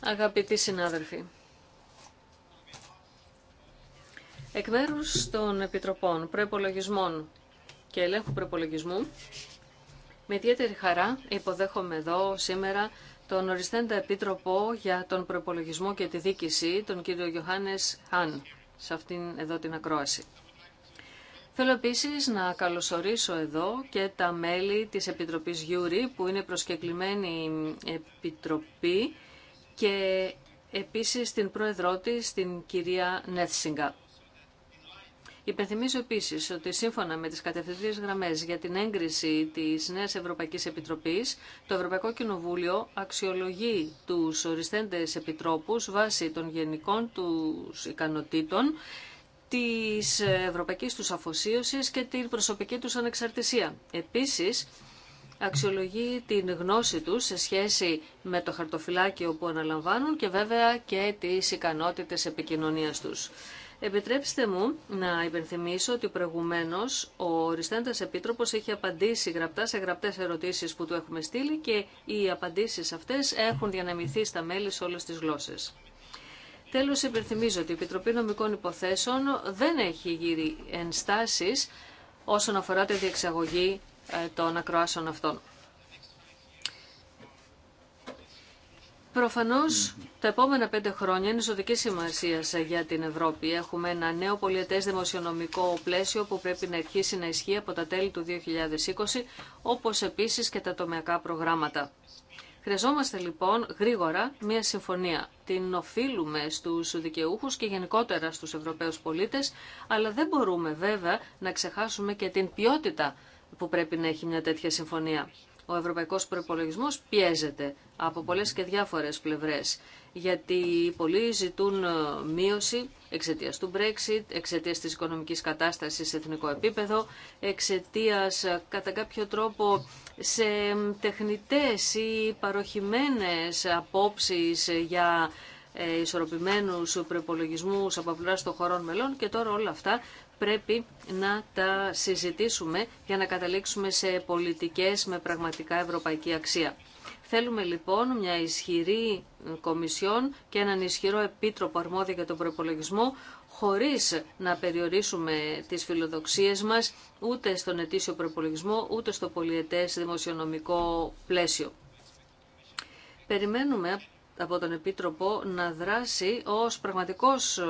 Αγαπητοί συνάδελφοι, εκ μέρου των Επιτροπών προπολογισμών και Ελέγχου προπολογισμού, με ιδιαίτερη χαρά υποδέχομαι εδώ σήμερα τον οριστέντα Επίτροπο για τον προπολογισμό και τη Δίκηση, τον κύριο Γιωάννης Χάν, σε αυτήν εδώ την ακρόαση. Θέλω επίσης να καλωσορίσω εδώ και τα μέλη της Επιτροπής Γιούρη που είναι προσκεκλημένη επιτροπή και επίσης την πρόεδρό της, την κυρία Νέθσιγκα. Υπενθυμίζω επίσης ότι σύμφωνα με τις κατευθυντήριες γραμμές για την έγκριση της Νέας Ευρωπαϊκής Επιτροπής, το Ευρωπαϊκό Κοινοβούλιο αξιολογεί τους οριστέντες επιτρόπους βάσει των γενικών του ικανοτήτων της ευρωπαϊκής τους αφοσίωσης και την προσωπική τους ανεξαρτησία. Επίσης, αξιολογεί την γνώση τους σε σχέση με το χαρτοφυλάκιο που αναλαμβάνουν και βέβαια και τις ικανότητες επικοινωνίας τους. Επιτρέψτε μου να υπενθυμίσω ότι προηγουμένω ο οριστέντα επίτροπο έχει απαντήσει γραπτά σε γραπτέ ερωτήσει που του έχουμε στείλει και οι απαντήσει αυτέ έχουν διανεμηθεί στα μέλη σε όλε τι γλώσσε. Τέλος, υπενθυμίζω ότι η Επιτροπή Νομικών Υποθέσεων δεν έχει γύρει ενστάσεις όσον αφορά τη διεξαγωγή ε, των ακροάσεων αυτών. Προφανώς τα επόμενα πέντε χρόνια είναι ζωτική σημασία για την Ευρώπη. Έχουμε ένα νέο πολιτέ δημοσιονομικό πλαίσιο που πρέπει να αρχίσει να ισχύει από τα τέλη του 2020, όπω επίση και τα τομεακά προγράμματα. Χρειαζόμαστε λοιπόν γρήγορα μια συμφωνία. Την οφείλουμε στους δικαιούχους και γενικότερα στους Ευρωπαίους πολίτες, αλλά δεν μπορούμε βέβαια να ξεχάσουμε και την ποιότητα που πρέπει να έχει μια τέτοια συμφωνία. Ο ευρωπαϊκός προϋπολογισμός πιέζεται από πολλές και διάφορες πλευρές, γιατί πολλοί ζητούν ε, μείωση εξαιτία του Brexit, εξαιτία της οικονομικής κατάστασης σε εθνικό επίπεδο, εξαιτία ε, κατά κάποιο τρόπο σε τεχνητές ή παροχημένες απόψεις για ε, ισορροπημένους προπολογισμού από πλευρά των χωρών μελών και τώρα όλα αυτά πρέπει να τα συζητήσουμε για να καταλήξουμε σε πολιτικές με πραγματικά ευρωπαϊκή αξία. Θέλουμε λοιπόν μια ισχυρή κομισιόν και έναν ισχυρό επίτροπο αρμόδιο για τον προπολογισμό, χωρίς να περιορίσουμε τις φιλοδοξίες μας ούτε στον ετήσιο προπολογισμό, ούτε στο πολιετές δημοσιονομικό πλαίσιο. Περιμένουμε από τον Επίτροπο να δράσει ως πραγματικός ε,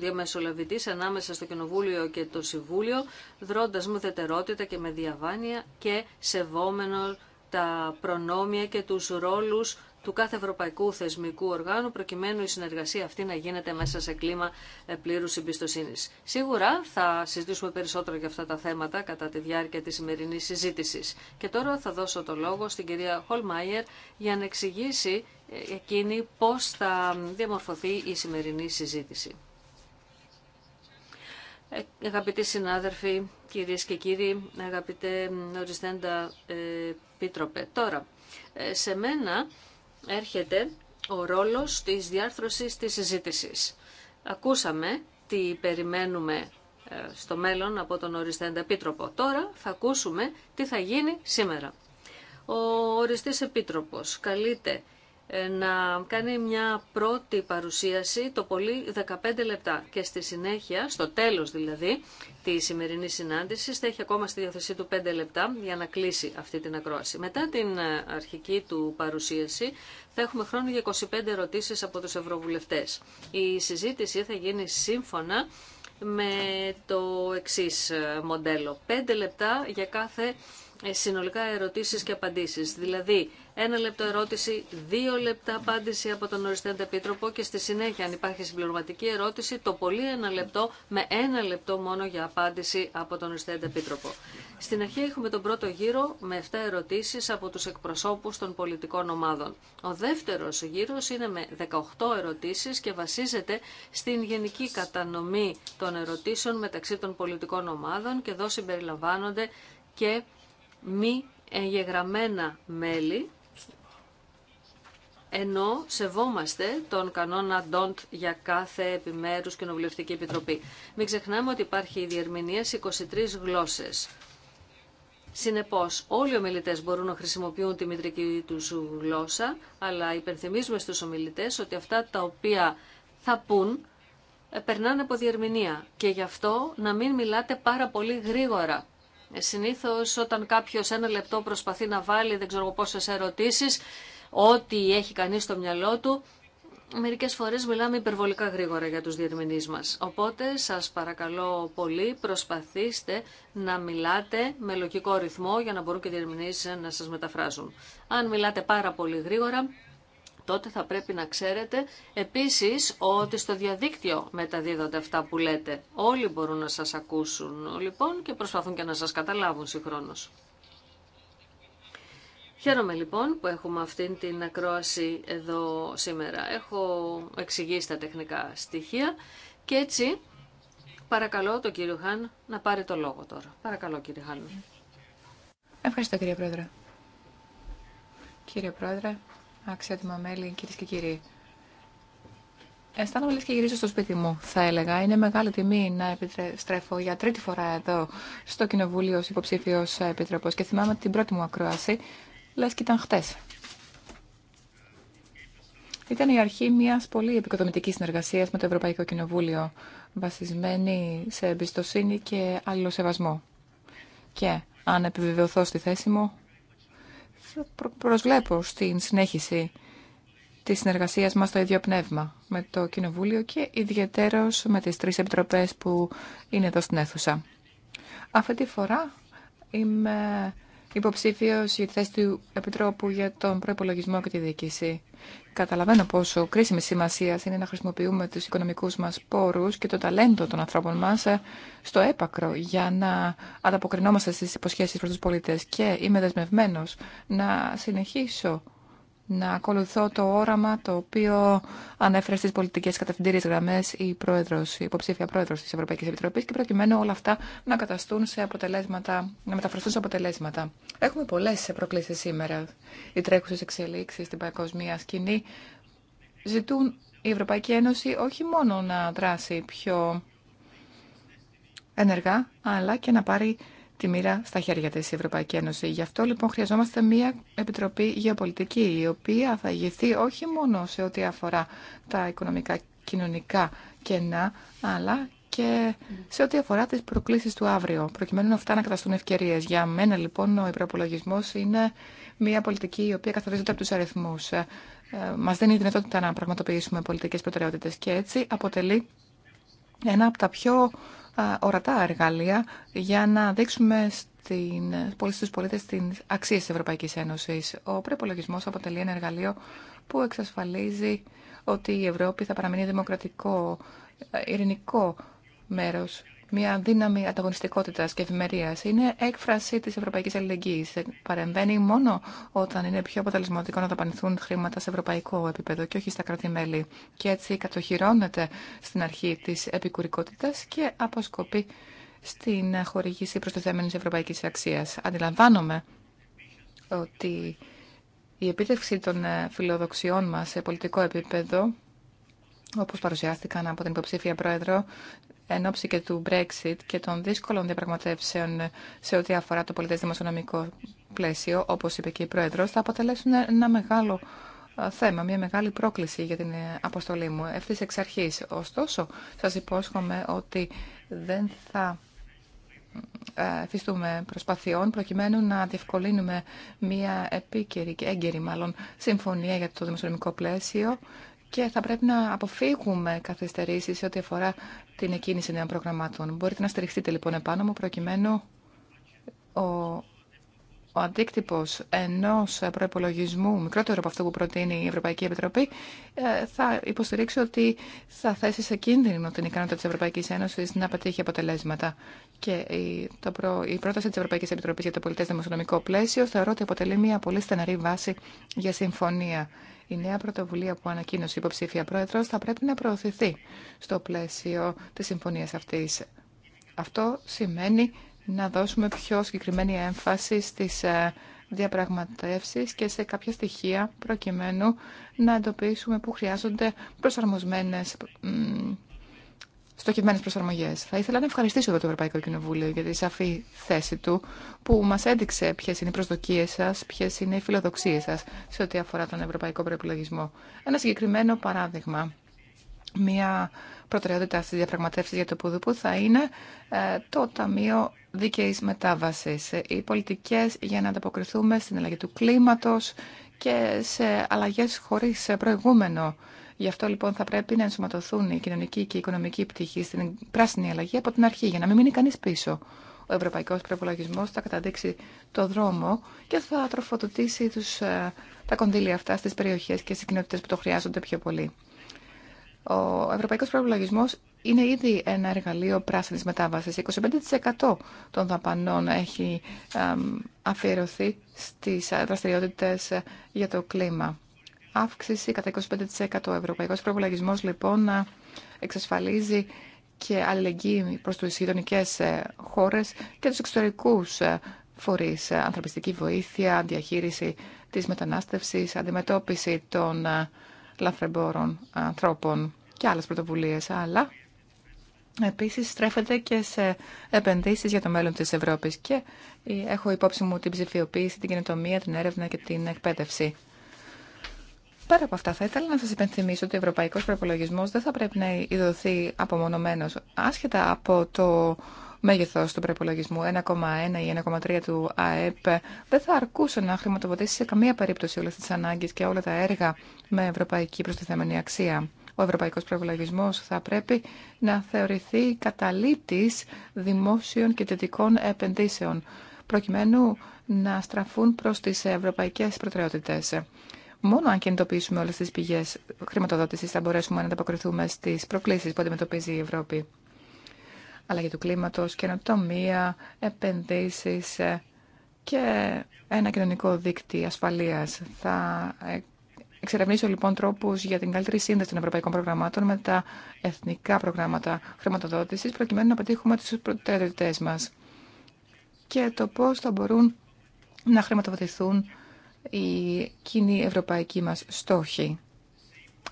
διαμεσολαβητής ανάμεσα στο Κοινοβούλιο και το Συμβούλιο, δρώντας μου θετερότητα και με διαβάνεια και σεβόμενο τα προνόμια και τους ρόλους του κάθε ευρωπαϊκού θεσμικού οργάνου, προκειμένου η συνεργασία αυτή να γίνεται μέσα σε κλίμα ε, πλήρου εμπιστοσύνη. Σίγουρα θα συζητήσουμε περισσότερο για αυτά τα θέματα κατά τη διάρκεια τη σημερινή συζήτηση. Και τώρα θα δώσω το λόγο στην κυρία Χολμάιερ για να εξηγήσει ε, εκείνη πώ θα διαμορφωθεί η σημερινή συζήτηση. Ε, αγαπητοί συνάδελφοι, κυρίες και κύριοι, αγαπητέ οριστέντα πίτροπε. Τώρα, σε μένα έρχεται ο ρόλος της διάρθρωσης της συζήτηση. Ακούσαμε τι περιμένουμε ε, στο μέλλον από τον οριστέντα επίτροπο. Τώρα θα ακούσουμε τι θα γίνει σήμερα. Ο οριστής επίτροπος καλείται ε, να κάνει μια πρώτη παρουσίαση το πολύ 15 λεπτά και στη συνέχεια, στο τέλος δηλαδή τη σημερινή συνάντηση, θα έχει ακόμα στη διαθεσή του 5 λεπτά για να κλείσει αυτή την ακρόαση. Μετά την ε, αρχική του παρουσίαση θα έχουμε χρόνο για 25 ερωτήσεις από τους ευρωβουλευτές. Η συζήτηση θα γίνει σύμφωνα με το εξής ε, μοντέλο. 5 λεπτά για κάθε ε, συνολικά ερωτήσεις και απαντήσεις. Δηλαδή, ένα λεπτό ερώτηση, δύο λεπτά απάντηση από τον οριστέντα επίτροπο και στη συνέχεια, αν υπάρχει συμπληρωματική ερώτηση, το πολύ ένα λεπτό με ένα λεπτό μόνο για απάντηση από τον οριστέντα επίτροπο. Στην αρχή έχουμε τον πρώτο γύρο με 7 ερωτήσεις από τους εκπροσώπους των πολιτικών ομάδων. Ο δεύτερος γύρος είναι με 18 ερωτήσεις και βασίζεται στην γενική κατανομή των ερωτήσεων μεταξύ των πολιτικών ομάδων και εδώ συμπεριλαμβάνονται και μη εγγεγραμμένα μέλη, ενώ σεβόμαστε τον κανόνα DONT για κάθε επιμέρους κοινοβουλευτική επιτροπή. Μην ξεχνάμε ότι υπάρχει η διερμηνία σε 23 γλώσσες. Συνεπώς, όλοι οι ομιλητές μπορούν να χρησιμοποιούν τη μητρική του γλώσσα, αλλά υπενθυμίζουμε στους ομιλητές ότι αυτά τα οποία θα πούν ε, περνάνε από διερμηνία και γι' αυτό να μην μιλάτε πάρα πολύ γρήγορα Συνήθω, όταν κάποιο ένα λεπτό προσπαθεί να βάλει δεν ξέρω πόσε ερωτήσει ό,τι έχει κάνει στο μυαλό του, μερικές φορές μιλάμε υπερβολικά γρήγορα για τους διερμηνείς μα. Οπότε σας παρακαλώ πολύ προσπαθήστε να μιλάτε με λογικό ρυθμό για να μπορούν και οι διερμηνείς να σας μεταφράζουν. Αν μιλάτε πάρα πολύ γρήγορα τότε θα πρέπει να ξέρετε επίσης ότι στο διαδίκτυο μεταδίδονται αυτά που λέτε. Όλοι μπορούν να σας ακούσουν λοιπόν και προσπαθούν και να σας καταλάβουν συγχρόνως. Χαίρομαι λοιπόν που έχουμε αυτήν την ακρόαση εδώ σήμερα. Έχω εξηγήσει τα τεχνικά στοιχεία και έτσι παρακαλώ τον κύριο Χάν να πάρει το λόγο τώρα. Παρακαλώ κύριε Χάν. Ευχαριστώ κύριε Πρόεδρε. Κύριε Πρόεδρε, αξιότιμα μέλη, κυρίε και κύριοι. Αισθάνομαι λες και γυρίζω στο σπίτι μου, θα έλεγα. Είναι μεγάλη τιμή να επιστρέφω για τρίτη φορά εδώ στο Κοινοβούλιο ως υποψήφιος επιτροπός και θυμάμαι την πρώτη μου ακρόαση, λες και ήταν χτες. Ήταν η αρχή μιας πολύ επικοδομητικής συνεργασίας με το Ευρωπαϊκό Κοινοβούλιο, βασισμένη σε εμπιστοσύνη και αλληλοσεβασμό. Και αν επιβεβαιωθώ στη θέση μου, προσβλέπω στην συνέχιση της συνεργασία μας στο ίδιο πνεύμα με το Κοινοβούλιο και ιδιαίτερω με τις τρει επιτροπέ που είναι εδώ στην αίθουσα. Αυτή τη φορά είμαι υποψήφιο για τη θέση του Επιτρόπου για τον προπολογισμό και τη διοίκηση. Καταλαβαίνω πόσο κρίσιμη σημασία είναι να χρησιμοποιούμε του οικονομικού μα πόρου και το ταλέντο των ανθρώπων μα στο έπακρο για να ανταποκρινόμαστε στι υποσχέσει προ του πολίτε. Και είμαι δεσμευμένο να συνεχίσω να ακολουθώ το όραμα το οποίο ανέφερε στι πολιτικές κατευθυντήριες γραμμέ η, πρόεδρος, η υποψήφια πρόεδρος της Ευρωπαϊκής Επιτροπής και προκειμένου όλα αυτά να καταστούν σε αποτελέσματα, να μεταφραστούν σε αποτελέσματα. Έχουμε πολλές προκλήσει σήμερα. Οι τρέχουσε εξελίξει στην παγκοσμία σκηνή ζητούν η Ευρωπαϊκή Ένωση όχι μόνο να δράσει πιο ενεργά, αλλά και να πάρει τη μοίρα στα χέρια της η Ευρωπαϊκή Ένωση. Γι' αυτό λοιπόν χρειαζόμαστε μια επιτροπή γεωπολιτική, η οποία θα ηγηθεί όχι μόνο σε ό,τι αφορά τα οικονομικά κοινωνικά κενά, αλλά και σε ό,τι αφορά τις προκλήσεις του αύριο, προκειμένου αυτά να καταστούν ευκαιρίες. Για μένα λοιπόν ο υπεροπολογισμό είναι μια πολιτική η οποία καθορίζεται από τους αριθμούς. Μα ε, μας δίνει δυνατότητα να πραγματοποιήσουμε πολιτικέ προτεραιότητες και έτσι αποτελεί ένα από τα πιο ορατά εργαλεία για να δείξουμε στην, στους πολίτες την αξία της Ευρωπαϊκής Ένωσης. Ο προπολογισμό αποτελεί ένα εργαλείο που εξασφαλίζει ότι η Ευρώπη θα παραμείνει δημοκρατικό, ε, ειρηνικό μέρος μια δύναμη ανταγωνιστικότητα και ευημερία. Είναι έκφραση τη ευρωπαϊκή αλληλεγγύη. Παρεμβαίνει μόνο όταν είναι πιο αποτελεσματικό να δαπανηθούν χρήματα σε ευρωπαϊκό επίπεδο και όχι στα κράτη-μέλη. Και έτσι κατοχυρώνεται στην αρχή τη επικουρικότητα και αποσκοπεί στην χορηγήση προστιθέμενης ευρωπαϊκή αξία. Αντιλαμβάνομαι ότι η επίτευξη των ε, φιλοδοξιών μα σε πολιτικό επίπεδο όπως παρουσιάστηκαν από την υποψήφια πρόεδρο εν ώψη και του Brexit και των δύσκολων διαπραγματεύσεων σε ό,τι αφορά το πολιτές δημοσιονομικό πλαίσιο, όπως είπε και η Πρόεδρος, θα αποτελέσουν ένα μεγάλο ε, θέμα, μια μεγάλη πρόκληση για την ε, αποστολή μου ευθύ εξ αρχή. Ωστόσο, σας υπόσχομαι ότι δεν θα ε, εφιστούμε προσπαθειών προκειμένου να διευκολύνουμε μια επίκαιρη και έγκαιρη μάλλον συμφωνία για το δημοσιονομικό πλαίσιο και θα πρέπει να αποφύγουμε καθυστερήσεις σε ό,τι αφορά την εκκίνηση νέων προγραμμάτων. Μπορείτε να στηριχτείτε λοιπόν επάνω μου προκειμένου ο ο αντίκτυπο ενό προπολογισμού μικρότερο από αυτό που προτείνει η Ευρωπαϊκή Επιτροπή ε, θα υποστηρίξει ότι θα θέσει σε κίνδυνο την ικανότητα τη Ευρωπαϊκή Ένωση να πετύχει αποτελέσματα. Και η, το προ, πρόταση τη Ευρωπαϊκή Επιτροπή για το πολιτέ δημοσιονομικό πλαίσιο θεωρώ ότι αποτελεί μια πολύ στεναρή βάση για συμφωνία. Η νέα πρωτοβουλία που ανακοίνωσε η υποψήφια πρόεδρο, θα πρέπει να προωθηθεί στο πλαίσιο τη συμφωνία αυτή. Αυτό σημαίνει να δώσουμε πιο συγκεκριμένη έμφαση στις ε, διαπραγματεύσεις και σε κάποια στοιχεία προκειμένου να εντοπίσουμε που χρειάζονται προσαρμοσμένες στοχευμένες προσαρμογές. Θα ήθελα να ευχαριστήσω εδώ το Ευρωπαϊκό Κοινοβούλιο για τη σαφή θέση του που μας έδειξε ποιες είναι οι προσδοκίες σας, ποιες είναι οι φιλοδοξίες σας σε ό,τι αφορά τον Ευρωπαϊκό Προεπιλογισμό. Ένα συγκεκριμένο παράδειγμα. Μία προτεραιότητα στις διαπραγματεύσει για το Πουδουπού θα είναι ε, το Ταμείο δίκαιη μετάβαση οι πολιτικές για να ανταποκριθούμε στην αλλαγή του κλίματος και σε αλλαγές χωρίς προηγούμενο. Γι' αυτό λοιπόν θα πρέπει να ενσωματωθούν η κοινωνική και η οικονομική πτυχή στην πράσινη αλλαγή από την αρχή, για να μην μείνει κανεί πίσω. Ο ευρωπαϊκό προπολογισμό θα καταδείξει το δρόμο και θα τροφοδοτήσει τους, ε, τα κονδύλια αυτά στι περιοχέ και στι κοινότητε που το χρειάζονται πιο πολύ. Ο ευρωπαϊκός Προπολογισμό είναι ήδη ένα εργαλείο πράσινης μετάβασης. 25% των δαπανών έχει αφιερωθεί στις ε, δραστηριότητες για το κλίμα. Αύξηση κατά 25% ο ευρωπαϊκός Προπολογισμό λοιπόν να εξασφαλίζει και αλληλεγγύη προς τις γειτονικέ ε, χώρες και τους εξωτερικούς ε, φορείς, ανθρωπιστική βοήθεια, διαχείριση της μετανάστευσης, αντιμετώπιση των λαθρεμπόρων ανθρώπων και άλλες πρωτοβουλίες, αλλά επίσης στρέφεται και σε επενδύσεις για το μέλλον της Ευρώπης και ε, έχω υπόψη μου την ψηφιοποίηση, την καινοτομία, την έρευνα και την εκπαίδευση. Πέρα από αυτά, θα ήθελα να σα υπενθυμίσω ότι ο ευρωπαϊκό προπολογισμό δεν θα πρέπει να ιδωθεί απομονωμένο άσχετα από το μέγεθο του προπολογισμού 1,1 ή 1,3 του ΑΕΠ, δεν θα αρκούσε να χρηματοδοτήσει σε καμία περίπτωση όλε τι ανάγκε και όλα τα έργα με ευρωπαϊκή προστιθέμενη αξία. Ο Ευρωπαϊκό προπολογισμό θα πρέπει να θεωρηθεί καταλήτη δημόσιων και τετικών επενδύσεων, προκειμένου να στραφούν προ τι ευρωπαϊκέ προτεραιότητες. Μόνο αν κινητοποιήσουμε όλε τι πηγέ χρηματοδότηση θα μπορέσουμε να ανταποκριθούμε στι προκλήσει που αντιμετωπίζει η Ευρώπη. Αλλά Αλλαγή του κλίματο, καινοτομία, επενδύσει ε, και ένα κοινωνικό δίκτυο ασφαλεία. Θα ε, εξερευνήσω λοιπόν τρόπου για την καλύτερη σύνδεση των ευρωπαϊκών προγραμμάτων με τα εθνικά προγράμματα χρηματοδότηση, προκειμένου να πετύχουμε τι προτεραιότητέ μα και το πώ θα μπορούν να χρηματοδοτηθούν η κοινή ευρωπαϊκή μας στόχη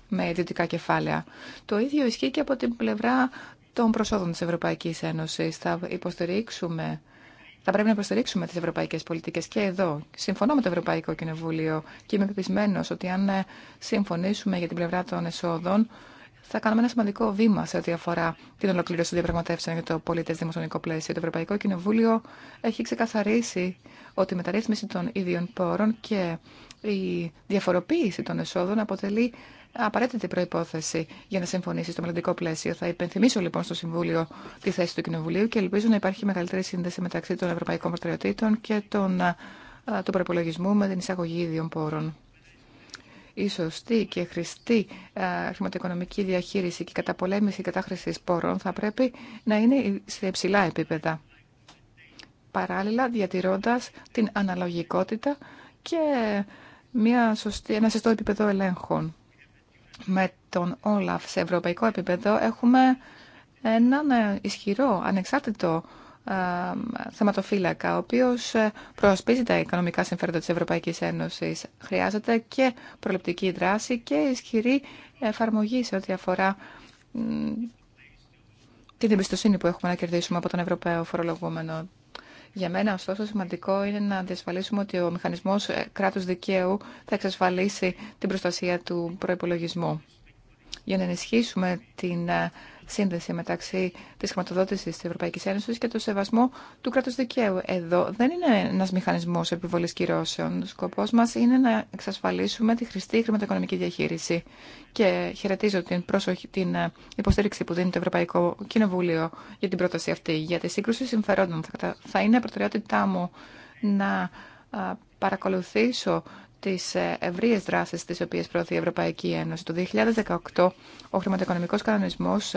με ιδιωτικά κεφάλαια. Το ίδιο ισχύει και από την πλευρά των προσόδων της Ευρωπαϊκής Ένωσης. Θα υποστηρίξουμε θα πρέπει να υποστηρίξουμε τι ευρωπαϊκέ πολιτικέ και εδώ. Συμφωνώ με το Ευρωπαϊκό Κοινοβούλιο και είμαι πεπισμένο ότι αν ε, συμφωνήσουμε για την πλευρά των εσόδων, θα κάνουμε ένα σημαντικό βήμα σε ό,τι αφορά την ολοκλήρωση των διαπραγματεύσεων για το πολίτε δημοσιονομικό πλαίσιο. Το Ευρωπαϊκό Κοινοβούλιο έχει ξεκαθαρίσει ότι η μεταρρύθμιση των ίδιων πόρων και η διαφοροποίηση των εσόδων αποτελεί απαραίτητη προπόθεση για να συμφωνήσει στο μελλοντικό πλαίσιο. Θα υπενθυμίσω λοιπόν στο Συμβούλιο τη θέση του Κοινοβουλίου και ελπίζω να υπάρχει μεγαλύτερη σύνδεση μεταξύ των ευρωπαϊκών προτεραιοτήτων και των, του προπολογισμού με την εισαγωγή ίδιων πόρων η σωστή και χρηστή ε, χρηματοοικονομική διαχείριση και καταπολέμηση κατάχρηση πόρων θα πρέπει να είναι σε υψηλά επίπεδα. Παράλληλα, διατηρώντας την αναλογικότητα και μια σωστή, ένα σωστό επίπεδο ελέγχων. Με τον Όλαφ σε ευρωπαϊκό επίπεδο έχουμε έναν ε, ισχυρό, ανεξάρτητο ε, θεματοφύλακα, ο οποίο ε, προασπίζει τα οικονομικά συμφέροντα τη Ευρωπαϊκή Ένωσης. Χρειάζεται και προληπτική δράση και ισχυρή εφαρμογή σε ό,τι αφορά την εμπιστοσύνη που έχουμε να κερδίσουμε από τον Ευρωπαίο φορολογούμενο. Για μένα, ωστόσο, σημαντικό είναι να διασφαλίσουμε ότι ο μηχανισμός ε, κράτου δικαίου θα εξασφαλίσει την προστασία του προπολογισμού. για να ενισχύσουμε την σύνδεση μεταξύ της χρηματοδότηση της Ευρωπαϊκής Ένωσης και του σεβασμού του κράτους δικαίου. Εδώ δεν είναι ένας μηχανισμός επιβολής κυρώσεων. Ο Σκοπός μας είναι να εξασφαλίσουμε τη χρηστή χρηματοοικονομική διαχείριση. Και χαιρετίζω την, προσοχή, την ε, υποστήριξη που δίνει το Ευρωπαϊκό Κοινοβούλιο για την πρόταση αυτή. Για τη σύγκρουση συμφερόντων θα είναι προτεραιότητά μου να παρακολουθήσω τις ε, ευρείες δράσεις τις οποίες προωθεί η Ευρωπαϊκή Ένωση. Το 2018 ο χρηματοοικονομικός κανονισμός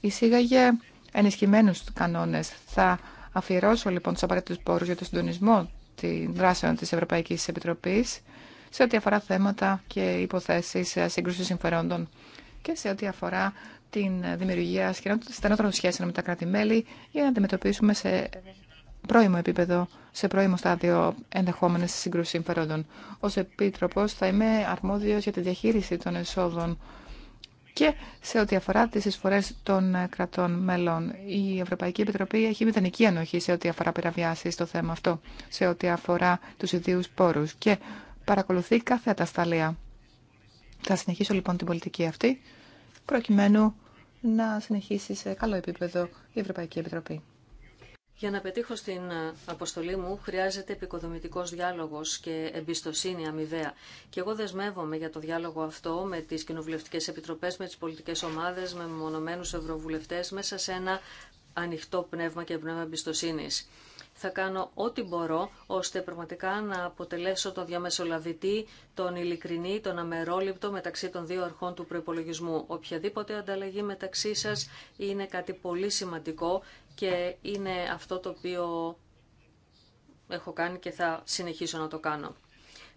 εισήγαγε ενισχυμένους κανόνες. Θα αφιερώσω λοιπόν τους απαραίτητους πόρους για το συντονισμό των δράσεων της Ευρωπαϊκής Επιτροπής σε ό,τι αφορά θέματα και υποθέσεις ε, σύγκρουση συμφερόντων και σε ό,τι αφορά την δημιουργία στενότερων σχέσεων με τα κράτη-μέλη για να αντιμετωπίσουμε σε πρώιμο επίπεδο, σε πρώιμο στάδιο ενδεχόμενες συγκρούσεις συμφερόντων. Ως Επίτροπος θα είμαι αρμόδιος για τη διαχείριση των εσόδων και σε ό,τι αφορά τις εισφορές των κρατών μελών. Η Ευρωπαϊκή Επιτροπή έχει μηδενική ανοχή σε ό,τι αφορά πειραβιάσεις στο θέμα αυτό, σε ό,τι αφορά τους ιδίους πόρους και παρακολουθεί κάθε ατασταλία. Θα συνεχίσω λοιπόν την πολιτική αυτή, προκειμένου να συνεχίσει σε καλό επίπεδο η Ευρωπαϊκή Επιτροπή. Για να πετύχω στην ε, αποστολή μου χρειάζεται επικοδομητικός διάλογος και εμπιστοσύνη αμοιβαία. Και εγώ δεσμεύομαι για το διάλογο αυτό με τις κοινοβουλευτικέ επιτροπές, με τις πολιτικές ομάδες, με μονομένους ευρωβουλευτές μέσα σε ένα ανοιχτό πνεύμα και πνεύμα εμπιστοσύνης θα κάνω ό,τι μπορώ ώστε πραγματικά να αποτελέσω τον διαμεσολαβητή, τον ειλικρινή, τον αμερόληπτο μεταξύ των δύο αρχών του προϋπολογισμού. Οποιαδήποτε ανταλλαγή μεταξύ σας είναι κάτι πολύ σημαντικό και είναι αυτό το οποίο έχω κάνει και θα συνεχίσω να το κάνω.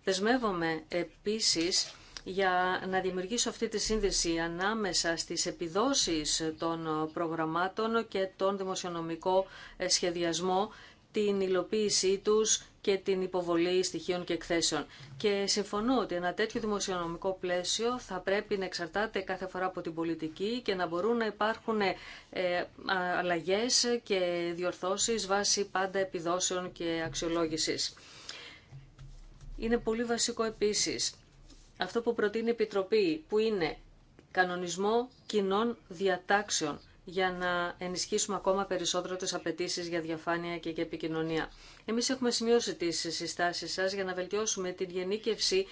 Δεσμεύομαι επίσης για να δημιουργήσω αυτή τη σύνδεση ανάμεσα στις επιδόσεις των προγραμμάτων και τον δημοσιονομικό ε, σχεδιασμό την υλοποίησή τους και την υποβολή στοιχείων και εκθέσεων. Και συμφωνώ ότι ένα τέτοιο δημοσιονομικό πλαίσιο θα πρέπει να εξαρτάται κάθε φορά από την πολιτική και να μπορούν να υπάρχουν ε, αλλαγές και διορθώσεις βάσει πάντα επιδόσεων και αξιολόγησης. Είναι πολύ βασικό επίσης αυτό που προτείνει η Επιτροπή, που είναι κανονισμό κοινών διατάξεων για να ενισχύσουμε ακόμα περισσότερο τις απαιτήσει για διαφάνεια και για επικοινωνία. Εμείς έχουμε σημειώσει τις συστάσεις σας για να βελτιώσουμε την γενίκευση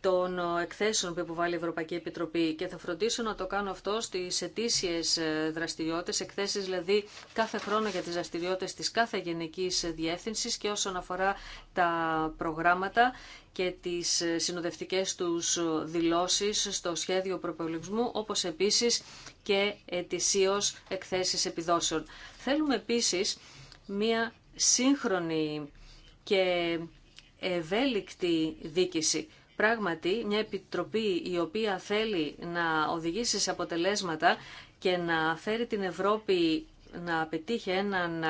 των εκθέσεων που υποβάλλει η Ευρωπαϊκή Επιτροπή και θα φροντίσω να το κάνω αυτό στις ετήσιες δραστηριότητες, εκθέσεις δηλαδή κάθε χρόνο για τις δραστηριότητες της κάθε γενικής διεύθυνση και όσον αφορά τα προγράμματα και τις συνοδευτικές τους δηλώσεις στο σχέδιο προπολογισμού, όπως επίσης και ετησίως εκθέσεις επιδόσεων. Θέλουμε επίσης μία σύγχρονη και ευέλικτη δίκηση. Πράγματι, μια επιτροπή η οποία θέλει να οδηγήσει σε αποτελέσματα και να φέρει την Ευρώπη να πετύχει έναν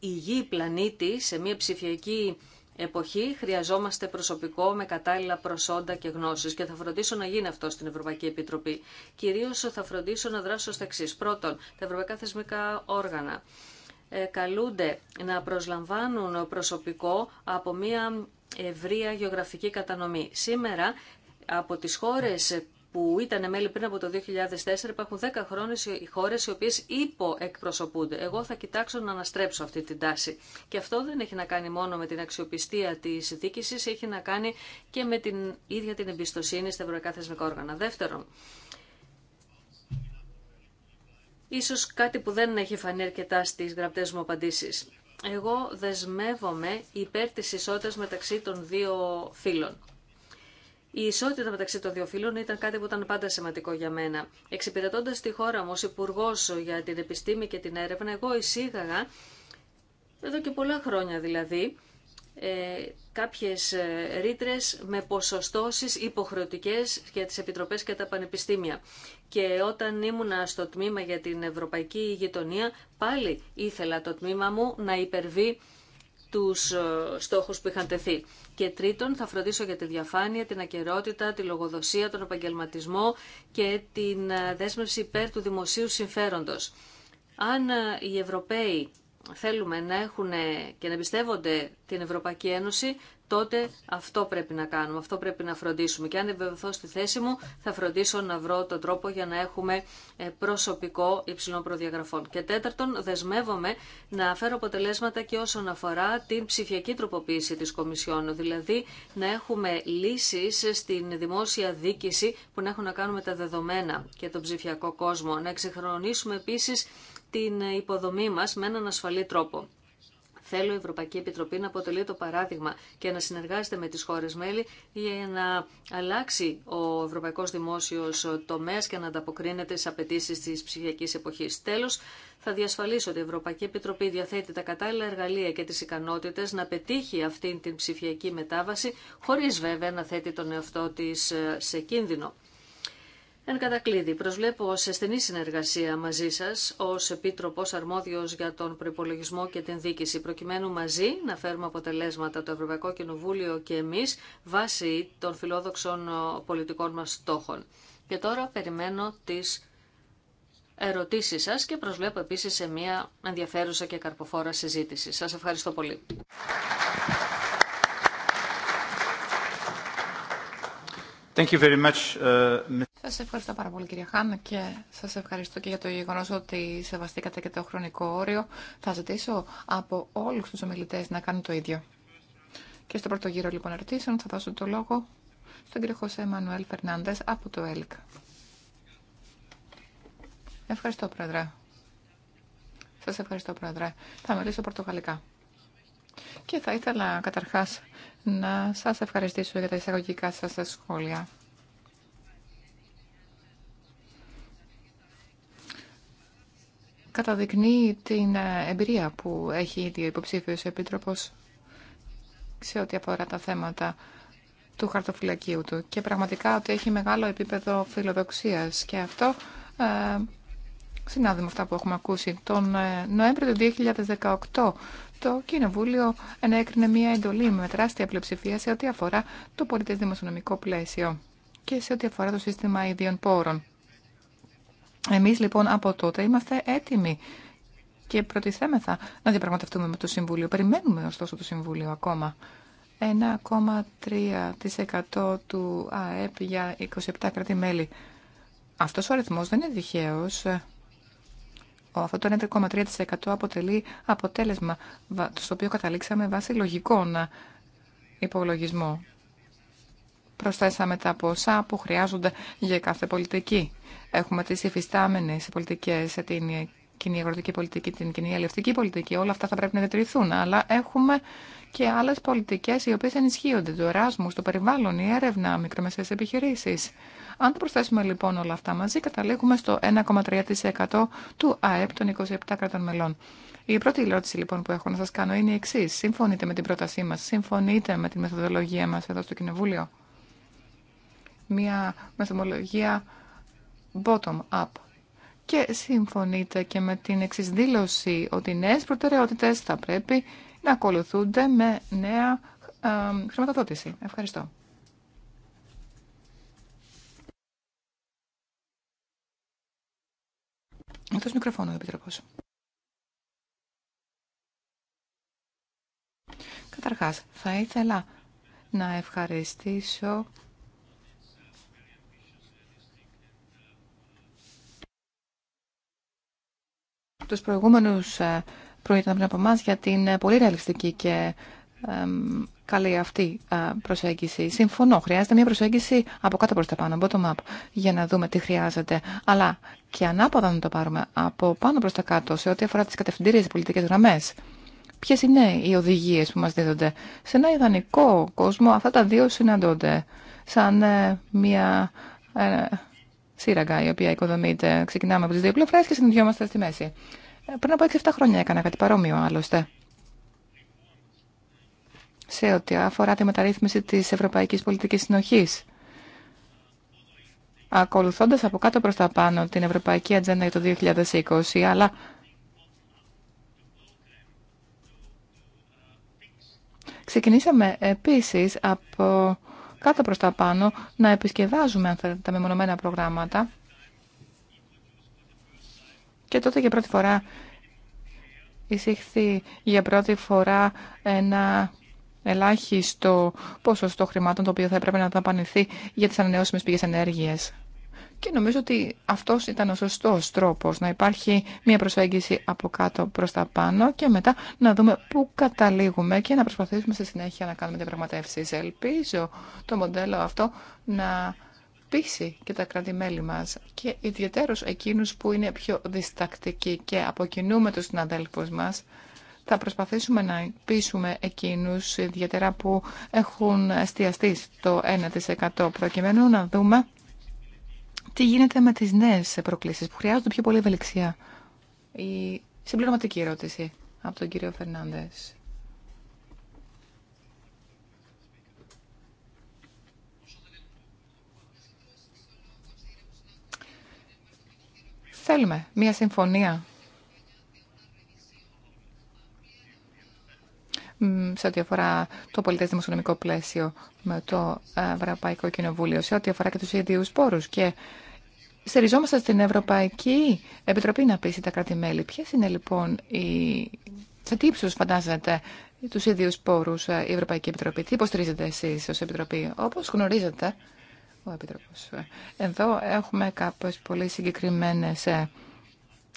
υγιή πλανήτη σε μια ψηφιακή εποχή χρειαζόμαστε προσωπικό με κατάλληλα προσόντα και γνώσεις και θα φροντίσω να γίνει αυτό στην Ευρωπαϊκή Επιτροπή. Κυρίως θα φροντίσω να δράσω στα εξής. Πρώτον, τα ευρωπαϊκά θεσμικά όργανα ε, καλούνται να προσλαμβάνουν προσωπικό από μια ευρεία γεωγραφική κατανομή. Σήμερα από τις χώρες που ήταν μέλη πριν από το 2004, υπάρχουν 10 χρόνια οι χώρες οι οποίες υποεκπροσωπούνται. Εγώ θα κοιτάξω να αναστρέψω αυτή την τάση. Και αυτό δεν έχει να κάνει μόνο με την αξιοπιστία της δίκησης, έχει να κάνει και με την ίδια την εμπιστοσύνη στα ευρωπαϊκά θεσμικά όργανα. Δεύτερον, ίσως κάτι που δεν έχει φανεί αρκετά στι γραπτέ μου απαντήσει. Εγώ δεσμεύομαι υπέρ της ισότητας μεταξύ των δύο φύλων. Η ισότητα μεταξύ των δύο φύλων ήταν κάτι που ήταν πάντα σημαντικό για μένα. Εξυπηρετώντα τη χώρα μου ω υπουργό για την επιστήμη και την έρευνα, εγώ εισήγαγα, εδώ και πολλά χρόνια δηλαδή, ε, κάποιες ε, ρήτρε με ποσοστώσεις υποχρεωτικές για τις επιτροπές και τα πανεπιστήμια. Και όταν ήμουνα στο τμήμα για την ευρωπαϊκή γειτονία, πάλι ήθελα το τμήμα μου να υπερβεί τους ε, στόχους που είχαν τεθεί. Και τρίτον, θα φροντίσω για τη διαφάνεια, την ακαιρότητα, τη λογοδοσία, τον επαγγελματισμό και την ε, δέσμευση υπέρ του δημοσίου συμφέροντος. Αν ε, οι Ευρωπαίοι θέλουμε να έχουν και να εμπιστεύονται την Ευρωπαϊκή Ένωση, τότε αυτό πρέπει να κάνουμε, αυτό πρέπει να φροντίσουμε. Και αν εμπεβεβαιωθώ στη θέση μου, θα φροντίσω να βρω τον τρόπο για να έχουμε ε, προσωπικό υψηλών προδιαγραφών. Και τέταρτον, δεσμεύομαι να φέρω αποτελέσματα και όσον αφορά την ψηφιακή τροποποίηση της Κομισιόν, δηλαδή να έχουμε λύσεις στην δημόσια δίκηση που να έχουν να κάνουν με τα δεδομένα και τον ψηφιακό κόσμο. Να εξυγχρονίσουμε επίσης την υποδομή μας με έναν ασφαλή τρόπο. Θέλω η Ευρωπαϊκή Επιτροπή να αποτελεί το παράδειγμα και να συνεργάζεται με τις χώρες μέλη για να αλλάξει ο ευρωπαϊκός δημόσιος τομέας και να ανταποκρίνεται στις απαιτήσεις της ψηφιακής εποχής. Τέλος, θα διασφαλίσω ότι η Ευρωπαϊκή Επιτροπή διαθέτει τα κατάλληλα εργαλεία και τις ικανότητες να πετύχει αυτή την ψηφιακή μετάβαση, χωρίς βέβαια να θέτει τον εαυτό της σε κίνδυνο. Εν κατακλείδη, προσβλέπω σε στενή συνεργασία μαζί σα ω επίτροπο αρμόδιο για τον προπολογισμό και την Δίκηση, προκειμένου μαζί να φέρουμε αποτελέσματα το Ευρωπαϊκό Κοινοβούλιο και εμεί, βάσει των φιλόδοξων πολιτικών μας στόχων. Και τώρα περιμένω τι ερωτήσει σα και προσβλέπω επίση σε μια ενδιαφέρουσα και καρποφόρα συζήτηση. Σα ευχαριστώ πολύ. Thank uh, Σας ευχαριστώ πάρα πολύ κυρία Χάν και σας ευχαριστώ και για το γεγονό ότι σεβαστήκατε και το χρονικό όριο. Θα ζητήσω από όλους τους ομιλητές να κάνουν το ίδιο. Και στο πρώτο γύρο λοιπόν ερωτήσεων θα δώσω το λόγο στον κύριο Χωσέ Μανουέλ Φερνάνδες από το ΕΛΚ. Ευχαριστώ πρόεδρε. Σας ευχαριστώ πρόεδρε. Θα μιλήσω πορτογαλικά. Και θα ήθελα καταρχάς να σας ευχαριστήσω για τα εισαγωγικά σας σχόλια. Καταδεικνύει την ε, εμπειρία που έχει ήδη ο υποψήφιος επίτροπος σε ό,τι αφορά τα θέματα του χαρτοφυλακίου του και πραγματικά ότι έχει μεγάλο επίπεδο φιλοδοξίας και αυτό ε, συνάδει με αυτά που έχουμε ακούσει. Τον ε, Νοέμβριο του 2018 το Κοινοβούλιο ενέκρινε μια εντολή με τεράστια πλειοψηφία σε ό,τι αφορά το πολιτές δημοσιονομικό πλαίσιο και σε ό,τι αφορά το σύστημα ιδίων πόρων. Εμείς λοιπόν από τότε είμαστε έτοιμοι και προτιθέμεθα να διαπραγματευτούμε με το Συμβούλιο. Περιμένουμε ωστόσο το Συμβούλιο ακόμα. 1,3% του ΑΕΠ για 27 κράτη-μέλη. Αυτός ο αριθμός δεν είναι τυχαίος. Αυτό το 1,3% αποτελεί αποτέλεσμα στο οποίο καταλήξαμε βάσει λογικών ε, υπολογισμών. Προσθέσαμε τα ποσά που χρειάζονται για κάθε πολιτική. Έχουμε τις υφιστάμενες πολιτικές, την κοινή αγροτική πολιτική, την κοινή ελευθερική πολιτική, όλα αυτά θα πρέπει να διατηρηθούν. Αλλά έχουμε και άλλε πολιτικέ οι οποίε ενισχύονται. Το εράσμο, το περιβάλλον, η έρευνα, μικρομεσαίε επιχειρήσει. Αν τα προσθέσουμε λοιπόν όλα αυτά μαζί, καταλήγουμε στο 1,3% του ΑΕΠ των 27 κρατών μελών. Η πρώτη ερώτηση λοιπόν που έχω να σα κάνω είναι η εξή. Συμφωνείτε με την πρότασή μα, συμφωνείτε με τη μεθοδολογία μα εδώ στο Κοινοβούλιο. Μια μεθοδολογία bottom-up και συμφωνείτε και με την εξή δήλωση ότι νέες προτεραιότητες θα πρέπει να ακολουθούνται με νέα ε, χρηματοδότηση. Ευχαριστώ. Εκτός για Επιτροπός. Καταρχάς, θα ήθελα να ευχαριστήσω τους προηγούμενους ε, που ήταν από εμά για την ε, πολύ ρεαλιστική και καλή αυτή ε, προσέγγιση. Συμφωνώ, χρειάζεται μια προσέγγιση από κάτω προς τα πάνω, bottom up, για να δούμε τι χρειάζεται. Αλλά και ανάποδα να το πάρουμε από πάνω προς τα κάτω σε ό,τι αφορά τις κατευθυντήριες πολιτικές γραμμές. Ποιες είναι οι οδηγίες που μας δίδονται. Σε ένα ιδανικό κόσμο αυτά τα δύο συναντώνται σαν μια σύραγγα η οποία οικοδομείται. Ξεκινάμε από τι δύο πλευρέ και συνδυόμαστε στη μέση. Ε, πριν από 6-7 χρόνια έκανα κάτι παρόμοιο άλλωστε. Σε ό,τι αφορά τη μεταρρύθμιση τη Ευρωπαϊκή Πολιτική συνοχή. Ακολουθώντα από κάτω προ τα πάνω την Ευρωπαϊκή Ατζέντα για το 2020, αλλά ξεκινήσαμε επίσης από κάτω προς τα πάνω να επισκευάζουμε αν θέλετε, τα μεμονωμένα προγράμματα και τότε για πρώτη φορά εισήχθη για πρώτη φορά ένα ελάχιστο ποσοστό χρημάτων το οποίο θα έπρεπε να δαπανηθεί για τις ανανεώσιμες πηγές ενέργειας. Και νομίζω ότι αυτό ήταν ο σωστό τρόπο να υπάρχει μια προσέγγιση από κάτω προ τα πάνω και μετά να δούμε πού καταλήγουμε και να προσπαθήσουμε στη συνέχεια να κάνουμε διαπραγματεύσει. Ελπίζω το μοντέλο αυτό να πείσει και τα κράτη-μέλη μας και ιδιαίτερω εκείνου που είναι πιο διστακτικοί και αποκοινούμε του συναδέλφου τους μας θα προσπαθήσουμε να πείσουμε εκείνους ιδιαίτερα που έχουν εστιαστεί στο 1% προκειμένου να δούμε τι γίνεται με τις νέες προκλήσεις που χρειάζονται πιο πολύ ευελιξία. Η συμπληρωματική ερώτηση από τον κύριο Φερνάνδες. Θέλουμε μία συμφωνία σε ό,τι αφορά το πολιτές δημοσιονομικό πλαίσιο με το Ευρωπαϊκό Κοινοβούλιο, σε ό,τι αφορά και τους ίδιους πόρους και Στηριζόμαστε στην Ευρωπαϊκή Επιτροπή να πείσει τα κράτη-μέλη. Ποιε είναι λοιπόν οι. Σε τι ύψο φαντάζεται του ίδιου πόρου ε, η Ευρωπαϊκή Επιτροπή, τι υποστηρίζετε εσεί ω Επιτροπή, όπω γνωρίζετε. Ο επίτροπο, ε, Εδώ έχουμε κάποιες πολύ συγκεκριμένε ε,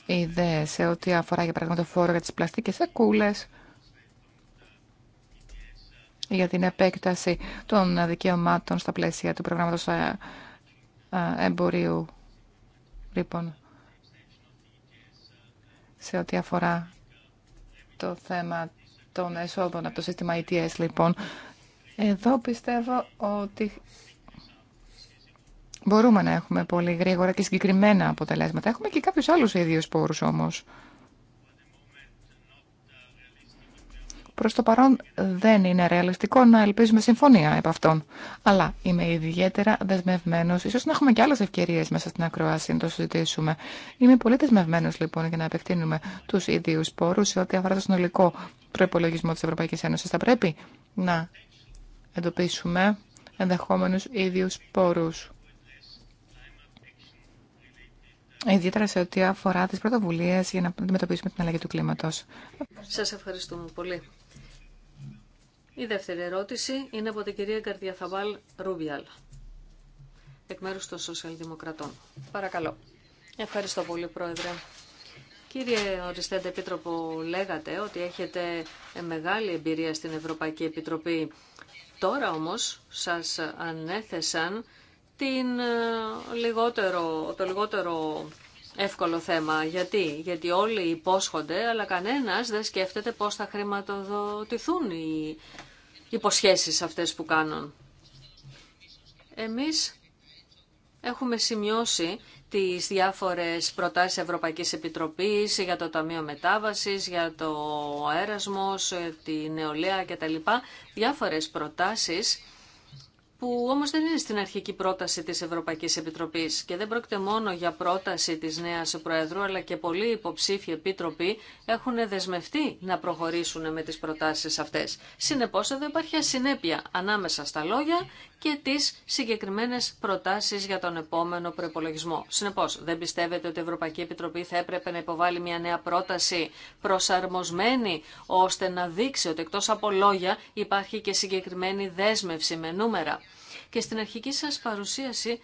ιδέε σε ό,τι αφορά για παράδειγμα το φόρο για τι πλαστικέ σακούλες, για την επέκταση των δικαιωμάτων στα πλαίσια του προγράμματο εμπορίου Λοιπόν, σε ό,τι αφορά το θέμα των εσόδων από το σύστημα ETS, λοιπόν, εδώ πιστεύω ότι μπορούμε να έχουμε πολύ γρήγορα και συγκεκριμένα αποτελέσματα. Έχουμε και κάποιους άλλους ίδιους πόρους όμως. Προς το παρόν δεν είναι ρεαλιστικό να ελπίζουμε συμφωνία επ' αυτών. Αλλά είμαι ιδιαίτερα δεσμευμένος. Ίσως να έχουμε και άλλες ευκαιρίες μέσα στην ακρόαση να το συζητήσουμε. Είμαι πολύ δεσμευμένος λοιπόν για να επεκτείνουμε τους ίδιους πόρους σε ό,τι αφορά το συνολικό προπολογισμό της Ευρωπαϊκής Ένωσης. Θα πρέπει να εντοπίσουμε ενδεχόμενους ίδιους πόρους. Ιδιαίτερα σε ό,τι αφορά τι πρωτοβουλίε για να αντιμετωπίσουμε την αλλαγή του κλίματο. Σα ευχαριστούμε πολύ. Η δεύτερη ερώτηση είναι από την κυρία Καρδιαθαβάλ Ρούμπιαλ, εκ μέρους των Σοσιαλδημοκρατών. Παρακαλώ. Ευχαριστώ πολύ, Πρόεδρε. Κύριε Οριστέντε Επίτροπο, λέγατε ότι έχετε μεγάλη εμπειρία στην Ευρωπαϊκή Επιτροπή. Τώρα όμως σας ανέθεσαν την ε, λιγότερο, το λιγότερο εύκολο θέμα. Γιατί? Γιατί όλοι υπόσχονται, αλλά κανένας δεν σκέφτεται πώς θα χρηματοδοτηθούν οι υποσχέσεις αυτές που κάνουν. Εμείς έχουμε σημειώσει τις διάφορες προτάσεις Ευρωπαϊκής Επιτροπής για το Ταμείο Μετάβασης, για το αέρασμος, τη Νεολαία κτλ. Διάφορες προτάσεις που όμως δεν είναι στην αρχική πρόταση της Ευρωπαϊκής Επιτροπής και δεν πρόκειται μόνο για πρόταση της νέας Προεδρού, αλλά και πολλοί υποψήφοι επίτροποι έχουν δεσμευτεί να προχωρήσουν με τις προτάσεις αυτές. Συνεπώς εδώ υπάρχει ασυνέπεια ανάμεσα στα λόγια και τις συγκεκριμένες προτάσεις για τον επόμενο προπολογισμό. Συνεπώς, δεν πιστεύετε ότι η Ευρωπαϊκή Επιτροπή θα έπρεπε να υποβάλει μια νέα πρόταση προσαρμοσμένη, ώστε να δείξει ότι εκτός από λόγια υπάρχει και συγκεκριμένη δέσμευση με νούμερα. Και στην αρχική σας παρουσίαση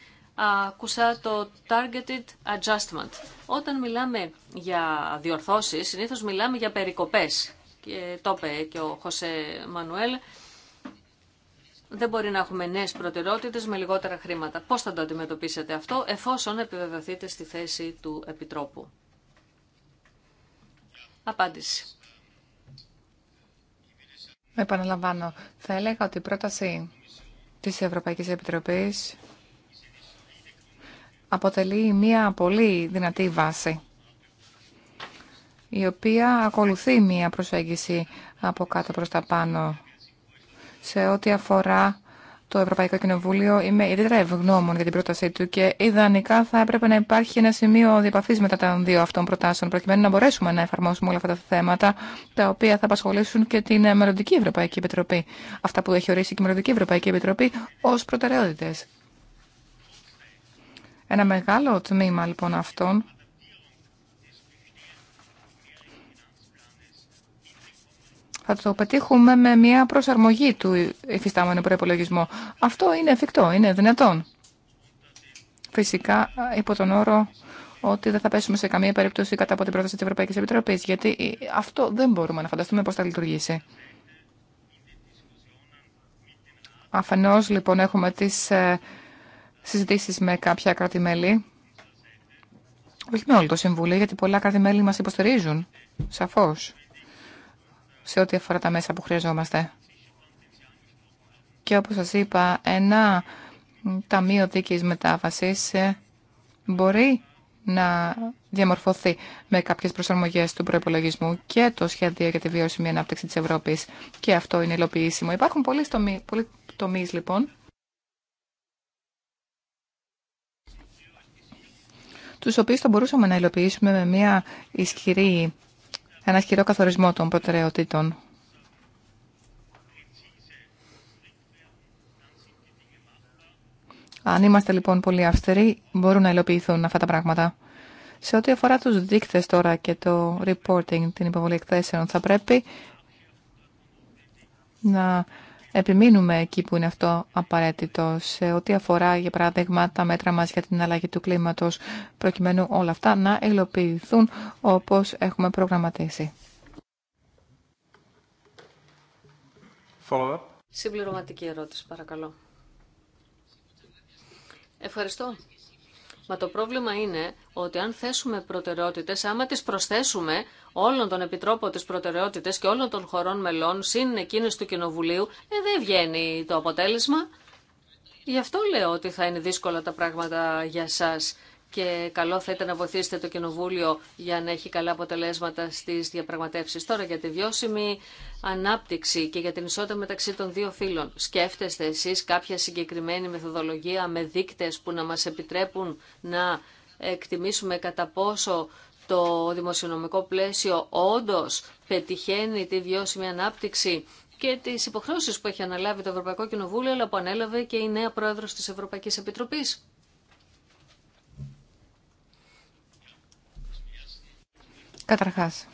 ακούσα το Targeted Adjustment. Όταν μιλάμε για διορθώσεις, συνήθως μιλάμε για περικοπές. Και το είπε και ο Χωσέ Μανουέλ, δεν μπορεί να έχουμε νέε προτεραιότητε με λιγότερα χρήματα. Πώς θα το αντιμετωπίσετε αυτό εφόσον επιβεβαιωθείτε στη θέση του Επιτρόπου. Απάντηση. Επαναλαμβάνω, θα έλεγα ότι η πρόταση της Ευρωπαϊκής Επιτροπής αποτελεί μια πολύ δυνατή βάση, η οποία ακολουθεί μια προσέγγιση από κάτω προς τα πάνω σε ό,τι αφορά το Ευρωπαϊκό Κοινοβούλιο είμαι ιδιαίτερα ευγνώμων για την πρότασή του και ιδανικά θα έπρεπε να υπάρχει ένα σημείο διαπαφή μετά των δύο αυτών προτάσεων, προκειμένου να μπορέσουμε να εφαρμόσουμε όλα αυτά τα θέματα, τα οποία θα απασχολήσουν και την Μελλοντική Ευρωπαϊκή Επιτροπή. Αυτά που έχει ορίσει και η Μελλοντική Ευρωπαϊκή Επιτροπή ω προτεραιότητε. Ένα μεγάλο τμήμα λοιπόν αυτών θα το πετύχουμε με μια προσαρμογή του υφιστάμενου προπολογισμού. Αυτό είναι εφικτό, είναι δυνατόν. Φυσικά υπό τον όρο ότι δεν θα πέσουμε σε καμία περίπτωση κατά από την πρόταση της Ευρωπαϊκής Επιτροπής, γιατί αυτό δεν μπορούμε να φανταστούμε πώς θα λειτουργήσει. Αφενός λοιπόν έχουμε τις ε, συζητήσεις με κάποια κράτη-μέλη, όχι με όλο το Συμβούλιο, γιατί πολλά κράτη-μέλη μας υποστηρίζουν, σαφώς σε ό,τι αφορά τα μέσα που χρειαζόμαστε. Και όπως σας είπα, ένα ταμείο δίκης μετάβασης ε, μπορεί να διαμορφωθεί με κάποιες προσαρμογές του προϋπολογισμού και το σχέδιο για τη βιώσιμη ανάπτυξη της Ευρώπης. Και αυτό είναι υλοποιήσιμο. Υπάρχουν πολλοί, στομί, πολλοί τομείς, λοιπόν, τους οποίους θα μπορούσαμε να υλοποιήσουμε με μια ισχυρή ένα ισχυρό καθορισμό των προτεραιοτήτων. Αν είμαστε λοιπόν πολύ αυστηροί, μπορούν να υλοποιηθούν αυτά τα πράγματα. Σε ό,τι αφορά τους δείκτες τώρα και το reporting, την υποβολή εκθέσεων, θα πρέπει να επιμείνουμε εκεί που είναι αυτό απαραίτητο σε ό,τι αφορά, για παράδειγμα, τα μέτρα μας για την αλλαγή του κλίματος, προκειμένου όλα αυτά να υλοποιηθούν όπως έχουμε προγραμματίσει. Συμπληρωματική ερώτηση, παρακαλώ. Ευχαριστώ. Μα το πρόβλημα είναι ότι αν θέσουμε προτεραιότητες, άμα τις προσθέσουμε όλων των επιτρόπων της προτεραιότητες και όλων των χωρών μελών, συν εκείνες του Κοινοβουλίου, ε, δεν βγαίνει το αποτέλεσμα. Γι' αυτό λέω ότι θα είναι δύσκολα τα πράγματα για σας και καλό θα ήταν να βοηθήσετε το Κοινοβούλιο για να έχει καλά αποτελέσματα στις διαπραγματεύσεις. Τώρα για τη βιώσιμη ανάπτυξη και για την ισότητα μεταξύ των δύο φύλων. Σκέφτεστε εσείς κάποια συγκεκριμένη μεθοδολογία με δείκτες που να μας επιτρέπουν να εκτιμήσουμε κατά πόσο το δημοσιονομικό πλαίσιο όντως πετυχαίνει τη βιώσιμη ανάπτυξη και τι υποχρεώσεις που έχει αναλάβει το Ευρωπαϊκό Κοινοβούλιο αλλά που ανέλαβε και η νέα πρόεδρο τη Ευρωπαϊκή Επιτροπή. Καταρχάς,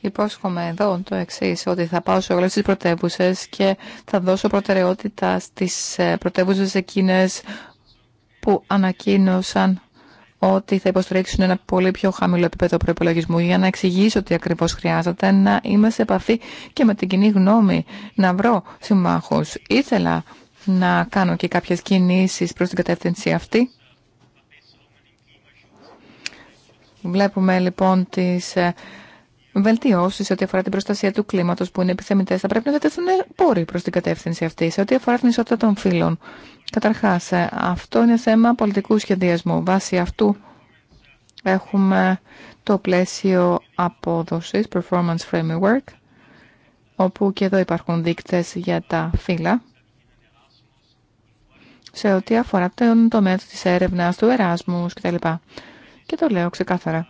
υπόσχομαι εδώ το εξή ότι θα πάω σε όλες τις πρωτεύουσε και θα δώσω προτεραιότητα στις ε, πρωτεύουσε εκείνες που ανακοίνωσαν ότι θα υποστηρίξουν ένα πολύ πιο χαμηλό επίπεδο προπολογισμού για να εξηγήσω τι ακριβώ χρειάζεται, να είμαι σε επαφή και με την κοινή γνώμη, να βρω συμμάχου. Ήθελα να κάνω και κάποιε κινήσει προ την κατεύθυνση αυτή. Βλέπουμε λοιπόν τις ε, βελτιώσεις σε ό,τι αφορά την προστασία του κλίματος που είναι επιθεμητές. Θα πρέπει να διατεθούν πόροι προς την κατεύθυνση αυτή σε ό,τι αφορά την ισότητα των φύλων. Καταρχάς, ε, αυτό είναι θέμα πολιτικού σχεδιασμού. Βάσει αυτού έχουμε το πλαίσιο απόδοσης, performance framework, όπου και εδώ υπάρχουν δείκτες για τα φύλλα σε ό,τι αφορά τον τομέα της έρευνας, του εράσμους κτλ. Και το λέω ξεκάθαρα.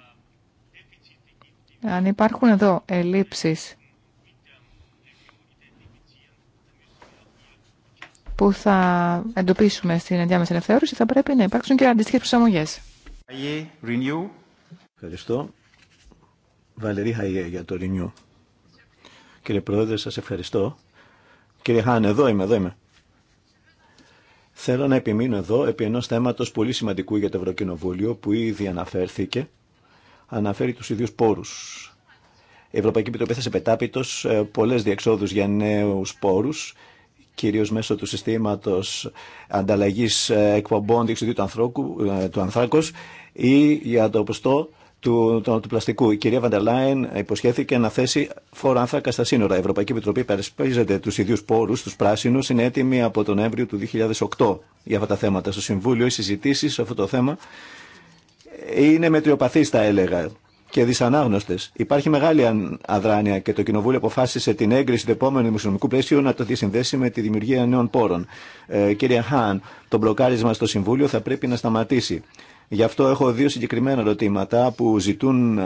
Αν υπάρχουν εδώ ελλείψεις που θα εντοπίσουμε στην ενδιάμεση ελευθέρωση, θα πρέπει να υπάρξουν και αντίστοιχε προσαρμογέ. Ευχαριστώ. Βαλερή Χαϊέ για το Renew. Κύριε Πρόεδρε, σας ευχαριστώ. Κύριε Χάν, εδώ είμαι, εδώ είμαι. Θέλω να επιμείνω εδώ επί ενός θέματος πολύ σημαντικού για το Ευρωκοινοβούλιο που ήδη αναφέρθηκε. Αναφέρει τους ίδιους πόρους. Η Ευρωπαϊκή Επιτροπή σε πετάπητος ε, πολλές διεξόδους για νέους πόρους κυρίως μέσω του συστήματος ανταλλαγής ε, εκπομπών διεξοδίου του, ε, του ή για το ποστό του, του, του πλαστικού. Η κυρία Βαντελάιν υποσχέθηκε να θέσει φόρο άνθρακα στα σύνορα. Η Ευρωπαϊκή Επιτροπή περισπίζεται του ίδιου πόρου, του πράσινου, είναι έτοιμη από τον Νοέμβριο του 2008 για αυτά τα θέματα. Στο Συμβούλιο οι συζητήσει σε αυτό το θέμα είναι μετριοπαθεί, θα έλεγα, και δυσανάγνωστε. Υπάρχει μεγάλη αδράνεια και το Κοινοβούλιο αποφάσισε την έγκριση του επόμενου δημοσιονομικού πλαίσιου να το διασυνδέσει με τη δημιουργία νέων πόρων. Ε, κύριε Χάν, το μπλοκάρισμα στο Συμβούλιο θα πρέπει να σταματήσει. Γι' αυτό έχω δύο συγκεκριμένα ερωτήματα που ζητούν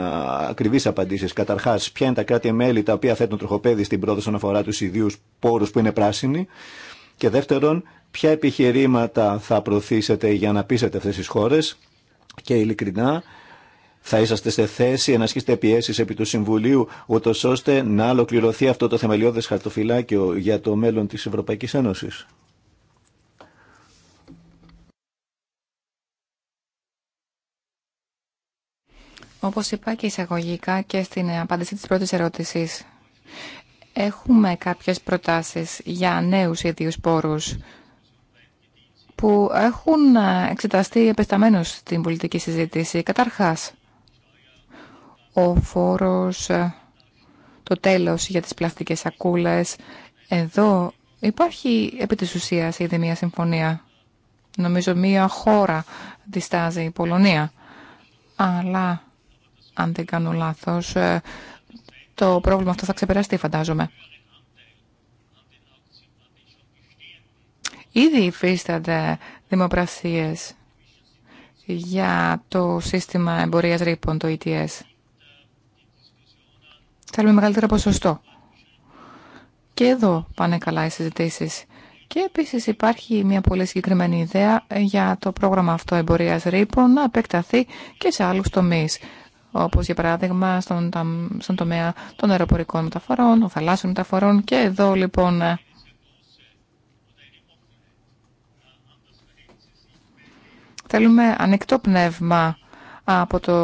ακριβεί απαντήσει. Καταρχά, ποια είναι τα κράτη-μέλη τα οποία θέτουν τροχοπέδι στην πρόοδο όσον αφορά του ιδίου πόρου που είναι πράσινοι. Και δεύτερον, ποια επιχειρήματα θα προωθήσετε για να πείσετε αυτέ τι χώρε. Και ειλικρινά, θα είσαστε σε θέση να ασκήσετε πιέσει επί του Συμβουλίου, ούτω ώστε να ολοκληρωθεί αυτό το θεμελιώδε χαρτοφυλάκιο για το μέλλον τη Ευρωπαϊκή Ένωση. Όπως είπα και εισαγωγικά και στην απάντηση της πρώτης ερώτησης, έχουμε κάποιες προτάσεις για νέους ίδιους πόρους που έχουν εξεταστεί επεσταμένως στην πολιτική συζήτηση. Καταρχάς, ο φόρος, το τέλος για τις πλαστικές σακούλες. Εδώ υπάρχει επί της ουσίας ήδη μια συμφωνία. Νομίζω μια χώρα διστάζει η Πολωνία. Αλλά αν δεν κάνω λάθος, ε, το πρόβλημα αυτό θα ξεπεραστεί, φαντάζομαι. Ήδη υφίστανται δημοπρασίες για το σύστημα εμπορίας ρήπων, το ETS. Θέλουμε μεγαλύτερο ποσοστό. Και εδώ πάνε καλά οι συζητήσει. Και επίσης υπάρχει μια πολύ συγκεκριμένη ιδέα για το πρόγραμμα αυτό εμπορίας ρήπων να επεκταθεί και σε άλλους τομείς όπως για παράδειγμα στον, στον τομέα των αεροπορικών μεταφορών, των θαλάσσιων μεταφορών και εδώ λοιπόν ε, θέλουμε ανοιχτό πνεύμα από το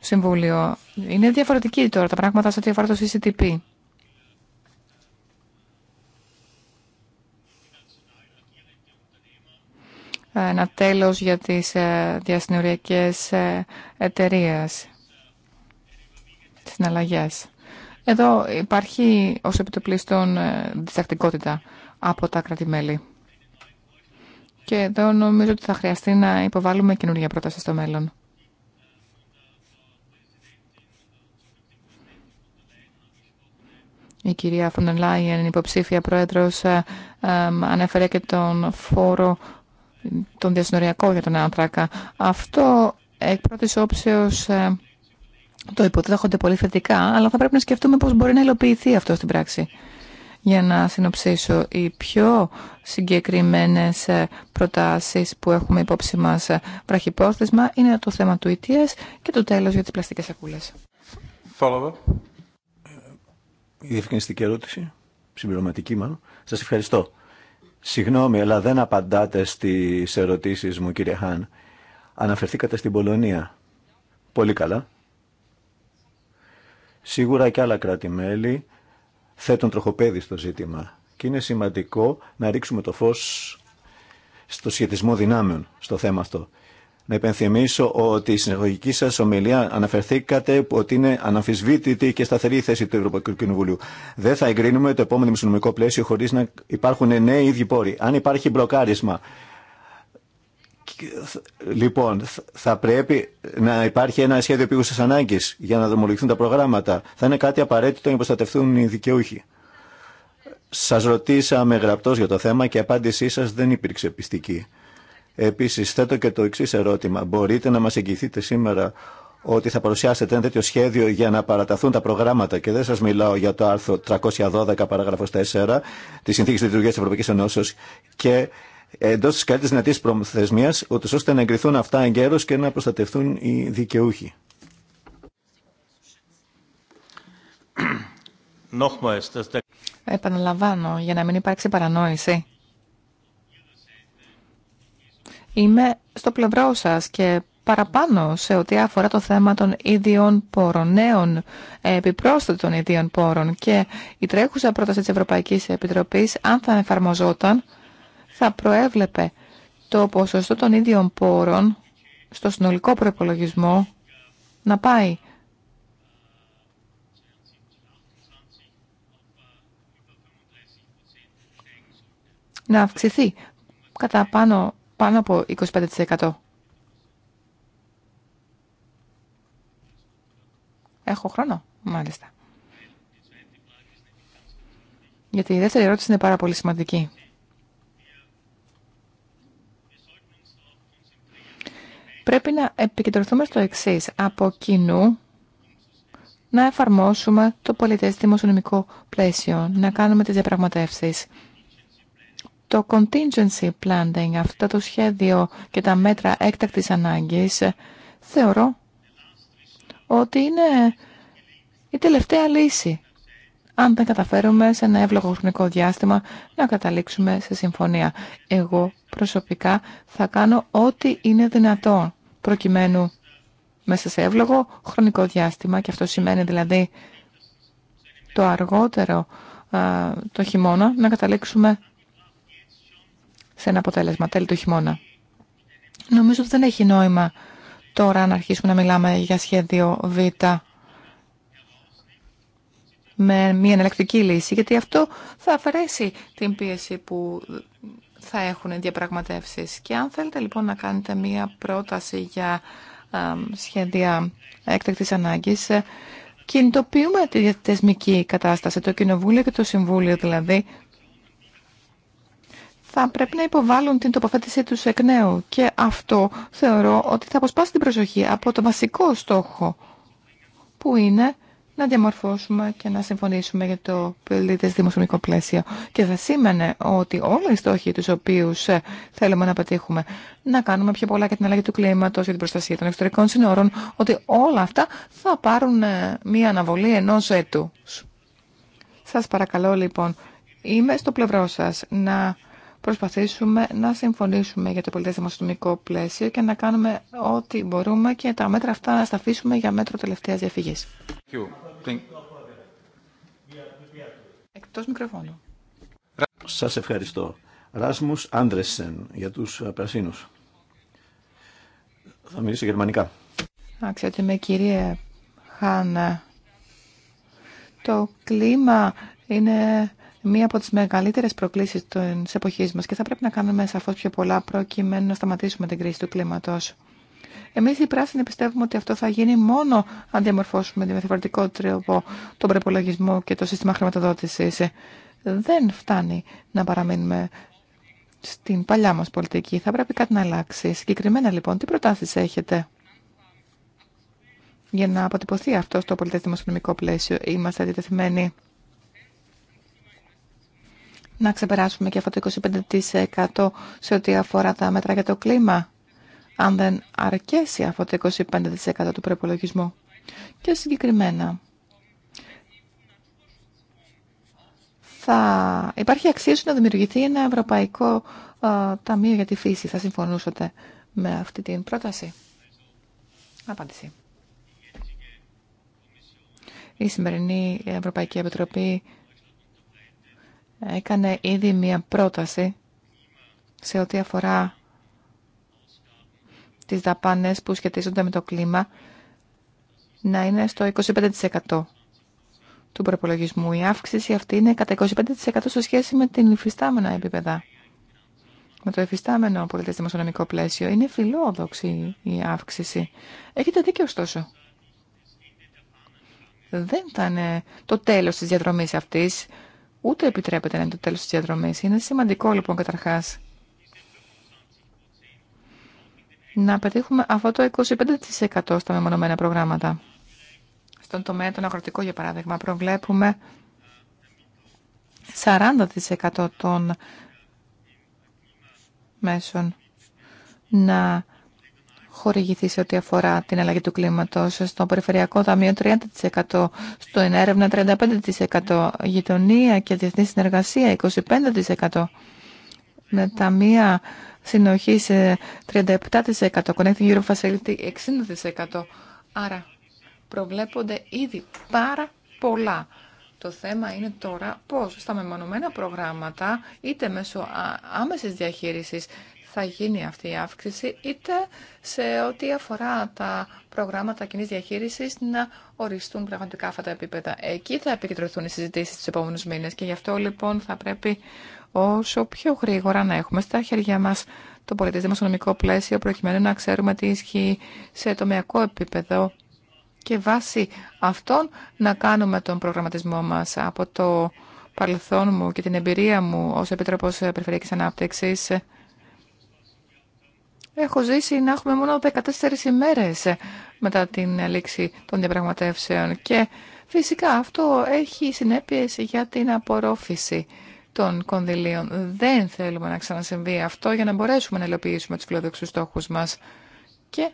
Συμβούλιο. Είναι διαφορετική τώρα τα πράγματα σε ό,τι αφορά το CCTP. ένα τέλος για τις ε, διασυνοριακές ε, εταιρείες συναλλαγές. Εδώ υπάρχει ως επιτοπλίστων ε, διστακτικότητα από τα κρατη Και εδώ νομίζω ότι θα χρειαστεί να υποβάλουμε καινούργια πρόταση στο μέλλον. Η κυρία Φοντεν η υποψήφια πρόεδρος, ανέφερε και τον φόρο τον διασυνοριακό για τον άνθρακα. Αυτό εκ πρώτης όψεως ε, το υποδέχονται πολύ θετικά, αλλά θα πρέπει να σκεφτούμε πώς μπορεί να υλοποιηθεί αυτό στην πράξη. Για να συνοψίσω, οι πιο συγκεκριμένες ε, προτάσεις που έχουμε υπόψη μας ε, βραχυπρόθεσμα είναι το θέμα του ETS και το τέλος για τις πλαστικές σακούλες. Η διευκρινιστική ερώτηση, συμπληρωματική μάλλον. Σας ευχαριστώ. Συγγνώμη, αλλά δεν απαντάτε στις ερωτήσεις μου, κύριε Χάν. Αναφερθήκατε στην Πολωνία. Πολύ καλά. Σίγουρα και άλλα κράτη-μέλη θέτουν τροχοπέδι στο ζήτημα. Και είναι σημαντικό να ρίξουμε το φως στο σχετισμό δυνάμεων στο θέμα αυτό. Να υπενθυμίσω ότι η συνεργογική σα ομιλία αναφερθήκατε ότι είναι αναμφισβήτητη και σταθερή η θέση του Ευρωπαϊκού Κοινοβουλίου. Δεν θα εγκρίνουμε το επόμενο μισονομικό πλαίσιο χωρί να υπάρχουν νέοι ίδιοι πόροι. Αν υπάρχει μπλοκάρισμα, λοιπόν, θα πρέπει να υπάρχει ένα σχέδιο επίγουσα ανάγκη για να δρομολογηθούν τα προγράμματα. Θα είναι κάτι απαραίτητο να προστατευτούν οι δικαιούχοι. Σα ρωτήσαμε γραπτό για το θέμα και η απάντησή σα δεν υπήρξε πιστική. Επίση, θέτω και το εξή ερώτημα. Μπορείτε να μα εγγυηθείτε σήμερα ότι θα παρουσιάσετε ένα τέτοιο σχέδιο για να παραταθούν τα προγράμματα και δεν σα μιλάω για το άρθρο 312 παράγραφος 4 τη Συνθήκης λειτουργία της Ευρωπαϊκής Ενώσεω και εντό τη καλύτερη δυνατή προθεσμία, ούτως ώστε να εγκριθούν αυτά εγκαίρω και να προστατευτούν οι δικαιούχοι. Επαναλαμβάνω, για να μην υπάρξει παρανόηση. Είμαι στο πλευρό σας και παραπάνω σε ό,τι αφορά το θέμα των ίδιων πόρων, νέων ε, επιπρόσθετων ίδιων πόρων και η τρέχουσα πρόταση της Ευρωπαϊκής Επιτροπής, αν θα εφαρμοζόταν, θα προέβλεπε το ποσοστό των ίδιων πόρων στο συνολικό προπολογισμό να πάει να αυξηθεί κατά πάνω πάνω από 25%. Έχω χρόνο, μάλιστα. Γιατί η δεύτερη ερώτηση είναι πάρα πολύ σημαντική. Πρέπει να επικεντρωθούμε στο εξή. Από κοινού να εφαρμόσουμε το πολιτές δημοσιονομικό πλαίσιο, να κάνουμε τις διαπραγματεύσεις το contingency planning, αυτό το σχέδιο και τα μέτρα έκτακτης ανάγκης, θεωρώ ότι είναι η τελευταία λύση. Αν δεν καταφέρουμε σε ένα εύλογο χρονικό διάστημα να καταλήξουμε σε συμφωνία. Εγώ προσωπικά θα κάνω ό,τι είναι δυνατόν προκειμένου μέσα σε εύλογο χρονικό διάστημα και αυτό σημαίνει δηλαδή το αργότερο το χειμώνα να καταλήξουμε σε ένα αποτέλεσμα τέλη του χειμώνα. Νομίζω ότι δεν έχει νόημα τώρα να αρχίσουμε να μιλάμε για σχέδιο Β με μια εναλλακτική λύση, γιατί αυτό θα αφαιρέσει την πίεση που θα έχουν οι διαπραγματεύσεις. Και αν θέλετε λοιπόν να κάνετε μια πρόταση για σχέδια έκτακτης ανάγκης, ε, κινητοποιούμε τη θεσμική κατάσταση, το Κοινοβούλιο και το Συμβούλιο δηλαδή, θα πρέπει να υποβάλουν την τοποθέτησή τους εκ νέου και αυτό θεωρώ ότι θα αποσπάσει την προσοχή από το βασικό στόχο που είναι να διαμορφώσουμε και να συμφωνήσουμε για το πολίτες δημοσιονομικό πλαίσιο. Και θα σήμαινε ότι όλοι οι στόχοι τους οποίους ε, θέλουμε να πετύχουμε, να κάνουμε πιο πολλά για την αλλαγή του κλίματος, για την προστασία των εξωτερικών συνόρων, ότι όλα αυτά θα πάρουν ε, μία αναβολή ενός έτου. Σας παρακαλώ λοιπόν, είμαι στο πλευρό σας να προσπαθήσουμε να συμφωνήσουμε για το πολιτισμικό πλαίσιο και να κάνουμε ό,τι μπορούμε και τα μέτρα αυτά να στα για μέτρο τελευταίας διαφυγής. Εκτός μικροφώνου. Σας ευχαριστώ. Ράσμους Άντρεσεν για τους Περασίνους. Θα μιλήσω γερμανικά. με κύριε Χάνα, το κλίμα είναι μία από τις μεγαλύτερες προκλήσεις της εποχής μας και θα πρέπει να κάνουμε σαφώς πιο πολλά προκειμένου να σταματήσουμε την κρίση του κλίματος. Εμεί οι πράσινοι πιστεύουμε ότι αυτό θα γίνει μόνο αν διαμορφώσουμε τη διαφορετικό τρόπο τον προπολογισμό και το σύστημα χρηματοδότηση. Δεν φτάνει να παραμείνουμε στην παλιά μας πολιτική. Θα πρέπει κάτι να αλλάξει. Συγκεκριμένα λοιπόν, τι προτάσεις έχετε για να αποτυπωθεί αυτό στο πολιτισμό- πλαίσιο. Είμαστε αντιτεθειμένοι να ξεπεράσουμε και αυτό το 25% σε ό,τι αφορά τα μέτρα για το κλίμα, αν δεν αρκέσει αυτό το 25% του προπολογισμού. Και συγκεκριμένα, θα υπάρχει αξίωση να δημιουργηθεί ένα ευρωπαϊκό ταμείο για τη φύση. Θα συμφωνούσατε με αυτή την πρόταση. Απάντηση. Η σημερινή Ευρωπαϊκή Επιτροπή έκανε ήδη μία πρόταση σε ό,τι αφορά τις δαπάνες που σχετίζονται με το κλίμα να είναι στο 25% του προπολογισμού. Η αύξηση αυτή είναι κατά 25% σε σχέση με την υφιστάμενα επίπεδα. Με το υφιστάμενο πολιτές δημοσιονομικό πλαίσιο είναι φιλόδοξη η αύξηση. Έχετε δίκιο ωστόσο. Δεν θα το τέλος της διαδρομής αυτής ούτε επιτρέπεται να είναι το τέλος της διαδρομής. Είναι σημαντικό λοιπόν καταρχάς να πετύχουμε αυτό το 25% στα μεμονωμένα προγράμματα. Στον τομέα των αγροτικών, για παράδειγμα, προβλέπουμε 40% των μέσων να χορηγηθεί σε ό,τι αφορά την αλλαγή του κλίματος. Στο Περιφερειακό Ταμείο 30%, στο Ενέρευνα 35%, Γειτονία και Διεθνή Συνεργασία 25%, με Ταμεία σε 37%, Connecting Europe Facility 60%. Άρα προβλέπονται ήδη πάρα πολλά. Το θέμα είναι τώρα πώς στα μεμονωμένα προγράμματα, είτε μέσω άμεσης διαχείρισης θα γίνει αυτή η αύξηση, είτε σε ό,τι αφορά τα προγράμματα κοινή διαχείριση να οριστούν πραγματικά αυτά τα επίπεδα. Εκεί θα επικεντρωθούν οι συζητήσει του επόμενου μήνε και γι' αυτό λοιπόν θα πρέπει όσο πιο γρήγορα να έχουμε στα χέρια μα το πολιτικό δημοσιονομικό πλαίσιο, προκειμένου να ξέρουμε τι ισχύει σε τομεακό επίπεδο και βάσει αυτών να κάνουμε τον προγραμματισμό μας από το παρελθόν μου και την εμπειρία μου ως Επίτροπος Περιφερειακής Ανάπτυξης έχω ζήσει να έχουμε μόνο 14 ημέρες μετά την λήξη των διαπραγματεύσεων και φυσικά αυτό έχει συνέπειες για την απορρόφηση των κονδυλίων. Δεν θέλουμε να ξανασυμβεί αυτό για να μπορέσουμε να υλοποιήσουμε τους φιλοδοξούς στόχους μας. Και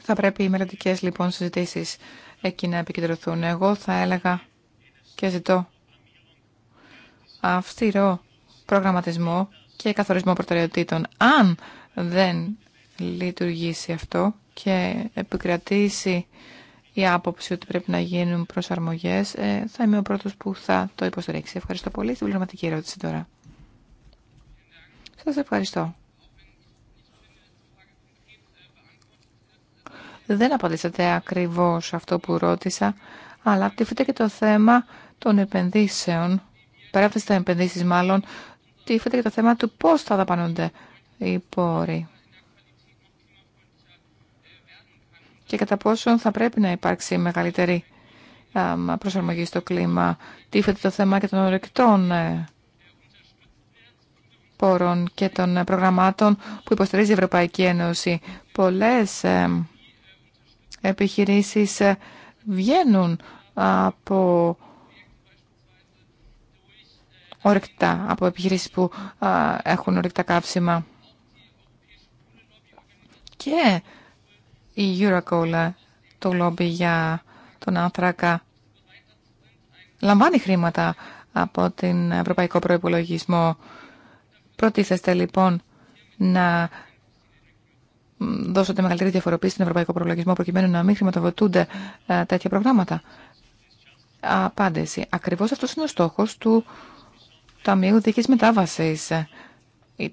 θα πρέπει οι μελλοντικέ λοιπόν συζητήσεις εκεί να επικεντρωθούν. Εγώ θα έλεγα και ζητώ αυστηρό προγραμματισμό και καθορισμό προτεραιοτήτων. Αν δεν λειτουργήσει αυτό και επικρατήσει η άποψη ότι πρέπει να γίνουν προσαρμογές, ε, θα είμαι ο πρώτος που θα το υποστηρίξει. Ευχαριστώ πολύ. Στην πληρωματική ερώτηση τώρα. Σας ευχαριστώ. Δεν απαντήσατε ακριβώς αυτό που ρώτησα, αλλά πτύφεται και το θέμα των επενδύσεων, πέρα από τις επενδύσεις μάλλον, τίθεται και το θέμα του πώς θα δαπανούνται οι πόροι και κατά πόσον θα πρέπει να υπάρξει μεγαλύτερη προσαρμογή στο κλίμα. Τίθεται το θέμα και των ορεκτών ε, πόρων και των προγραμμάτων που υποστηρίζει η Ευρωπαϊκή Ένωση. Πολλές επιχειρήσεις ε, βγαίνουν από ορυκτά, από επιχειρήσεις που έχουν ορυκτά καύσιμα. Και η Eurocola, το λόμπι για τον άνθρακα, λαμβάνει χρήματα από την Ευρωπαϊκό Προϋπολογισμό. Προτίθεστε λοιπόν να δώσετε μεγαλύτερη διαφοροποίηση στον Ευρωπαϊκό Προϋπολογισμό, προκειμένου να μην χρηματοδοτούνται τέτοια προγράμματα. Απάντηση. Ακριβώς αυτός είναι ο στόχος του Ταμείου Δίκης Μετάβασης. Ε,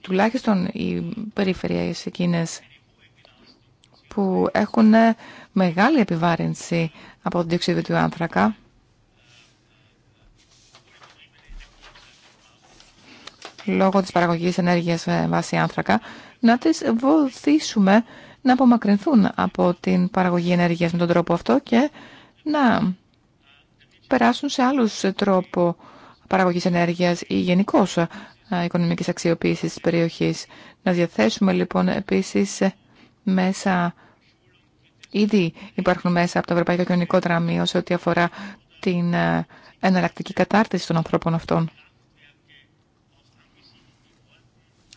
τουλάχιστον οι περιφερειές εκείνες που έχουν ε, μεγάλη επιβάρυνση από το διοξείδιο του άνθρακα. λόγω της παραγωγής ενέργειας ε, βάσει άνθρακα, να τις βοηθήσουμε να απομακρυνθούν από την παραγωγή ενέργειας με τον τρόπο αυτό και να περάσουν σε άλλους τρόπο παραγωγής ενέργειας ή γενικώ ε, οικονομικής αξιοποίησης της περιοχής. Να διαθέσουμε λοιπόν επίσης ε, μέσα, ήδη υπάρχουν μέσα από το Ευρωπαϊκό Κοινωνικό Τραμείο σε ό,τι αφορά την ε, εναλλακτική κατάρτιση των ανθρώπων αυτών.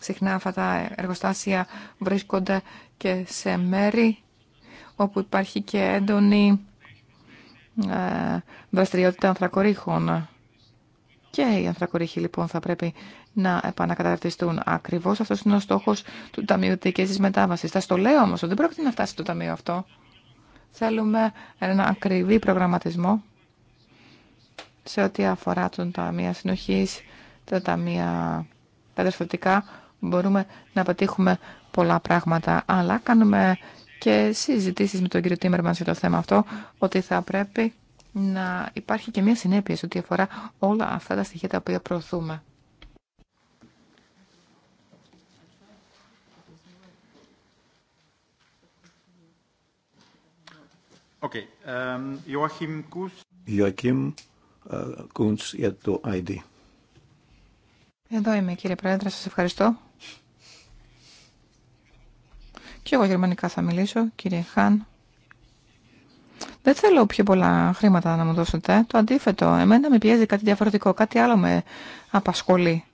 Συχνά αυτά τα εργοστάσια βρίσκονται και σε μέρη όπου υπάρχει και έντονη δραστηριότητα ανθρακορίχων και οι ανθρακορίχοι λοιπόν θα πρέπει να επανακαταρτιστούν. Ακριβώ αυτό είναι ο στόχο του Ταμείου τη Μετάβαση. Θα στο λέω όμω ότι δεν πρόκειται να φτάσει το Ταμείο αυτό. Θέλουμε ένα ακριβή προγραμματισμό σε ό,τι αφορά τον Ταμείο Συνοχή, τα Ταμεία Καταστατικά. Μπορούμε να πετύχουμε πολλά πράγματα, αλλά κάνουμε και συζητήσεις με τον κύριο Τίμερμαν για το θέμα αυτό, ότι θα πρέπει να υπάρχει και μια συνέπεια σε ό,τι αφορά όλα αυτά τα στοιχεία τα οποία προωθούμε. Um, uh, για το ID. Εδώ είμαι κύριε Πρόεδρε, σας ευχαριστώ. Και εγώ γερμανικά θα μιλήσω, κύριε Χάν. Δεν θέλω πιο πολλά χρήματα να μου δώσετε. Το αντίθετο, εμένα με πιέζει κάτι διαφορετικό, κάτι άλλο με απασχολεί.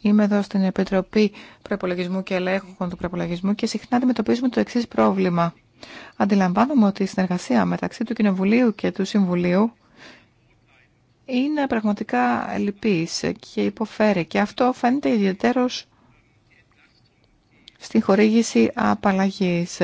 Είμαι εδώ στην Επιτροπή Προπολογισμού και Ελέγχου του Προπολογισμού και συχνά αντιμετωπίζουμε το εξή πρόβλημα. Αντιλαμβάνομαι ότι η συνεργασία μεταξύ του Κοινοβουλίου και του Συμβουλίου είναι πραγματικά λυπής και υποφέρει και αυτό φαίνεται ιδιαίτερος στην χορήγηση απαλλαγής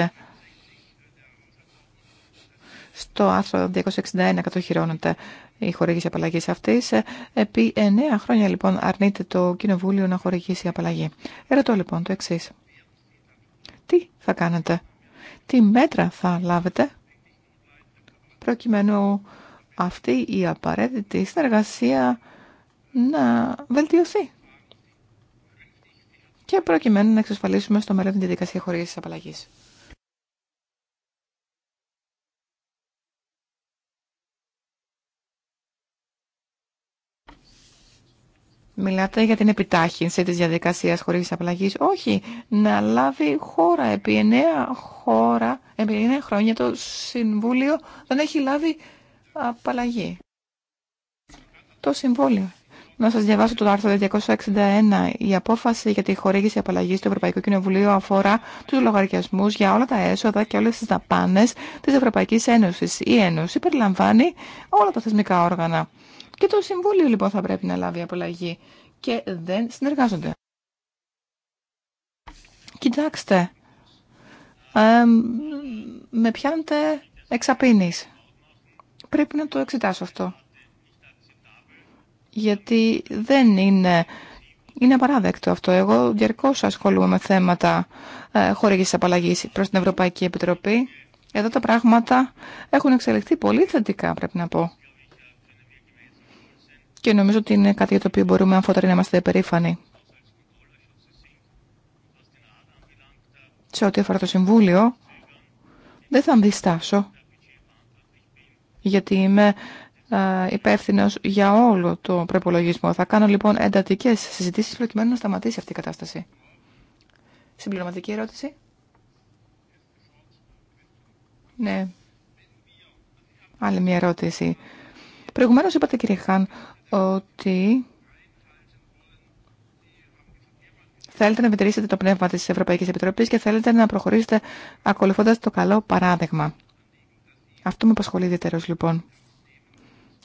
στο άρθρο 261 κατοχυρώνεται η χορήγηση απαλλαγή αυτή. Ε, επί 9 χρόνια λοιπόν αρνείται το Κοινοβούλιο να χορηγήσει απαλλαγή. Ερωτώ λοιπόν το εξή. Τι θα κάνετε, τι μέτρα θα λάβετε προκειμένου αυτή η απαραίτητη συνεργασία να βελτιωθεί και προκειμένου να εξασφαλίσουμε στο μέλλον την διαδικασία χορήγησης απαλλαγής. Μιλάτε για την επιτάχυνση της διαδικασίας χωρίς απαλλαγής. Όχι, να λάβει χώρα. Επί εννέα, χώρα, επί εννέα χρόνια το Συμβούλιο δεν έχει λάβει απαλλαγή. Το Συμβούλιο. Να σας διαβάσω το άρθρο 261. Η απόφαση για τη χορήγηση απαλλαγής του Ευρωπαϊκού Κοινοβουλίου αφορά τους λογαριασμούς για όλα τα έσοδα και όλες τις δαπάνες της Ευρωπαϊκής Ένωσης. Η Ένωση περιλαμβάνει όλα τα θεσμικά όργανα και το Συμβούλιο λοιπόν θα πρέπει να λάβει απολαγή και δεν συνεργάζονται. Κοιτάξτε, με πιάνετε εξαπίνης. Πρέπει να το εξετάσω αυτό. Γιατί δεν είναι... Είναι απαράδεκτο αυτό. Εγώ διαρκώς ασχολούμαι με θέματα ε, χορηγής απαλλαγής προς την Ευρωπαϊκή Επιτροπή. Εδώ τα πράγματα έχουν εξελιχθεί πολύ θετικά, πρέπει να πω και νομίζω ότι είναι κάτι για το οποίο μπορούμε αμφότεροι να είμαστε περήφανοι. Σε ό,τι αφορά το Συμβούλιο, δεν θα διστάσω, γιατί είμαι υπεύθυνο για όλο το προπολογισμό. Θα κάνω λοιπόν εντατικέ συζητήσει προκειμένου να σταματήσει αυτή η κατάσταση. Συμπληρωματική ερώτηση. Ναι. Άλλη μια ερώτηση. Προηγουμένως είπατε κύριε Χάν ότι θέλετε να επιτηρήσετε το πνεύμα της Ευρωπαϊκής Επιτροπής και θέλετε να προχωρήσετε ακολουθώντας το καλό παράδειγμα. Αυτό με απασχολεί ιδιαίτερος λοιπόν.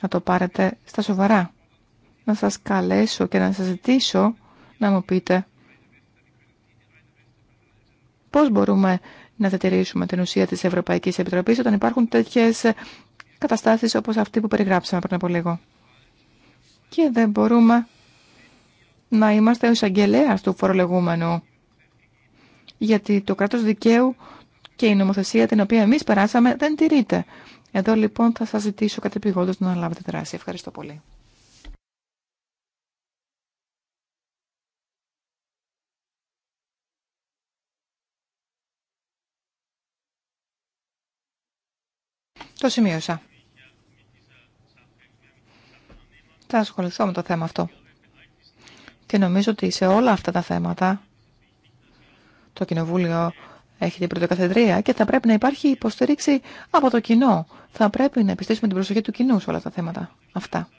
Να το πάρετε στα σοβαρά. Να σας καλέσω και να σας ζητήσω να μου πείτε πώς μπορούμε να διατηρήσουμε την ουσία της Ευρωπαϊκής Επιτροπής όταν υπάρχουν τέτοιες καταστάσεις όπως αυτή που περιγράψαμε πριν από λίγο και δεν μπορούμε να είμαστε ο εισαγγελέα του φορολεγούμενου. Γιατί το κράτος δικαίου και η νομοθεσία την οποία εμείς περάσαμε δεν τηρείται. Εδώ λοιπόν θα σας ζητήσω κατεπηγόντως να λάβετε δράση. Ευχαριστώ πολύ. Το σημείωσα. θα ασχοληθώ με το θέμα αυτό. Και νομίζω ότι σε όλα αυτά τα θέματα το Κοινοβούλιο έχει την πρωτοκαθεδρία και θα πρέπει να υπάρχει υποστήριξη από το κοινό. Θα πρέπει να επιστήσουμε την προσοχή του κοινού σε όλα τα θέματα αυτά.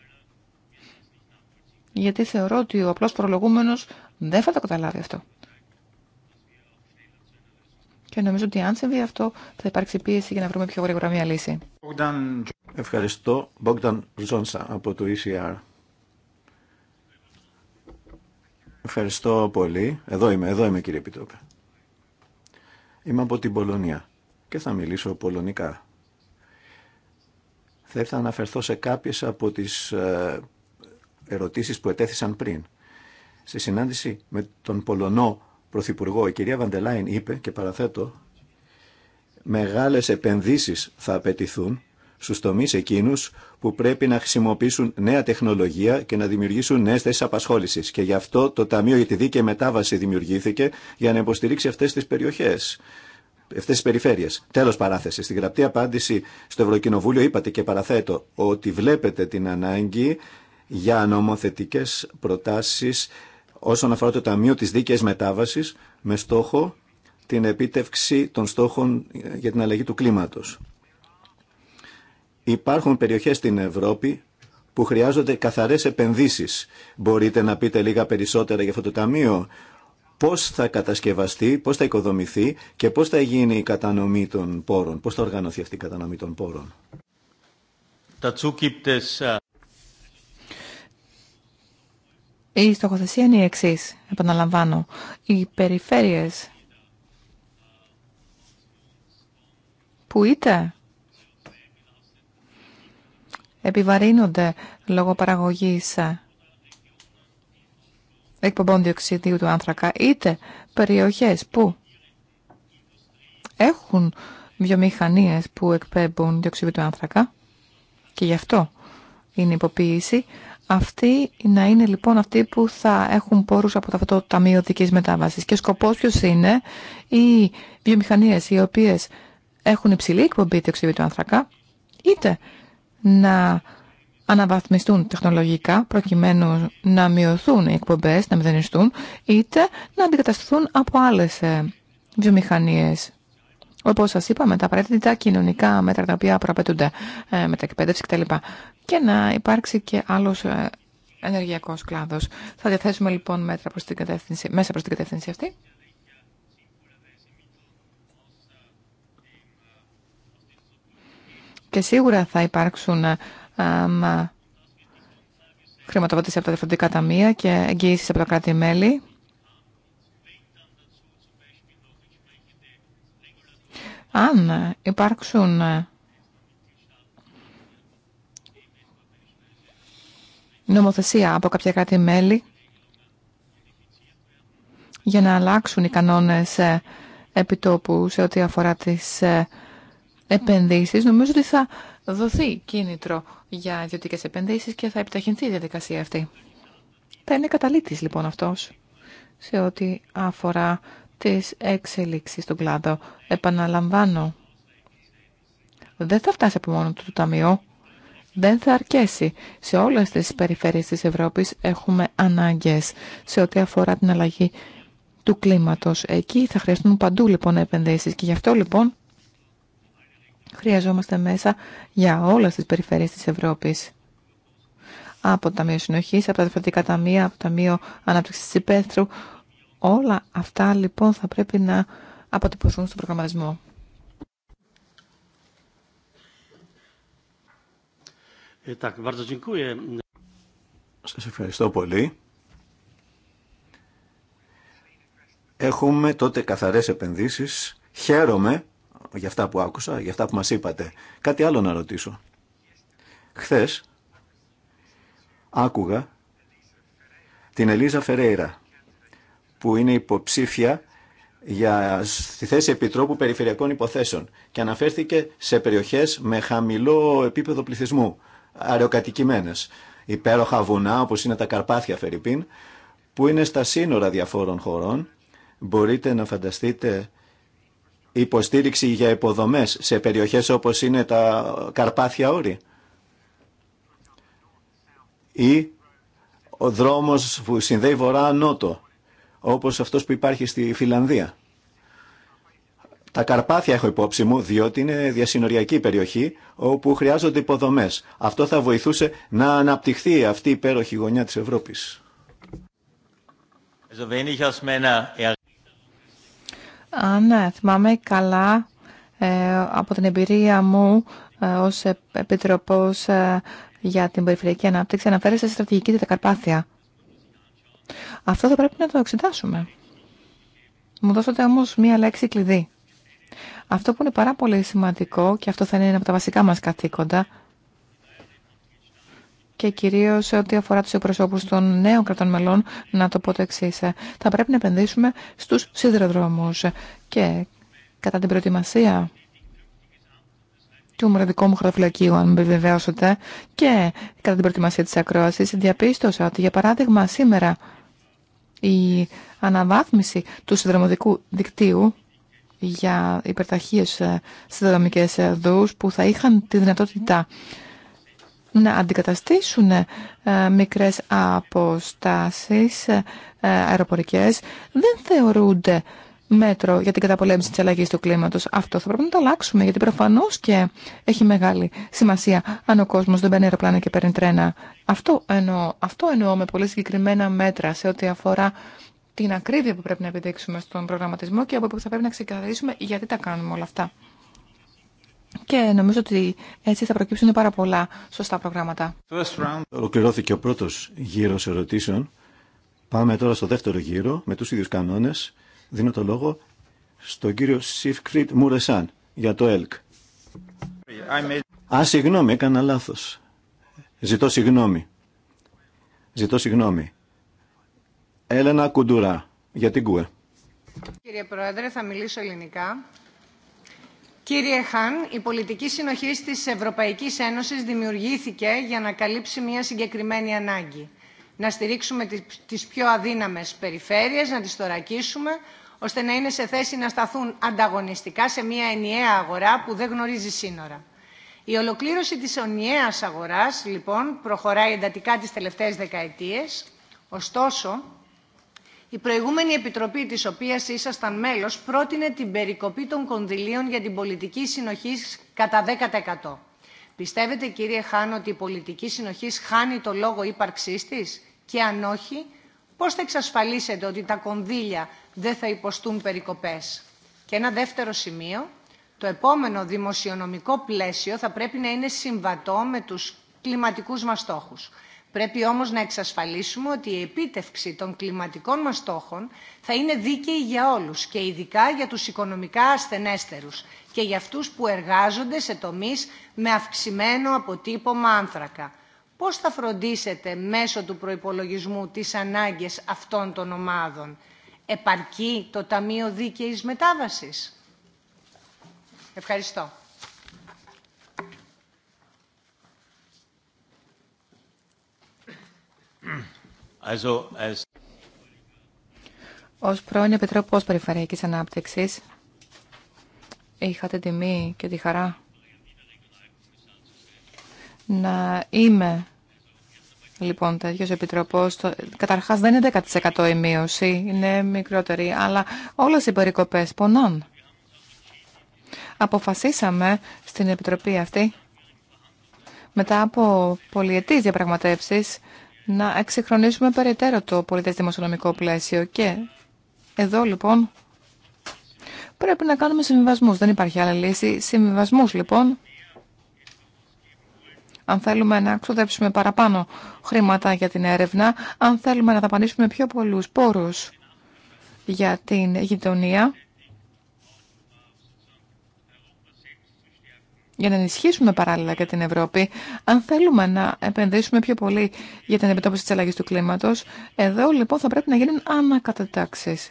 Γιατί θεωρώ ότι ο απλός προλογούμενος δεν θα το καταλάβει αυτό. Και νομίζω ότι αν συμβεί αυτό θα υπάρξει πίεση για να βρούμε πιο γρήγορα μια λύση. Ευχαριστώ. Μπόγκταν Ζόνσα από το ECR. Ευχαριστώ πολύ. Εδώ είμαι, εδώ είμαι κύριε Επιτρόπε. Είμαι από την Πολωνία και θα μιλήσω πολωνικά. Θα ήθελα να αναφερθώ σε κάποιες από τις ε, ερωτήσεις που ετέθησαν πριν. Στη συνάντηση με τον Πολωνό Πρωθυπουργό, η κυρία Βαντελάιν είπε και παραθέτω «Μεγάλες επενδύσεις θα απαιτηθούν στους τομείς εκείνους που πρέπει να χρησιμοποιήσουν νέα τεχνολογία και να δημιουργήσουν νέες θέσεις απασχόλησης. Και γι' αυτό το Ταμείο για τη Δίκαιη Μετάβαση δημιουργήθηκε για να υποστηρίξει αυτές τις περιοχές. Αυτέ τι περιφέρειε. Τέλο παράθεση. Στην γραπτή απάντηση στο Ευρωκοινοβούλιο είπατε και παραθέτω ότι βλέπετε την ανάγκη για νομοθετικέ προτάσει όσον αφορά το Ταμείο της Δίκαιης Μετάβασης με στόχο την επίτευξη των στόχων για την αλλαγή του κλίματος. Υπάρχουν περιοχές στην Ευρώπη που χρειάζονται καθαρές επενδύσεις. Μπορείτε να πείτε λίγα περισσότερα για αυτό το Ταμείο. Πώς θα κατασκευαστεί, πώς θα οικοδομηθεί και πώς θα γίνει η κατανομή των πόρων. Πώς θα οργανωθεί αυτή η κατανομή των πόρων. Η στοχοθεσία είναι η εξή, επαναλαμβάνω. Οι περιφέρειες που είτε επιβαρύνονται λόγω παραγωγής εκπομπών διοξιδίου του άνθρακα, είτε περιοχές που έχουν βιομηχανίες που εκπέμπουν διοξιδίου του άνθρακα και γι' αυτό είναι υποποίηση, αυτοί να είναι λοιπόν αυτοί που θα έχουν πόρους από αυτό το Ταμείο Δικής Μετάβασης. Και σκοπός ποιος είναι οι βιομηχανίες οι οποίες έχουν υψηλή εκπομπή διοξιδίου του άνθρακα, είτε να αναβαθμιστούν τεχνολογικά προκειμένου να μειωθούν οι εκπομπές, να μηδενιστούν, είτε να αντικατασταθούν από άλλες ε, βιομηχανίες Όπω σα είπαμε, τα απαραίτητα κοινωνικά μέτρα τα οποία προαπαιτούνται, ε, εκπαίδευση κτλ. Και να υπάρξει και άλλο ε, ενεργειακό κλάδο. Θα διαθέσουμε λοιπόν μέτρα προς την κατεύθυνση, μέσα προ την κατεύθυνση αυτή. Και σίγουρα θα υπάρξουν ε, χρηματοδότηση από τα διευθυντικά ταμεία και εγγύησει από τα κράτη-μέλη αν υπάρξουν ε, νομοθεσία από κάποια κράτη-μέλη για να αλλάξουν οι κανόνες ε, επιτόπου σε ό,τι αφορά τις ε, επενδύσεις, νομίζω ότι θα δοθεί κίνητρο για ιδιωτικές επενδύσεις και θα επιταχυνθεί η διαδικασία αυτή. Θα είναι καταλήτης λοιπόν αυτός σε ό,τι αφορά της εξελίξης στον κλάδο. Επαναλαμβάνω, δεν θα φτάσει από μόνο του το Ταμείο. Δεν θα αρκέσει. Σε όλες τις περιφέρειες της Ευρώπης έχουμε ανάγκες σε ό,τι αφορά την αλλαγή του κλίματος. Εκεί θα χρειαστούν παντού λοιπόν επενδύσεις και γι' αυτό λοιπόν χρειαζόμαστε μέσα για όλες τις περιφέρειες της Ευρώπης. Από το Ταμείο Συνοχής, από τα Δευτερικά Ταμεία, από το Ταμείο Ανάπτυξης Υπέθρου, Όλα αυτά λοιπόν θα πρέπει να αποτυπωθούν στον προγραμματισμό. Ε, ε, Σας ευχαριστώ πολύ. Έχουμε τότε καθαρές επενδύσεις. Χαίρομαι για αυτά που άκουσα, για αυτά που μας είπατε. Κάτι άλλο να ρωτήσω. Χθες άκουγα την Ελίζα Φερέιρα που είναι υποψήφια για, στη θέση Επιτρόπου Περιφερειακών Υποθέσεων και αναφέρθηκε σε περιοχές με χαμηλό επίπεδο πληθυσμού, αραιοκατοικημένες, υπέροχα βουνά όπως είναι τα Καρπάθια Φερρυπίν, που είναι στα σύνορα διαφόρων χωρών. Μπορείτε να φανταστείτε υποστήριξη για υποδομές σε περιοχές όπως είναι τα Καρπάθια Όρη ή ο δρόμος που συνδέει βορρά-νότο όπως αυτός που υπάρχει στη Φιλανδία. Τα Καρπάθια έχω υπόψη μου, διότι είναι διασυνοριακή περιοχή όπου χρειάζονται υποδομές. Αυτό θα βοηθούσε να αναπτυχθεί αυτή η υπέροχη γωνιά της Ευρώπης. Αν ναι, θυμάμαι καλά ε, από την εμπειρία μου ε, ως Επιτροπός ε, για την Περιφερειακή Ανάπτυξη αναφέρεσαι στη στρατηγική της Καρπάθια. Αυτό θα πρέπει να το εξετάσουμε. Μου δώσατε όμω μία λέξη κλειδί. Αυτό που είναι πάρα πολύ σημαντικό και αυτό θα είναι ένα από τα βασικά μας καθήκοντα και κυρίω σε ό,τι αφορά του εκπροσώπου των νέων κρατών μελών, να το πω το εξή. Θα πρέπει να επενδύσουμε στου σιδηροδρόμου και κατά την προετοιμασία του μοραδικού μου χαρτοφυλακίου, αν με βεβαιώσετε, και κατά την προετοιμασία τη ακρόαση, διαπίστωσα ότι, για παράδειγμα, σήμερα η αναβάθμιση του συνδρομοδικού δικτύου για υπερταχείες ε, συνδρομικές οδούς που θα είχαν τη δυνατότητα να αντικαταστήσουν ε, μικρές αποστάσεις ε, αεροπορικές δεν θεωρούνται μέτρο για την καταπολέμηση της αλλαγής του κλίματος. Αυτό θα πρέπει να το αλλάξουμε, γιατί προφανώς και έχει μεγάλη σημασία αν ο κόσμος δεν παίρνει αεροπλάνα και παίρνει τρένα. Αυτό εννοώ, αυτό εννοώ με πολύ συγκεκριμένα μέτρα σε ό,τι αφορά την ακρίβεια που πρέπει να επιδείξουμε στον προγραμματισμό και από που θα πρέπει να ξεκαθαρίσουμε γιατί τα κάνουμε όλα αυτά. Και νομίζω ότι έτσι θα προκύψουν πάρα πολλά σωστά προγράμματα. Ολοκληρώθηκε ο πρώτος γύρος ερωτήσεων. Πάμε τώρα στο δεύτερο γύρο με τους ίδιους κανόνες. Δίνω το λόγο στον κύριο Σιφκρίτ Μουρεσάν για το ΕΛΚ. Α, συγγνώμη, έκανα λάθος. Ζητώ συγγνώμη. Ζητώ συγγνώμη. Έλενα Κουντουρά, για την ΚΟΕ. Κύριε Πρόεδρε, θα μιλήσω ελληνικά. Κύριε Χαν, η πολιτική συνοχή της Ευρωπαϊκής Ένωσης δημιουργήθηκε για να καλύψει μια συγκεκριμένη ανάγκη να στηρίξουμε τις πιο αδύναμες περιφέρειες, να τις θωρακίσουμε, ώστε να είναι σε θέση να σταθούν ανταγωνιστικά σε μια ενιαία αγορά που δεν γνωρίζει σύνορα. Η ολοκλήρωση της ενιαίας αγοράς, λοιπόν, προχωράει εντατικά τις τελευταίες δεκαετίες. Ωστόσο, η προηγούμενη επιτροπή της οποίας ήσασταν μέλος πρότεινε την περικοπή των κονδυλίων για την πολιτική συνοχή κατά 10%. Πιστεύετε κύριε Χάνο, ότι η πολιτική συνοχή χάνει το λόγο ύπαρξή τη, και αν όχι πώς θα εξασφαλίσετε ότι τα κονδύλια δεν θα υποστούν περικοπές. Και ένα δεύτερο σημείο, το επόμενο δημοσιονομικό πλαίσιο θα πρέπει να είναι συμβατό με τους κλιματικούς μας στόχους. Πρέπει όμως να εξασφαλίσουμε ότι η επίτευξη των κλιματικών μας στόχων θα είναι δίκαιη για όλους και ειδικά για τους οικονομικά ασθενέστερους και για αυτούς που εργάζονται σε τομείς με αυξημένο αποτύπωμα άνθρακα. Πώς θα φροντίσετε μέσω του προϋπολογισμού τις ανάγκες αυτών των ομάδων. Επαρκεί το Ταμείο Δίκαιης Μετάβασης. Ευχαριστώ. Ως πρώην Επιτροπός Περιφερειακής Ανάπτυξης, είχατε τιμή και τη χαρά να είμαι Λοιπόν, τέτοιο επιτροπό, το... καταρχά δεν είναι 10% η μείωση, είναι μικρότερη, αλλά όλε οι περικοπέ πονών. Αποφασίσαμε στην επιτροπή αυτή, μετά από πολυετής διαπραγματεύσεις, να εξυγχρονίσουμε περαιτέρω το πολιτέ δημοσιονομικό πλαίσιο. Και εδώ λοιπόν Πρέπει να κάνουμε συμβιβασμού, Δεν υπάρχει άλλη λύση. Συμβιβασμού λοιπόν. Αν θέλουμε να ξοδέψουμε παραπάνω χρήματα για την έρευνα, αν θέλουμε να ταπανίσουμε πιο πολλού πόρου για την γειτονία, για να ενισχύσουμε παράλληλα και την Ευρώπη, αν θέλουμε να επενδύσουμε πιο πολύ για την επιτόπιση της αλλαγής του κλίματος, εδώ λοιπόν θα πρέπει να γίνουν ανακατατάξεις.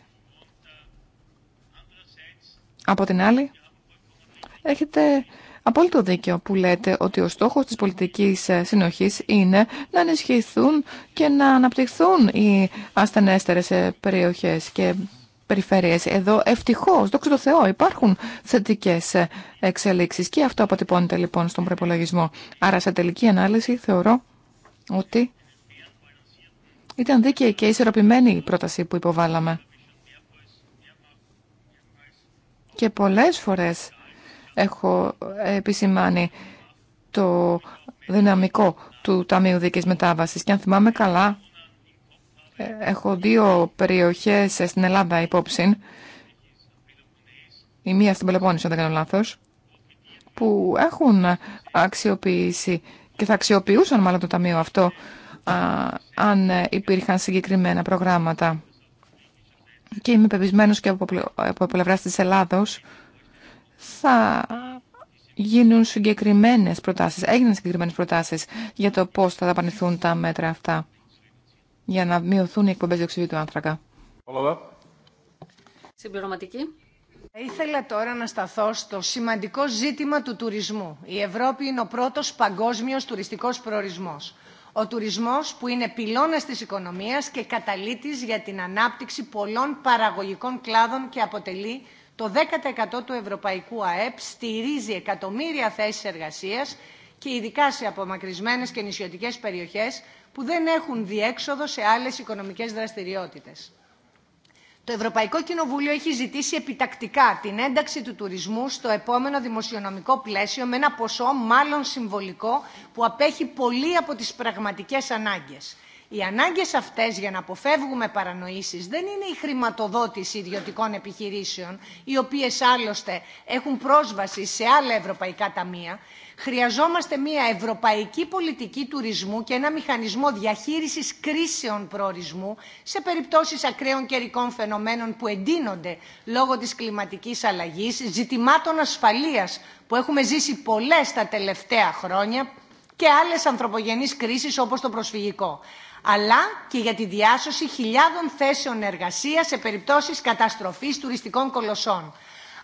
Από την άλλη, έχετε απόλυτο δίκιο που λέτε ότι ο στόχος της πολιτικής ε, συνοχής είναι να ενισχυθούν και να αναπτυχθούν οι ασθενέστερες ε, περιοχές και περιφέρειες. Εδώ ευτυχώς, δόξα τω Θεώ, υπάρχουν θετικές ε, εξελίξεις και αυτό αποτυπώνεται λοιπόν στον προπολογισμό. Άρα σε τελική ανάλυση θεωρώ ότι ήταν δίκαιη και ισορροπημένη η πρόταση που υποβάλαμε. Και πολλές φορές έχω επισημάνει το δυναμικό του Ταμείου Δίκης Μετάβασης. Και αν θυμάμαι καλά, ε, έχω δύο περιοχές στην Ελλάδα υπόψη, η μία στην Πελοπόννησο, δεν κάνω λάθος, που έχουν αξιοποιήσει και θα αξιοποιούσαν μάλλον το Ταμείο αυτό, αν ε, υπήρχαν συγκεκριμένα προγράμματα και είμαι πεπισμένος και από, από πλευράς της Ελλάδος θα γίνουν συγκεκριμένες προτάσεις, έγιναν συγκεκριμένες προτάσεις για το πώς θα δαπανηθούν τα μέτρα αυτά για να μειωθούν οι εκπομπές διοξιδίου του άνθρακα. Συμπληρωματική. ήθελα τώρα να σταθώ στο σημαντικό ζήτημα του τουρισμού. Η Ευρώπη είναι ο πρώτος παγκόσμιος τουριστικός προορισμός ο τουρισμός που είναι πυλώνας της οικονομίας και καταλήτης για την ανάπτυξη πολλών παραγωγικών κλάδων και αποτελεί το 10% του ευρωπαϊκού ΑΕΠ, στηρίζει εκατομμύρια θέσεις εργασίας και ειδικά σε απομακρυσμένες και νησιωτικές περιοχές που δεν έχουν διέξοδο σε άλλες οικονομικές δραστηριότητες. Το Ευρωπαϊκό Κοινοβούλιο έχει ζητήσει επιτακτικά την ένταξη του τουρισμού στο επόμενο δημοσιονομικό πλαίσιο με ένα ποσό μάλλον συμβολικό που απέχει πολύ από τις πραγματικές ανάγκες. Οι ανάγκες αυτές για να αποφεύγουμε παρανοήσεις δεν είναι η χρηματοδότηση ιδιωτικών επιχειρήσεων, οι οποίες άλλωστε έχουν πρόσβαση σε άλλα ευρωπαϊκά ταμεία. Χρειαζόμαστε μια ευρωπαϊκή πολιτική τουρισμού και ένα μηχανισμό διαχείρισης κρίσεων προορισμού σε περιπτώσεις ακραίων καιρικών φαινομένων που εντείνονται λόγω της κλιματικής αλλαγής, ζητημάτων ασφαλείας που έχουμε ζήσει πολλές τα τελευταία χρόνια και άλλες ανθρωπογενείς κρίσεις όπως το προσφυγικό αλλά και για τη διάσωση χιλιάδων θέσεων εργασία σε περιπτώσεις καταστροφής τουριστικών κολοσσών.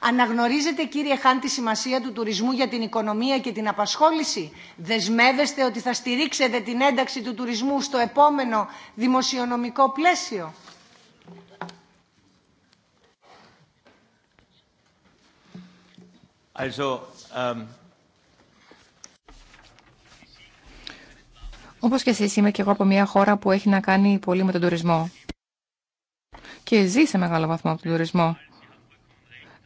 Αναγνωρίζετε κύριε Χάν τη σημασία του τουρισμού για την οικονομία και την απασχόληση. Δεσμεύεστε ότι θα στηρίξετε την ένταξη του τουρισμού στο επόμενο δημοσιονομικό πλαίσιο. Also, um, Όπως και εσείς είμαι και εγώ από μια χώρα που έχει να κάνει πολύ με τον τουρισμό. Και ζει σε μεγάλο βαθμό από τον τουρισμό.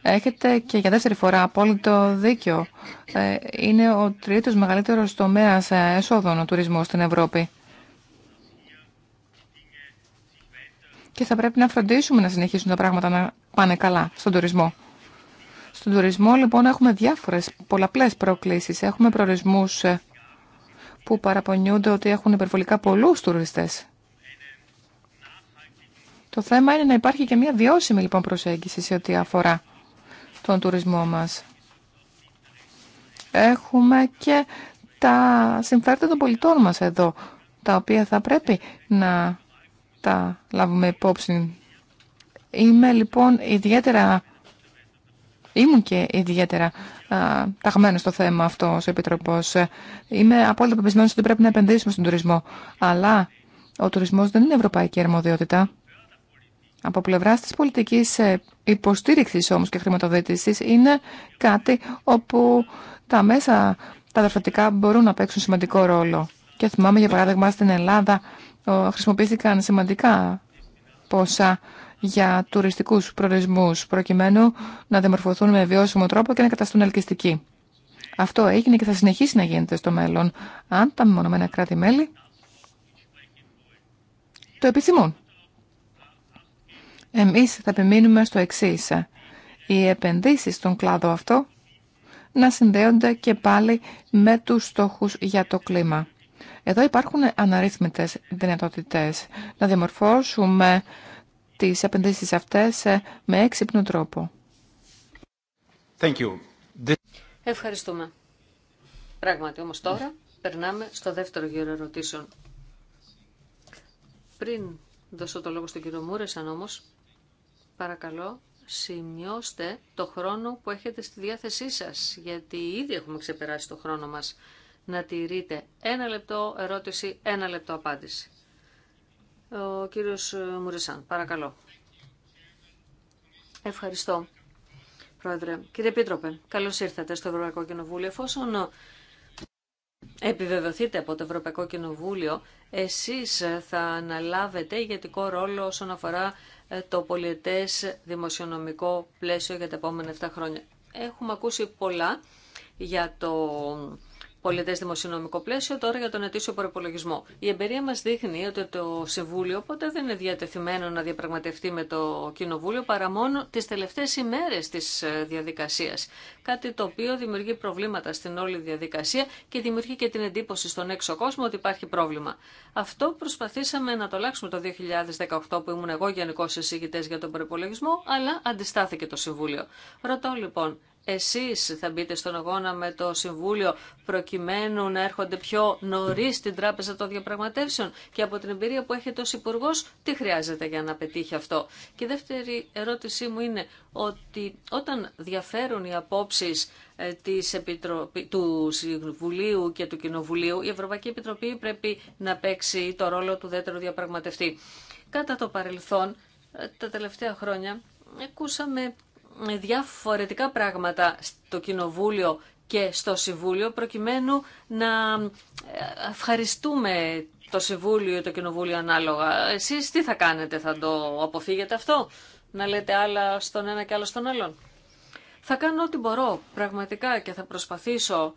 Έχετε και για δεύτερη φορά απόλυτο δίκιο. Ε, είναι ο τρίτος μεγαλύτερος τομέας εσόδων ο τουρισμός στην Ευρώπη. Και θα πρέπει να φροντίσουμε να συνεχίσουν τα πράγματα να πάνε καλά στον τουρισμό. Στον τουρισμό λοιπόν έχουμε διάφορες πολλαπλές προκλήσεις. Έχουμε προορισμούς ε, που παραπονιούνται ότι έχουν υπερβολικά πολλούς τουριστές. Το θέμα είναι να υπάρχει και μια βιώσιμη λοιπόν προσέγγιση σε ό,τι αφορά τον τουρισμό μας. Έχουμε και τα συμφέροντα των πολιτών μας εδώ, τα οποία θα πρέπει να τα λάβουμε υπόψη. Είμαι λοιπόν ιδιαίτερα, ήμουν και ιδιαίτερα α, ταγμένο στο θέμα αυτό ως Επιτροπός. Είμαι απόλυτα πεπισμένος ότι πρέπει να επενδύσουμε στον τουρισμό. Αλλά ο τουρισμός δεν είναι ευρωπαϊκή αρμοδιότητα από πλευρά τη πολιτική ε, υποστήριξη όμω και χρηματοδότηση είναι κάτι όπου τα μέσα, τα δραστηριοτικά μπορούν να παίξουν σημαντικό ρόλο. Και θυμάμαι για παράδειγμα στην Ελλάδα χρησιμοποιήθηκαν σημαντικά ποσά για τουριστικούς προορισμούς προκειμένου να δημορφωθούν με βιώσιμο τρόπο και να καταστούν ελκυστικοί. Αυτό έγινε και θα συνεχίσει να γίνεται στο μέλλον αν τα μεμονωμένα κράτη-μέλη το επιθυμούν. Εμείς θα επιμείνουμε στο εξή. Οι επενδύσεις στον κλάδο αυτό να συνδέονται και πάλι με τους στόχους για το κλίμα. Εδώ υπάρχουν αναρρύθμιτες δυνατότητες να διαμορφώσουμε τις επενδύσεις αυτές με έξυπνο τρόπο. Thank you. Ευχαριστούμε. Πράγματι όμως τώρα περνάμε στο δεύτερο γύρο ερωτήσεων. Πριν δώσω το λόγο στον κύριο Μούρεσαν όμως, Παρακαλώ, σημειώστε το χρόνο που έχετε στη διάθεσή σας, γιατί ήδη έχουμε ξεπεράσει το χρόνο μας. Να τηρείτε ένα λεπτό ερώτηση, ένα λεπτό απάντηση. Ο κύριος Μουρισάν, παρακαλώ. Ευχαριστώ, Πρόεδρε. Κύριε Πίτροπε, καλώς ήρθατε στο Ευρωπαϊκό Κοινοβούλιο. Εφόσον επιβεβαιωθείτε από το Ευρωπαϊκό Κοινοβούλιο, εσείς θα αναλάβετε ηγετικό ρόλο όσον αφορά το πολιετές δημοσιονομικό πλαίσιο για τα επόμενα 7 χρόνια. Έχουμε ακούσει πολλά για το πολιτέ δημοσιονομικό πλαίσιο, τώρα για τον ετήσιο προπολογισμό. Η εμπειρία μα δείχνει ότι το Συμβούλιο ποτέ δεν είναι διατεθειμένο να διαπραγματευτεί με το Κοινοβούλιο παρά μόνο τι τελευταίε ημέρε τη ε, διαδικασία. Κάτι το οποίο δημιουργεί προβλήματα στην όλη διαδικασία και δημιουργεί και την εντύπωση στον έξω κόσμο ότι υπάρχει πρόβλημα. Αυτό προσπαθήσαμε να το αλλάξουμε το 2018 που ήμουν εγώ γενικό εισηγητέ για τον προπολογισμό, αλλά αντιστάθηκε το Συμβούλιο. Ρωτώ λοιπόν, εσείς θα μπείτε στον αγώνα με το Συμβούλιο προκειμένου να έρχονται πιο νωρί στην Τράπεζα των Διαπραγματεύσεων και από την εμπειρία που έχετε ως υπουργό, τι χρειάζεται για να πετύχει αυτό. Και η δεύτερη ερώτησή μου είναι ότι όταν διαφέρουν οι απόψεις ε, της Επιτροπή, του Συμβουλίου και του Κοινοβουλίου, η Ευρωπαϊκή Επιτροπή πρέπει να παίξει το ρόλο του δεύτερου διαπραγματευτή. Κατά το παρελθόν, ε, τα τελευταία χρόνια, ακούσαμε διαφορετικά πράγματα στο Κοινοβούλιο και στο Συμβούλιο προκειμένου να ε, ευχαριστούμε το Συμβούλιο ή το Κοινοβούλιο ανάλογα. Εσείς τι θα κάνετε, θα το αποφύγετε αυτό, να λέτε άλλα στον ένα και άλλο στον άλλον. Θα κάνω ό,τι μπορώ πραγματικά και θα προσπαθήσω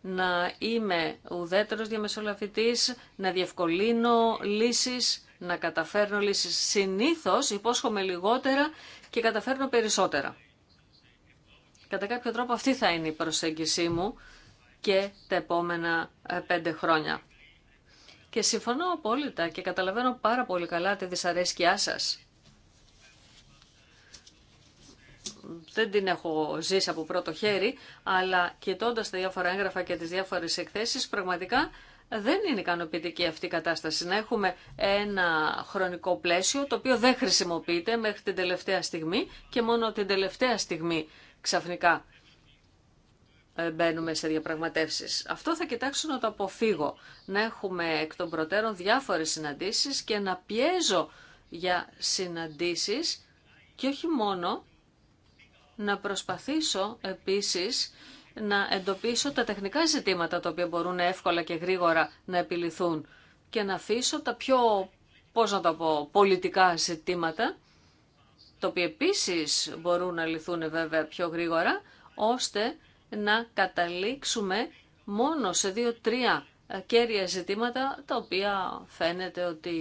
να είμαι ουδέτερος διαμεσολαβητής, να διευκολύνω λύσεις, να καταφέρνω λύσεις. Συνήθως υπόσχομαι λιγότερα και καταφέρνω περισσότερα. Κατά κάποιο τρόπο αυτή θα είναι η προσέγγιση μου και τα επόμενα ε, πέντε χρόνια. Και συμφωνώ απόλυτα και καταλαβαίνω πάρα πολύ καλά τη δυσαρέσκειά σας. Δεν την έχω ζήσει από πρώτο χέρι, αλλά κοιτώντα τα διάφορα έγγραφα και τις διάφορες εκθέσεις, πραγματικά δεν είναι ικανοποιητική αυτή η κατάσταση. Να έχουμε ένα χρονικό πλαίσιο το οποίο δεν χρησιμοποιείται μέχρι την τελευταία στιγμή και μόνο την τελευταία στιγμή ξαφνικά ε, μπαίνουμε σε διαπραγματεύσεις. Αυτό θα κοιτάξω να το αποφύγω. Να έχουμε εκ των προτέρων διάφορες συναντήσεις και να πιέζω για συναντήσεις και όχι μόνο να προσπαθήσω επίσης να εντοπίσω τα τεχνικά ζητήματα τα οποία μπορούν εύκολα και γρήγορα να επιληθούν και να αφήσω τα πιο, πώς να το πω, πολιτικά ζητήματα, τα οποία επίσης μπορούν να λυθούν βέβαια πιο γρήγορα, ώστε να καταλήξουμε μόνο σε δύο-τρία κέρια ζητήματα, τα οποία φαίνεται ότι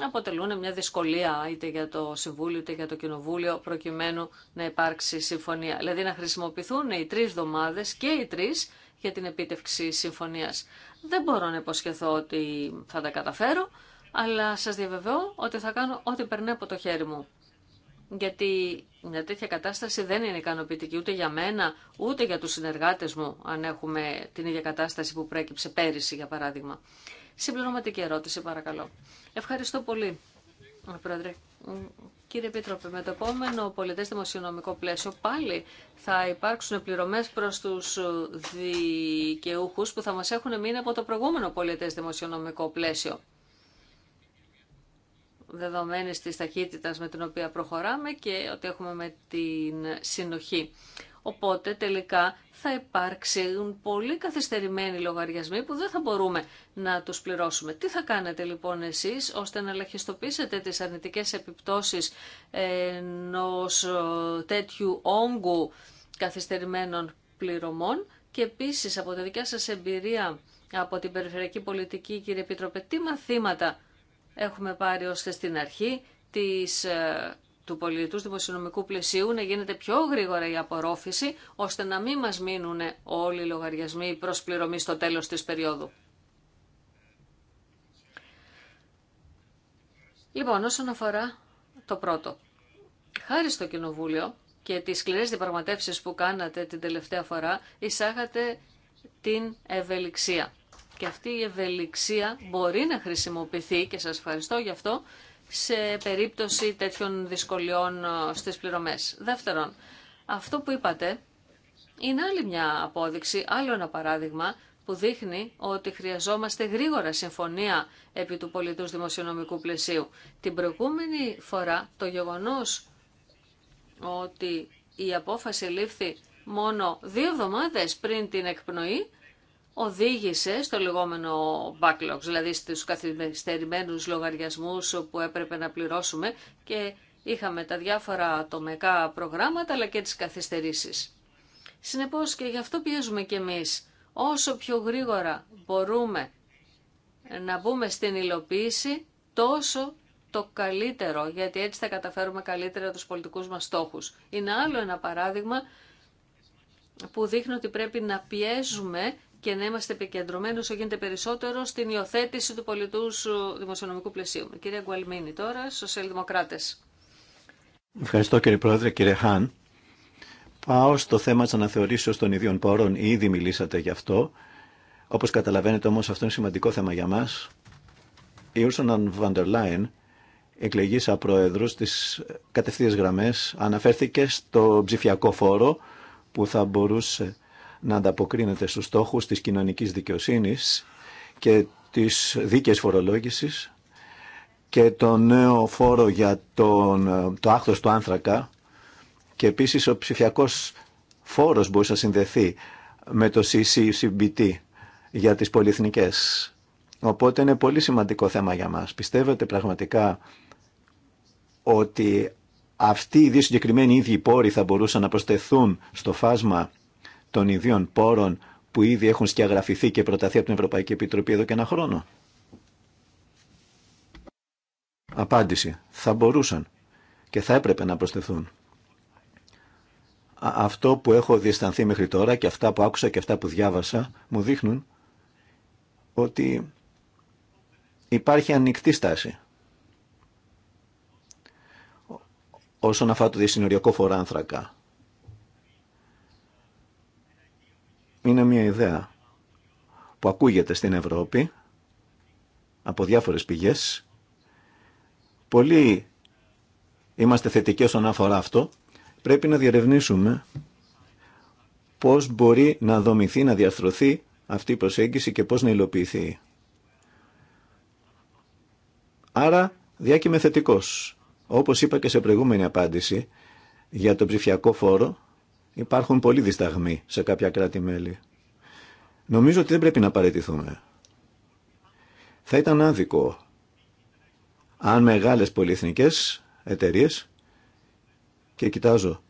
αποτελούν μια δυσκολία είτε για το Συμβούλιο είτε για το Κοινοβούλιο προκειμένου να υπάρξει συμφωνία. Δηλαδή να χρησιμοποιηθούν οι τρεις εβδομάδε και οι τρεις για την επίτευξη συμφωνίας. Δεν μπορώ να υποσχεθώ ότι θα τα καταφέρω, αλλά σας διαβεβαιώ ότι θα κάνω ό,τι περνάει από το χέρι μου. Γιατί μια τέτοια κατάσταση δεν είναι ικανοποιητική ούτε για μένα, ούτε για τους συνεργάτες μου, αν έχουμε την ίδια κατάσταση που πρέκυψε πέρυσι, για παράδειγμα. Συμπληρωματική ερώτηση, παρακαλώ. Ευχαριστώ πολύ, Πρόεδρε. Κύριε Επίτροπε, με το επόμενο πολιτέ δημοσιονομικό πλαίσιο πάλι θα υπάρξουν πληρωμέ προς τους δικαιούχου που θα μας έχουν μείνει από το προηγούμενο πολιτέ δημοσιονομικό πλαίσιο. Δεδομένης της ταχύτητας με την οποία προχωράμε και ότι έχουμε με την συνοχή. Οπότε τελικά θα υπάρξουν πολύ καθυστερημένοι λογαριασμοί που δεν θα μπορούμε να τους πληρώσουμε. Τι θα κάνετε λοιπόν εσείς ώστε να ελαχιστοποιήσετε τις αρνητικές επιπτώσεις ενό ε, τέτοιου όγκου καθυστερημένων πληρωμών και επίσης από τη δικιά σας εμπειρία από την περιφερειακή πολιτική κύριε Επιτροπέ, τι μαθήματα έχουμε πάρει ώστε στην αρχή της ε, του του δημοσιονομικού πλαισίου να γίνεται πιο γρήγορα η απορρόφηση, ώστε να μην μας μείνουν όλοι οι λογαριασμοί προς πληρωμή στο τέλος της περίοδου. Λοιπόν, όσον αφορά το πρώτο. Χάρη στο Κοινοβούλιο και τις σκληρές διαπραγματεύσεις που κάνατε την τελευταία φορά, εισάγατε την ευελιξία. Και αυτή η ευελιξία μπορεί να χρησιμοποιηθεί, και σας ευχαριστώ γι' αυτό, σε περίπτωση τέτοιων δυσκολιών ε, στις πληρωμές. Δεύτερον, αυτό που είπατε είναι άλλη μια απόδειξη, άλλο ένα παράδειγμα που δείχνει ότι χρειαζόμαστε γρήγορα συμφωνία επί του πολιτούς δημοσιονομικού πλαισίου. Την προηγούμενη φορά το γεγονός ότι η απόφαση λήφθη μόνο δύο εβδομάδες πριν την εκπνοή οδήγησε στο λεγόμενο backlog, δηλαδή στους καθυστερημένους λογαριασμούς που έπρεπε να πληρώσουμε και είχαμε τα διάφορα ατομικά προγράμματα αλλά και τις καθυστερήσεις. Συνεπώς και γι' αυτό πιέζουμε κι εμείς όσο πιο γρήγορα μπορούμε να μπούμε στην υλοποίηση τόσο το καλύτερο, γιατί έτσι θα καταφέρουμε καλύτερα τους πολιτικούς μας στόχους. Είναι άλλο ένα παράδειγμα που δείχνει ότι πρέπει να πιέζουμε και να είμαστε επικεντρωμένοι όσο γίνεται περισσότερο στην υιοθέτηση του πολιτού δημοσιονομικού πλαισίου. Κύριε Γκουαλμίνη τώρα, Σοσιαλδημοκράτε. Ευχαριστώ κύριε Πρόεδρε, κύριε Χάν. Πάω στο θέμα τη αναθεωρήσεω των ιδίων πόρων. Ήδη μιλήσατε γι' αυτό. Όπω καταλαβαίνετε όμω αυτό είναι σημαντικό θέμα για μα, Η Ursula von der Leyen, εκλεγή σαν πρόεδρο τη κατευθείαν γραμμέ, αναφέρθηκε στο ψηφιακό φόρο που θα μπορούσε να ανταποκρίνεται στους στόχους της κοινωνικής δικαιοσύνης και της δίκαιης φορολόγησης και το νέο φόρο για τον, το άχθος του άνθρακα και επίσης ο ψηφιακός φόρος μπορεί να συνδεθεί με το CCCBT για τις πολυεθνικές. Οπότε είναι πολύ σημαντικό θέμα για μας. Πιστεύετε πραγματικά ότι αυτοί οι δύο συγκεκριμένοι ίδιοι πόροι θα μπορούσαν να προσθεθούν στο φάσμα των ιδίων πόρων που ήδη έχουν σκιαγραφηθεί και προταθεί από την Ευρωπαϊκή Επιτροπή εδώ και ένα χρόνο. Απάντηση. Θα μπορούσαν και θα έπρεπε να προσθεθούν. Αυτό που έχω διαισθανθεί μέχρι τώρα και αυτά που άκουσα και αυτά που διάβασα μου δείχνουν ότι υπάρχει ανοιχτή στάση όσον αφορά το διασυνοριακό φορά άνθρακα. είναι μια ιδέα που ακούγεται στην Ευρώπη από διάφορες πηγές. Πολλοί είμαστε θετικοί όσον αφορά αυτό. Πρέπει να διερευνήσουμε πώς μπορεί να δομηθεί, να διαρθρωθεί αυτή η προσέγγιση και πώς να υλοποιηθεί. Άρα, διάκειμε θετικός. Όπως είπα και σε προηγούμενη απάντηση για τον ψηφιακό φόρο, Υπάρχουν πολλοί δισταγμοί σε κάποια κράτη-μέλη. Νομίζω ότι δεν πρέπει να παραιτηθούμε. Θα ήταν άδικο αν μεγάλες πολυεθνικές εταιρείες και κοιτάζω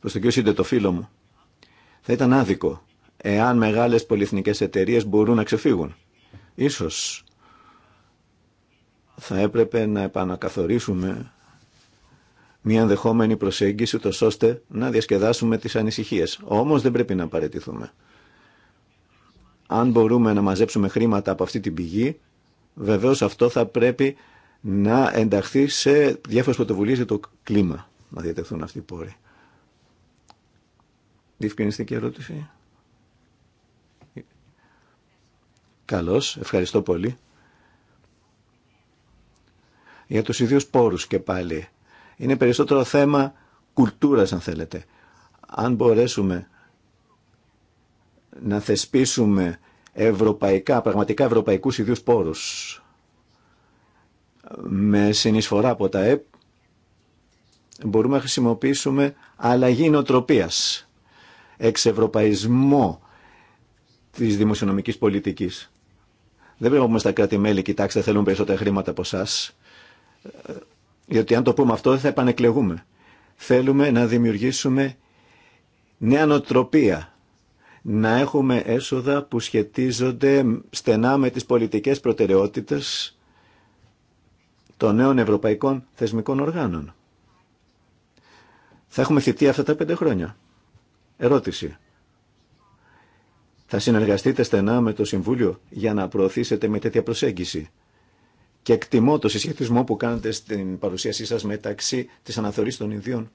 προς τον κύριο το φίλο μου θα ήταν άδικο εάν μεγάλες πολυεθνικές εταιρείες μπορούν να ξεφύγουν. Ίσως θα έπρεπε να επανακαθορίσουμε μια ενδεχόμενη προσέγγιση, το ώστε να διασκεδάσουμε τις ανησυχίες. Όμως δεν πρέπει να παρετηθούμε. Αν μπορούμε να μαζέψουμε χρήματα από αυτή την πηγή, βεβαίως αυτό θα πρέπει να ενταχθεί σε διάφορες πρωτοβουλίες για το κλίμα, να διατεθούν αυτοί οι πόροι. Διευκρινιστική ερώτηση. Καλώς, ευχαριστώ πολύ. Για τους ιδίους πόρους και πάλι είναι περισσότερο θέμα κουλτούρας αν θέλετε. Αν μπορέσουμε να θεσπίσουμε ευρωπαϊκά, πραγματικά ευρωπαϊκούς ιδίους πόρους με συνεισφορά από τα ΕΠ μπορούμε να χρησιμοποιήσουμε αλλαγή νοτροπίας, εξευρωπαϊσμό της δημοσιονομικής πολιτικής. Δεν πρέπει να πούμε στα κράτη-μέλη, κοιτάξτε, θέλουν περισσότερα χρήματα από εσά γιατί αν το πούμε αυτό δεν θα επανεκλεγούμε. Θέλουμε να δημιουργήσουμε νέα νοτροπία, να έχουμε έσοδα που σχετίζονται στενά με τις πολιτικές προτεραιότητες των νέων ευρωπαϊκών θεσμικών οργάνων. Θα έχουμε θητεί αυτά τα πέντε χρόνια. Ερώτηση. Θα συνεργαστείτε στενά με το Συμβούλιο για να προωθήσετε με τέτοια προσέγγιση και εκτιμώ το συσχετισμό που κάνετε στην παρουσίασή σας μεταξύ της αναθεωρής των ιδίων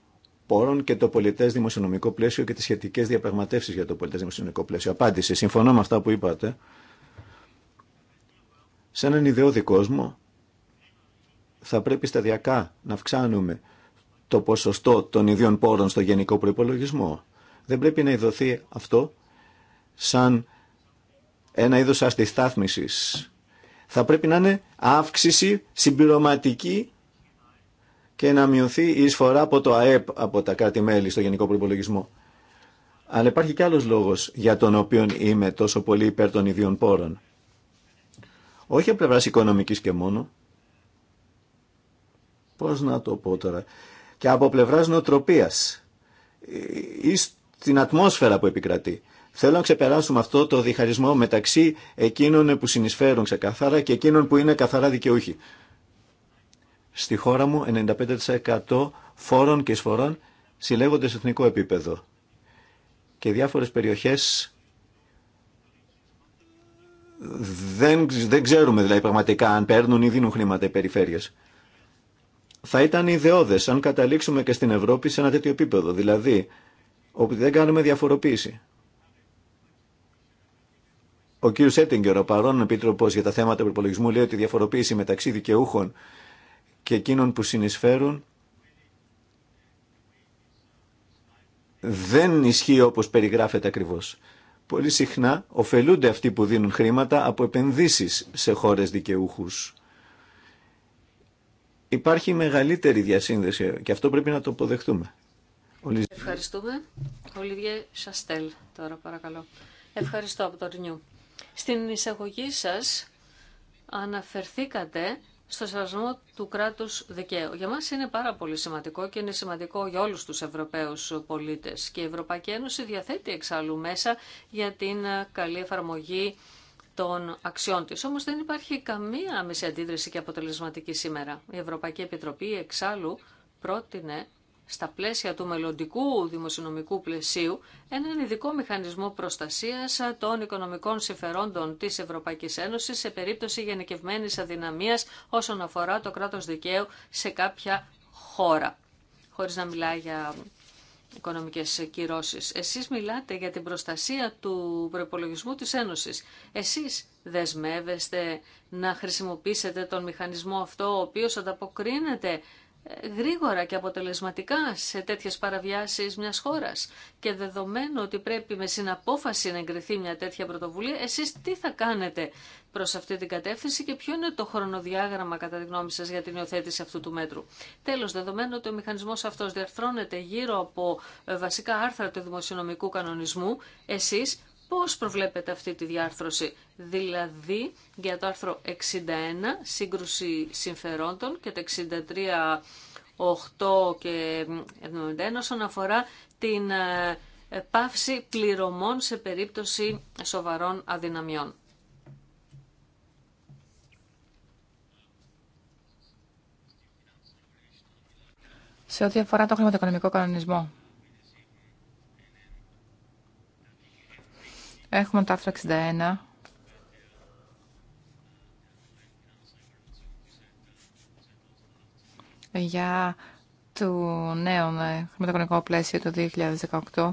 πόρων και το πολιτέ δημοσιονομικό πλαίσιο και τις σχετικές διαπραγματεύσεις για το πολιτέ δημοσιονομικό πλαίσιο. Απάντηση. Συμφωνώ με αυτά που είπατε. Σε έναν ιδεώδη κόσμο θα πρέπει σταδιακά να αυξάνουμε το ποσοστό των ιδίων πόρων στο γενικό προπολογισμό. Δεν πρέπει να ειδωθεί αυτό σαν ένα είδος αστιστάθμισης θα πρέπει να είναι αύξηση συμπληρωματική και να μειωθεί η εισφορά από το ΑΕΠ από τα κράτη-μέλη στο Γενικό Προπολογισμό. Αλλά υπάρχει και άλλος λόγος για τον οποίο είμαι τόσο πολύ υπέρ των ιδίων πόρων. Όχι από πλευράς οικονομικής και μόνο. Πώς να το πω τώρα. Και από πλευράς νοοτροπίας ή στην ατμόσφαιρα που επικρατεί. Θέλω να ξεπεράσουμε αυτό το διχαρισμό μεταξύ εκείνων που συνεισφέρουν ξεκαθάρα και εκείνων που είναι καθαρά δικαιούχοι. Στη χώρα μου 95% φόρων και εισφορών συλλέγονται σε εθνικό επίπεδο και διάφορες περιοχές δεν, δεν ξέρουμε δηλαδή πραγματικά αν παίρνουν ή δίνουν χρήματα οι περιφέρειες. Θα ήταν ιδεώδες αν καταλήξουμε και στην Ευρώπη σε ένα τέτοιο επίπεδο, δηλαδή όπου δεν κάνουμε διαφοροποίηση. Ο κ. Έτιγκερ, ο παρόν επίτροπο για τα θέματα του προπολογισμού, λέει ότι η διαφοροποίηση μεταξύ δικαιούχων και εκείνων που συνεισφέρουν δεν ισχύει όπως περιγράφεται ακριβώς. Πολύ συχνά ωφελούνται αυτοί που δίνουν χρήματα από επενδύσεις σε χώρες δικαιούχους. Υπάρχει μεγαλύτερη διασύνδεση και αυτό πρέπει να το αποδεχτούμε. Ευχαριστούμε. Ολιβιέ Σαστέλ, τώρα παρακαλώ. Ευχαριστώ από το Ρινιού. Στην εισαγωγή σας αναφερθήκατε στο σεβασμό του κράτους δικαίου. Για μας είναι πάρα πολύ σημαντικό και είναι σημαντικό για όλους τους Ευρωπαίους πολίτες. Και η Ευρωπαϊκή Ένωση διαθέτει εξάλλου μέσα για την καλή εφαρμογή των αξιών της. Όμως δεν υπάρχει καμία άμεση αντίδραση και αποτελεσματική σήμερα. Η Ευρωπαϊκή Επιτροπή εξάλλου πρότεινε στα πλαίσια του μελλοντικού δημοσιονομικού πλαισίου έναν ειδικό μηχανισμό προστασίας των οικονομικών συμφερόντων της Ευρωπαϊκής Ένωσης σε περίπτωση γενικευμένης αδυναμίας όσον αφορά το κράτος δικαίου σε κάποια χώρα, χωρίς να μιλάει για οικονομικές κυρώσεις. Εσείς μιλάτε για την προστασία του προπολογισμού της Ένωσης. Εσείς δεσμεύεστε να χρησιμοποιήσετε τον μηχανισμό αυτό, ο οποίος ανταποκρίνεται γρήγορα και αποτελεσματικά σε τέτοιες παραβιάσεις μιας χώρας και δεδομένου ότι πρέπει με συναπόφαση να εγκριθεί μια τέτοια πρωτοβουλία, εσείς τι θα κάνετε προς αυτή την κατεύθυνση και ποιο είναι το χρονοδιάγραμμα κατά τη γνώμη σας για την υιοθέτηση αυτού του μέτρου. Τέλος, δεδομένου ότι ο μηχανισμός αυτός διαρθρώνεται γύρω από ε, βασικά άρθρα του δημοσιονομικού κανονισμού, εσείς Πώς προβλέπετε αυτή τη διάρθρωση, δηλαδή για το άρθρο 61, σύγκρουση συμφερόντων και το 63, 8 και 91 όσον αφορά την ε, πάυση πληρωμών σε περίπτωση σοβαρών αδυναμιών. Σε ό,τι αφορά το χρηματοοικονομικό κανονισμό, Έχουμε το άρθρο 61. για το νέο χρηματοοικονομικό πλαίσιο το 2018.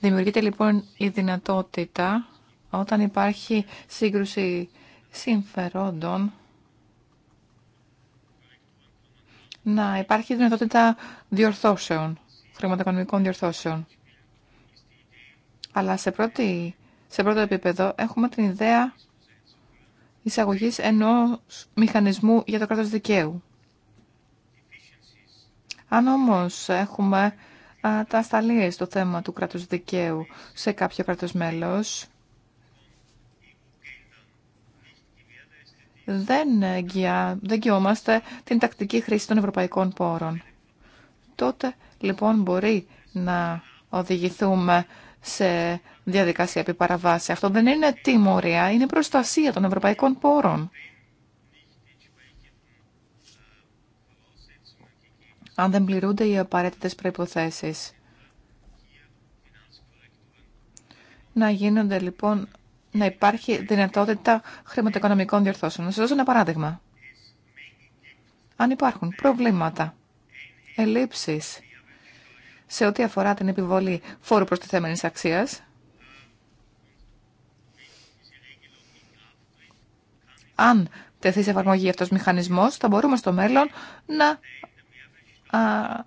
Δημιουργείται λοιπόν η δυνατότητα όταν υπάρχει σύγκρουση συμφερόντων να υπάρχει δυνατότητα διορθώσεων, χρηματοοικονομικών διορθώσεων. Αλλά σε πρώτη σε πρώτο επίπεδο έχουμε την ιδέα εισαγωγή ενός μηχανισμού για το κράτος δικαίου. Αν όμως έχουμε α, τα ασταλείε στο θέμα του κράτους δικαίου σε κάποιο κράτος μέλος, δεν, δεν την τακτική χρήση των ευρωπαϊκών πόρων. Τότε λοιπόν μπορεί να οδηγηθούμε σε διαδικασία επί παραβάση. Αυτό δεν είναι τιμωρία, είναι προστασία των ευρωπαϊκών πόρων. Αν δεν πληρούνται οι απαραίτητες προϋποθέσεις. Να γίνονται λοιπόν, να υπάρχει δυνατότητα χρηματοοικονομικών διορθώσεων. Να σας δώσω ένα παράδειγμα. Αν υπάρχουν προβλήματα, ελλείψεις, σε ό,τι αφορά την επιβολή φόρου προστιθέμενης αξίας. Αν τεθεί σε εφαρμογή αυτός ο μηχανισμός, θα μπορούμε στο μέλλον να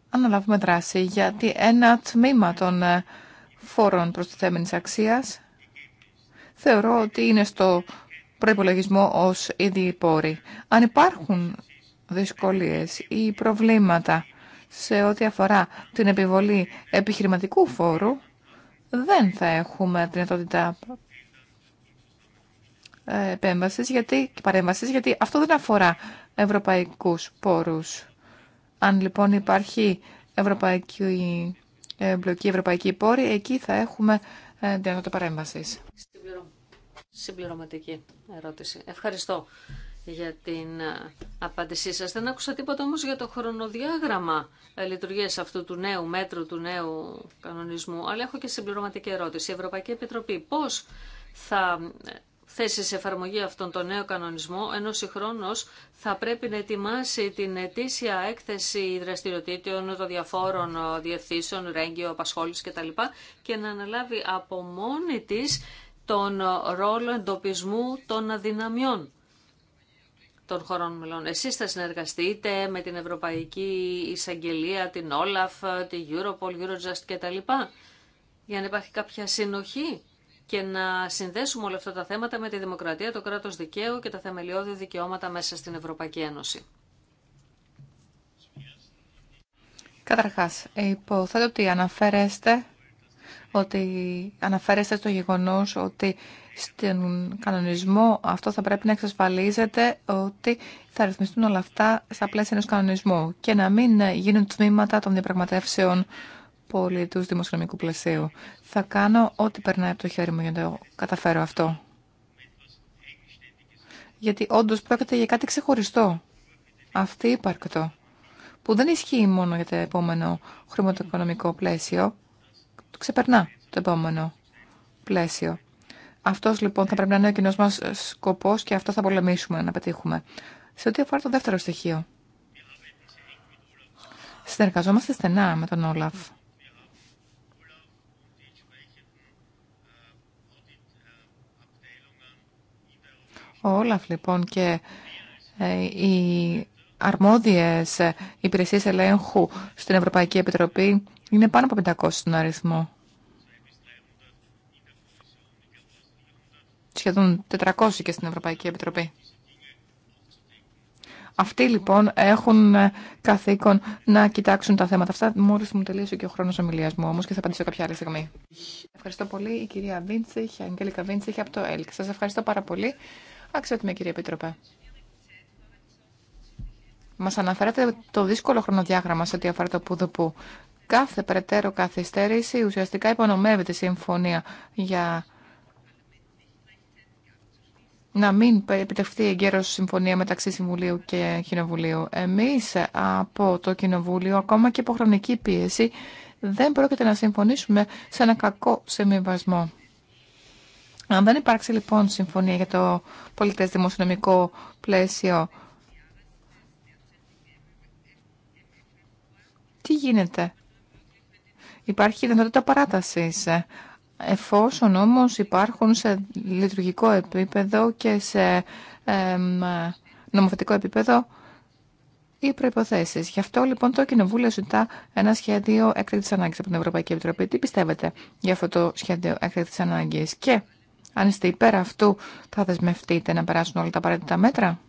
αναλάβουμε δράση, γιατί ένα τμήμα των ε, φόρων προστιθέμενης αξίας θεωρώ ότι είναι στο προϋπολογισμό ως ήδη πόροι. Αν υπάρχουν δυσκολίες ή προβλήματα σε ό,τι αφορά την επιβολή επιχειρηματικού φόρου, δεν θα έχουμε δυνατότητα ε, επέμβασης γιατί, παρέμβασης, γιατί αυτό δεν αφορά ευρωπαϊκούς πόρους. Αν λοιπόν υπάρχει ευρωπαϊκή ε, εμπλοκή, ευρωπαϊκή πόρη, εκεί θα έχουμε ε, δυνατότητα παρέμβασης. Συμπληρωματική ερώτηση. Ευχαριστώ για την ε, απάντησή σας. Δεν άκουσα τίποτα όμως για το χρονοδιάγραμμα ε, λειτουργίας αυτού του νέου μέτρου, του νέου κανονισμού. Αλλά έχω και συμπληρωματική ερώτηση. Η Ευρωπαϊκή Επιτροπή πώς θα ε, θέσει σε εφαρμογή αυτόν τον νέο κανονισμό, ενώ συγχρόνω θα πρέπει να ετοιμάσει την ετήσια έκθεση δραστηριοτήτων των διαφόρων διευθύνσεων, ρέγγιο, απασχόληση κτλ. και να αναλάβει από μόνη τη τον ρόλο εντοπισμού των αδυναμιών των χωρών μελών. Εσείς θα συνεργαστείτε με την Ευρωπαϊκή Εισαγγελία, την Όλαφ, την Europol, Eurojust κτλ. Για να υπάρχει κάποια συνοχή και να συνδέσουμε όλα αυτά τα θέματα με τη δημοκρατία, το κράτος δικαίου και τα θεμελιώδη δικαιώματα μέσα στην Ευρωπαϊκή Ένωση. Καταρχάς, υποθέτω ότι αναφέρεστε ότι αναφέρεστε στο γεγονός ότι στον κανονισμό αυτό θα πρέπει να εξασφαλίζεται ότι θα ρυθμιστούν όλα αυτά στα πλαίσια ενός κανονισμού και να μην γίνουν τμήματα των διαπραγματεύσεων πολιτούς δημοσιονομικού πλαισίου. Θα κάνω ό,τι περνάει από το χέρι μου για να το καταφέρω αυτό. Γιατί όντως πρόκειται για κάτι ξεχωριστό. Αυτή υπαρκτό. Που δεν ισχύει μόνο για το επόμενο χρηματοοικονομικό πλαίσιο, ξεπερνά το επόμενο πλαίσιο. Αυτό λοιπόν θα πρέπει να είναι ο κοινό μα σκοπό και αυτό θα πολεμήσουμε να πετύχουμε. Σε ό,τι αφορά το δεύτερο στοιχείο. Συνεργαζόμαστε στενά με τον Όλαφ. Ο Όλαφ λοιπόν και ε, οι αρμόδιες υπηρεσίες ελέγχου στην Ευρωπαϊκή Επιτροπή είναι πάνω από 500 στον αριθμό. Σχεδόν 400 και στην Ευρωπαϊκή Επιτροπή. Αυτοί λοιπόν έχουν ε, καθήκον να κοιτάξουν τα θέματα αυτά. Μόλι μου τελείωσε και ο χρόνο ομιλία μου όμως και θα απαντήσω κάποια άλλη στιγμή. Ευχαριστώ πολύ η κυρία Βίντσιχ, η Αγγέλικα Βίντσιχ από το ΕΛΚ. Σα ευχαριστώ πάρα πολύ. Αξιότιμη κυρία Επίτροπε. Μα αναφέρατε το δύσκολο χρονοδιάγραμμα σε ό,τι αφορά το πουδουπού κάθε περαιτέρω καθυστέρηση ουσιαστικά υπονομεύεται συμφωνία για να μην επιτευχθεί εγκαίρως συμφωνία μεταξύ Συμβουλίου και Κοινοβουλίου. Εμείς από το Κοινοβούλιο, ακόμα και από χρονική πίεση, δεν πρόκειται να συμφωνήσουμε σε ένα κακό σεμιβασμό. Αν δεν υπάρξει λοιπόν συμφωνία για το πολιτές δημοσιονομικό πλαίσιο, τι γίνεται υπάρχει δυνατότητα παράτασης. Ε, εφόσον όμως υπάρχουν σε λειτουργικό επίπεδο και σε νομοθετικό επίπεδο οι προϋποθέσεις. Γι' αυτό λοιπόν το Κοινοβούλιο ζητά ένα σχέδιο έκτακτης ανάγκης από την Ευρωπαϊκή Επιτροπή. Τι πιστεύετε για αυτό το σχέδιο έκτακτης ανάγκης και αν είστε υπέρ αυτού θα δεσμευτείτε να περάσουν όλα τα απαραίτητα μέτρα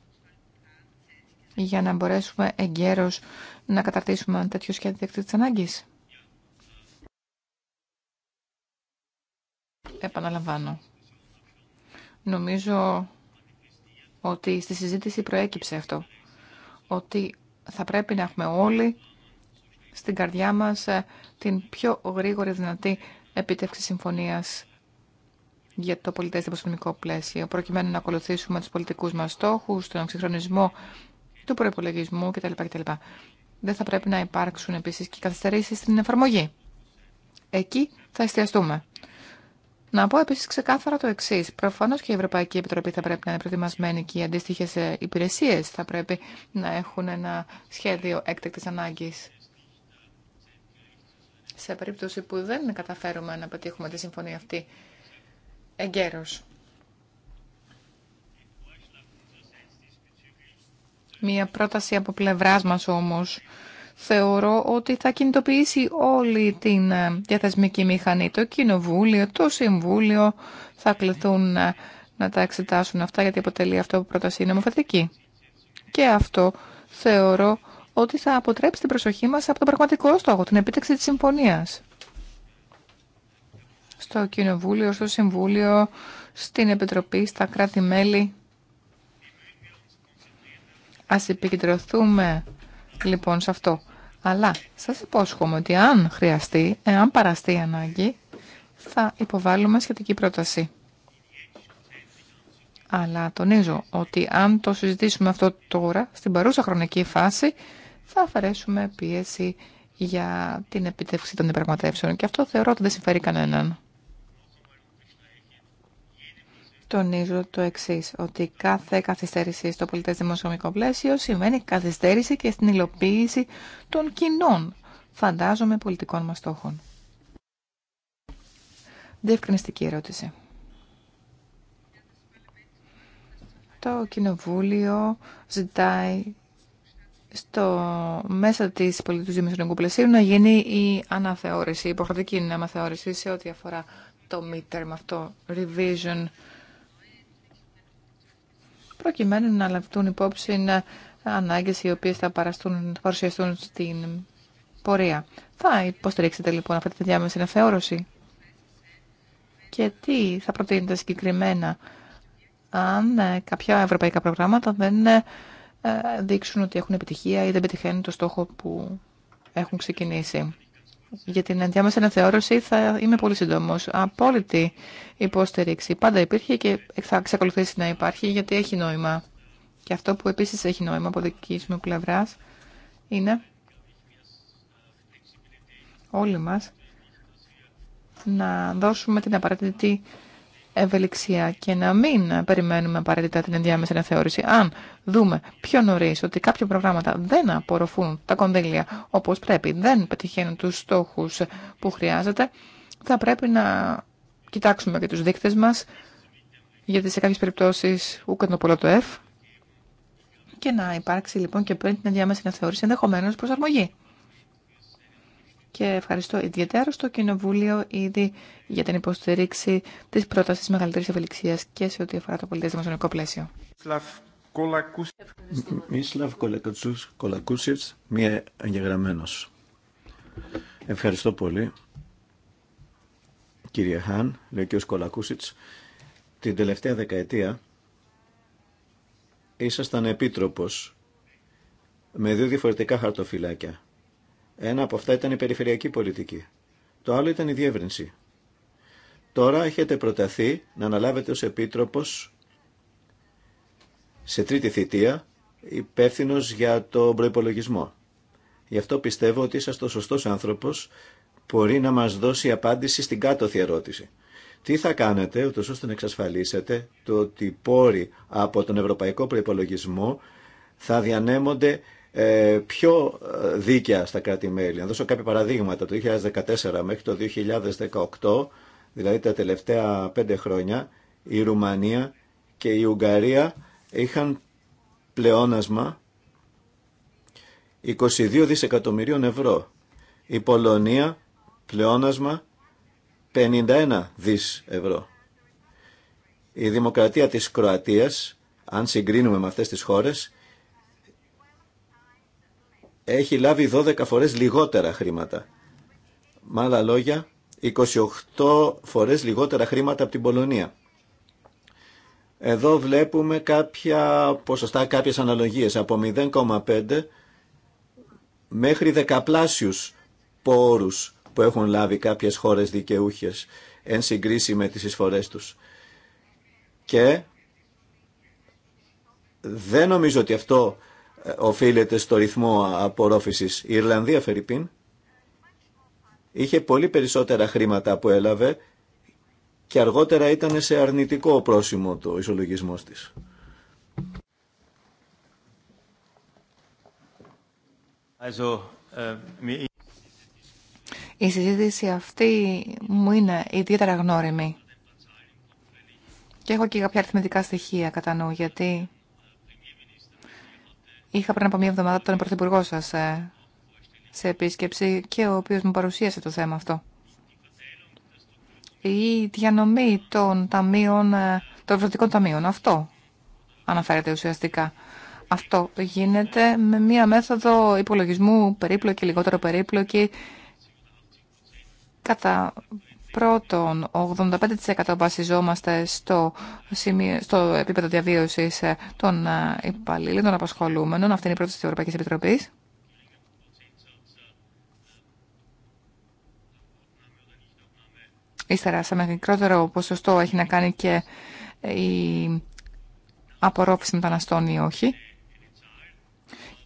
για να μπορέσουμε εγκαίρως να καταρτήσουμε ένα τέτοιο σχέδιο έκτακτης ανάγκης. Επαναλαμβάνω. Νομίζω ότι στη συζήτηση προέκυψε αυτό. Ότι θα πρέπει να έχουμε όλοι στην καρδιά μας ε, την πιο γρήγορη δυνατή επίτευξη συμφωνίας για το πολιτές δημοσιονομικό πλαίσιο, προκειμένου να ακολουθήσουμε τους πολιτικούς μας στόχους, τον εξυγχρονισμό του προπολογισμού κτλ. κτλ. Δεν θα πρέπει να υπάρξουν επίσης και καθυστερήσεις στην εφαρμογή. Εκεί θα εστιαστούμε. Να πω επίση ξεκάθαρα το εξή. Προφανώ και η Ευρωπαϊκή Επιτροπή θα πρέπει να είναι προετοιμασμένη και οι αντίστοιχε ε, υπηρεσίε θα πρέπει να έχουν ένα σχέδιο έκτακτη ανάγκη. Σε περίπτωση που δεν καταφέρουμε να πετύχουμε τη συμφωνία αυτή εγκαίρω. Μία πρόταση από πλευράς μας όμως θεωρώ ότι θα κινητοποιήσει όλη την ε, διαθεσμική μηχανή. Το Κοινοβούλιο, το Συμβούλιο θα κληθούν ε, να τα εξετάσουν αυτά γιατί αποτελεί αυτό που πρόταση νομοθετική. Και αυτό θεωρώ ότι θα αποτρέψει την προσοχή μας από τον πραγματικό στόχο, την επίτευξη της συμφωνίας. Στο Κοινοβούλιο, στο Συμβούλιο, στην Επιτροπή, στα κράτη-μέλη. Ας επικεντρωθούμε λοιπόν σε αυτό. Αλλά σας υπόσχομαι ότι αν χρειαστεί, εάν παραστεί ανάγκη, θα υποβάλουμε σχετική πρόταση. Αλλά τονίζω ότι αν το συζητήσουμε αυτό τώρα, στην παρούσα χρονική φάση, θα αφαιρέσουμε πίεση για την επιτεύξη των διαπραγματεύσεων. Και αυτό θεωρώ ότι δεν συμφέρει κανέναν τονίζω το εξή, ότι κάθε καθυστέρηση στο πολιτέ δημοσιονομικό πλαίσιο σημαίνει καθυστέρηση και στην υλοποίηση των κοινών, φαντάζομαι, πολιτικών μα στόχων. Διευκρινιστική ερώτηση. Το Κοινοβούλιο ζητάει στο μέσα της πολιτικής δημοσιονομικού πλαισίου να γίνει η αναθεώρηση, η υποχρεωτική αναθεώρηση σε ό,τι αφορά το midterm αυτό, revision προκειμένου να λαμβάνουν υπόψη ε, ανάγκες οι οποίες θα, θα παρουσιαστούν στην πορεία. Θα υποστηρίξετε λοιπόν αυτή τη διάμεση αναθεώρωση και τι θα προτείνετε συγκεκριμένα αν ε, κάποια ευρωπαϊκά προγράμματα δεν ε, δείξουν ότι έχουν επιτυχία ή δεν πετυχαίνουν το στόχο που έχουν ξεκινήσει για την ενδιάμεσα αναθεώρηση θα είμαι πολύ σύντομο. Απόλυτη υποστήριξη πάντα υπήρχε και θα ξεκολουθήσει να υπάρχει γιατί έχει νόημα. Και αυτό που επίσης έχει νόημα από δική μου πλευρά είναι όλοι μας να δώσουμε την απαραίτητη ευελιξία και να μην περιμένουμε απαραίτητα την ενδιάμεση αναθεώρηση. Αν δούμε πιο νωρί ότι κάποια προγράμματα δεν απορροφούν τα κονδύλια όπω πρέπει, δεν πετυχαίνουν του στόχου που χρειάζεται, θα πρέπει να κοιτάξουμε και του δείκτε μα, γιατί σε κάποιε περιπτώσει ούκαν το πολλό το F. Και να υπάρξει λοιπόν και πριν την ενδιάμεση αναθεώρηση ενδεχομένω προσαρμογή και ευχαριστώ ιδιαίτερα στο Κοινοβούλιο ήδη για την υποστήριξη τη πρόταση μεγαλύτερη ευελιξία και σε ό,τι αφορά το πολιτισμό δημοσιονομικό πλαίσιο. Μίσλαβ Κολακούσιτ, μία εγγεγραμμένο. Ευχαριστώ πολύ, κύριε Χάν, λέει ο κύριο Κολακούσιτ. Την τελευταία δεκαετία ήσασταν επίτροπος με δύο διαφορετικά χαρτοφυλάκια ένα από αυτά ήταν η περιφερειακή πολιτική. Το άλλο ήταν η διεύρυνση. Τώρα έχετε προταθεί να αναλάβετε ως επίτροπος σε τρίτη θητεία υπεύθυνο για τον προϋπολογισμό. Γι' αυτό πιστεύω ότι είσαστε ο σωστός άνθρωπος μπορεί να μας δώσει απάντηση στην κάτωθη ερώτηση. Τι θα κάνετε ούτως ώστε να εξασφαλίσετε το ότι οι πόροι από τον ευρωπαϊκό προϋπολογισμό θα διανέμονται ε, πιο ε, δίκαια στα κράτη-μέλη. Να δώσω κάποια παραδείγματα. Το 2014 μέχρι το 2018, δηλαδή τα τελευταία πέντε χρόνια, η Ρουμανία και η Ουγγαρία είχαν πλεόνασμα 22 δισεκατομμυρίων ευρώ. Η Πολωνία πλεόνασμα 51 δις ευρώ. Η δημοκρατία της Κροατίας, αν συγκρίνουμε με αυτές τις χώρες, έχει λάβει 12 φορές λιγότερα χρήματα. Με άλλα λόγια, 28 φορές λιγότερα χρήματα από την Πολωνία. Εδώ βλέπουμε κάποια ποσοστά, κάποιες αναλογίες από 0,5 μέχρι δεκαπλάσιους πόρους που έχουν λάβει κάποιες χώρες δικαιούχες εν συγκρίση με τις εισφορές τους. Και δεν νομίζω ότι αυτό ε, οφείλεται στο ρυθμό απορρόφησης. Η Ιρλανδία, Φερρυπίν, είχε πολύ περισσότερα χρήματα που έλαβε και αργότερα ήταν σε αρνητικό πρόσημο το ισολογισμός της. Ε, Η συζήτηση αυτή μου είναι ιδιαίτερα γνώριμη. Και έχω και κάποια αριθμητικά στοιχεία κατά νου, γιατί Είχα πριν από μία εβδομάδα τον Πρωθυπουργό σα ε, σε επίσκεψη και ο οποίο μου παρουσίασε το θέμα αυτό. Η διανομή των ταμείων, ε, των ευρωτικών ταμείων, αυτό αναφέρεται ουσιαστικά. Αυτό γίνεται με μία μέθοδο υπολογισμού περίπλοκη, λιγότερο περίπλοκη, κατά Πρώτον, 85% βασιζόμαστε στο, σημείο, στο επίπεδο διαβίωσης ε, των ε, υπαλλήλων, των απασχολούμενων. Αυτή είναι η πρόταση της Ευρωπαϊκής Επιτροπής. Ύστερα, σε μικρότερο ποσοστό έχει να κάνει και η απορρόφηση μεταναστών ή όχι.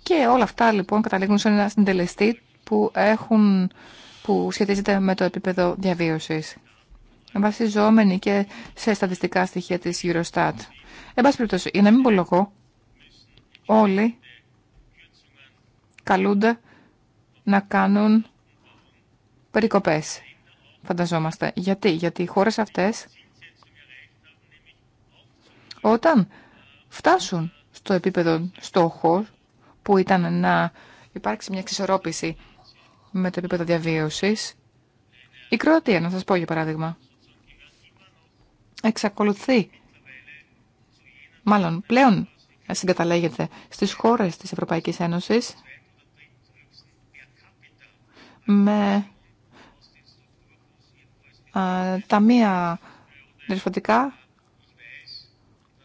Και όλα αυτά λοιπόν καταλήγουν σε ένα συντελεστή που έχουν που σχετίζεται με το επίπεδο διαβίωσης, βασιζόμενη και σε στατιστικά στοιχεία της Eurostat. Εν πάση για να μην λόγο... όλοι καλούνται να κάνουν περικοπές, φανταζόμαστε. Γιατί, γιατί οι χώρες αυτές, όταν φτάσουν στο επίπεδο στόχο, που ήταν να υπάρξει μια εξισορρόπηση με το επίπεδο διαβίωσης. Η Κροατία, να σας πω για παράδειγμα, εξακολουθεί, μάλλον πλέον συγκαταλέγεται στις χώρες της Ευρωπαϊκής Ένωσης με τα ταμεία πως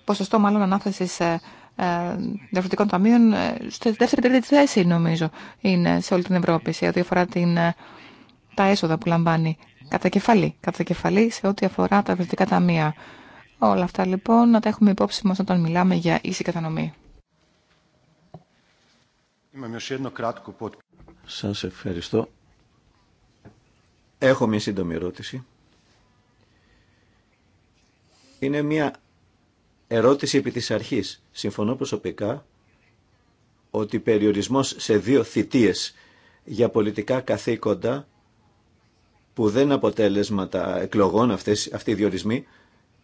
ποσοστό μάλλον ανάθεσης ε, ε, διαφορετικών ταμείων ε, στη δεύτερη τρίτη θέση νομίζω είναι σε όλη την Ευρώπη σε ό,τι αφορά την, ε, τα έσοδα που λαμβάνει κατά κεφαλή, κατά κεφαλή σε ό,τι αφορά τα διευθυντικά ταμεία. Όλα αυτά λοιπόν να τα έχουμε υπόψη μας όταν μιλάμε για ίση κατανομή. Σας ευχαριστώ. Έχω μια σύντομη ερώτηση. Είναι μια Ερώτηση επί της αρχής. Συμφωνώ προσωπικά ότι περιορισμός σε δύο θητείες για πολιτικά καθήκοντα που δεν αποτέλεσματα εκλογών αυτές, αυτοί οι διορισμοί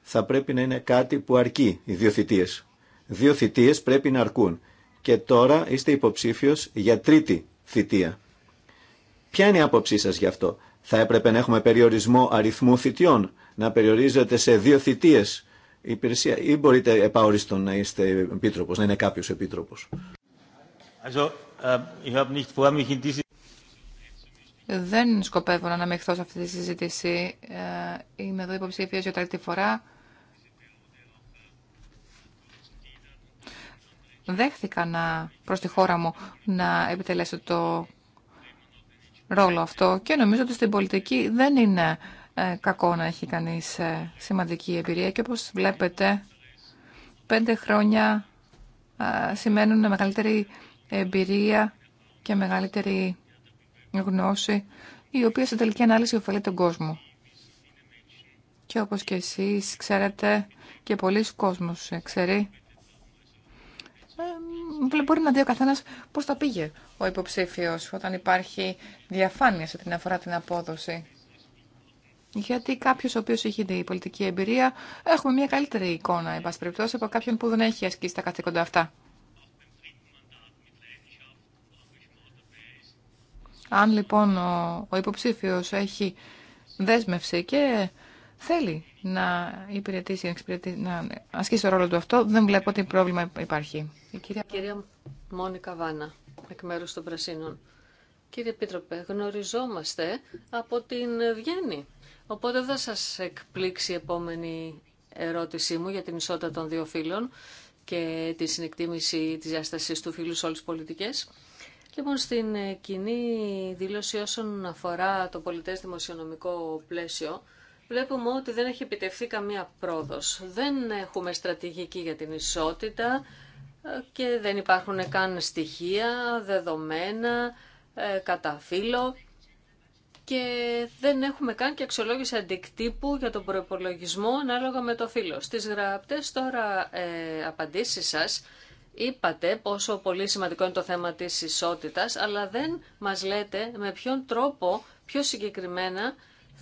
θα πρέπει να είναι κάτι που αρκεί οι δύο θητείες. Δύο θητείες πρέπει να αρκούν και τώρα είστε υποψήφιος για τρίτη θητεία. Ποια είναι η άποψή σας γι' αυτό. Θα έπρεπε να έχουμε περιορισμό αριθμού θητιών, να περιορίζεται σε δύο θητείες υπηρεσία ή μπορείτε επαόριστον να είστε επίτροπος, να είναι κάποιος επίτροπος. Äh, δεν σκοπεύω να αναμειχθώ σε αυτή τη συζήτηση. Ε, είμαι εδώ υποψήφιος για τρίτη φορά. Δέχθηκα να, προς τη χώρα μου να επιτελέσω το ρόλο αυτό και νομίζω ότι στην πολιτική δεν είναι ε, κακό να έχει κανείς ε, σημαντική εμπειρία και όπως βλέπετε πέντε χρόνια ε, σημαίνουν μεγαλύτερη εμπειρία και μεγαλύτερη γνώση η οποία σε τελική ανάλυση ωφελεί τον κόσμο. Και όπως και εσείς ξέρετε και πολλοί κόσμος ξέρει μπορεί να δει ο καθένας πώς τα πήγε ο υποψήφιος όταν υπάρχει διαφάνεια σε την αφορά την απόδοση. Γιατί κάποιο ο οποίο έχει η πολιτική εμπειρία, έχουμε μια καλύτερη εικόνα, εν πάση περιπτώσει, από κάποιον που δεν έχει ασκήσει τα καθήκοντα αυτά. Αν λοιπόν ο, ο υποψήφιος έχει δέσμευση και θέλει να υπηρετήσει, να, να ασκήσει το ρόλο του αυτό, δεν βλέπω ότι πρόβλημα υπάρχει. Η κυρία, κυρία Μόνικα Βάνα, εκ μέρου των Πρασίνων. Κύριε Πίτροπε, γνωριζόμαστε από την Βιέννη. Οπότε δεν σας εκπλήξει η επόμενη ερώτησή μου για την ισότητα των δύο φύλων και τη συνεκτίμηση της διάσταση του φύλου σε όλες τις πολιτικές. Λοιπόν, στην κοινή δήλωση όσον αφορά το πολιτές δημοσιονομικό πλαίσιο, βλέπουμε ότι δεν έχει επιτευχθεί καμία πρόοδος. Δεν έχουμε στρατηγική για την ισότητα ε, και δεν υπάρχουν καν στοιχεία, δεδομένα, ε, κατά φύλλο και δεν έχουμε καν και αξιολόγηση αντικτύπου για τον προπολογισμό ανάλογα με το φύλλο. Στις γραπτές τώρα ε, απαντήσεις σας είπατε πόσο πολύ σημαντικό είναι το θέμα της ισότητας, αλλά δεν μας λέτε με ποιον τρόπο πιο συγκεκριμένα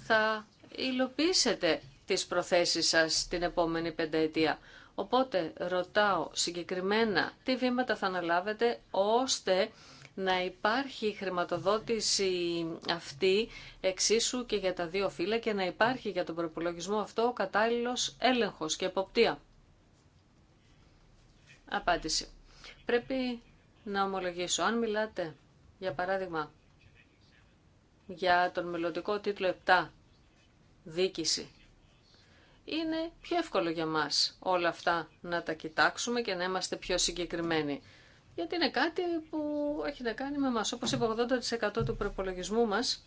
θα υλοποιήσετε τις προθέσεις σας την επόμενη πενταετία. Οπότε ρωτάω συγκεκριμένα τι βήματα θα αναλάβετε ώστε να υπάρχει η χρηματοδότηση αυτή εξίσου και για τα δύο φύλλα και να υπάρχει για τον προπολογισμό αυτό ο κατάλληλος έλεγχος και εποπτεία. Απάντηση. Πρέπει να ομολογήσω. Αν μιλάτε, για παράδειγμα, για τον μελλοντικό τίτλο 7, Δίκηση, είναι πιο εύκολο για μας όλα αυτά να τα κοιτάξουμε και να είμαστε πιο συγκεκριμένοι γιατί είναι κάτι που έχει να κάνει με μας. Όπως είπα, 80% του προπολογισμού μας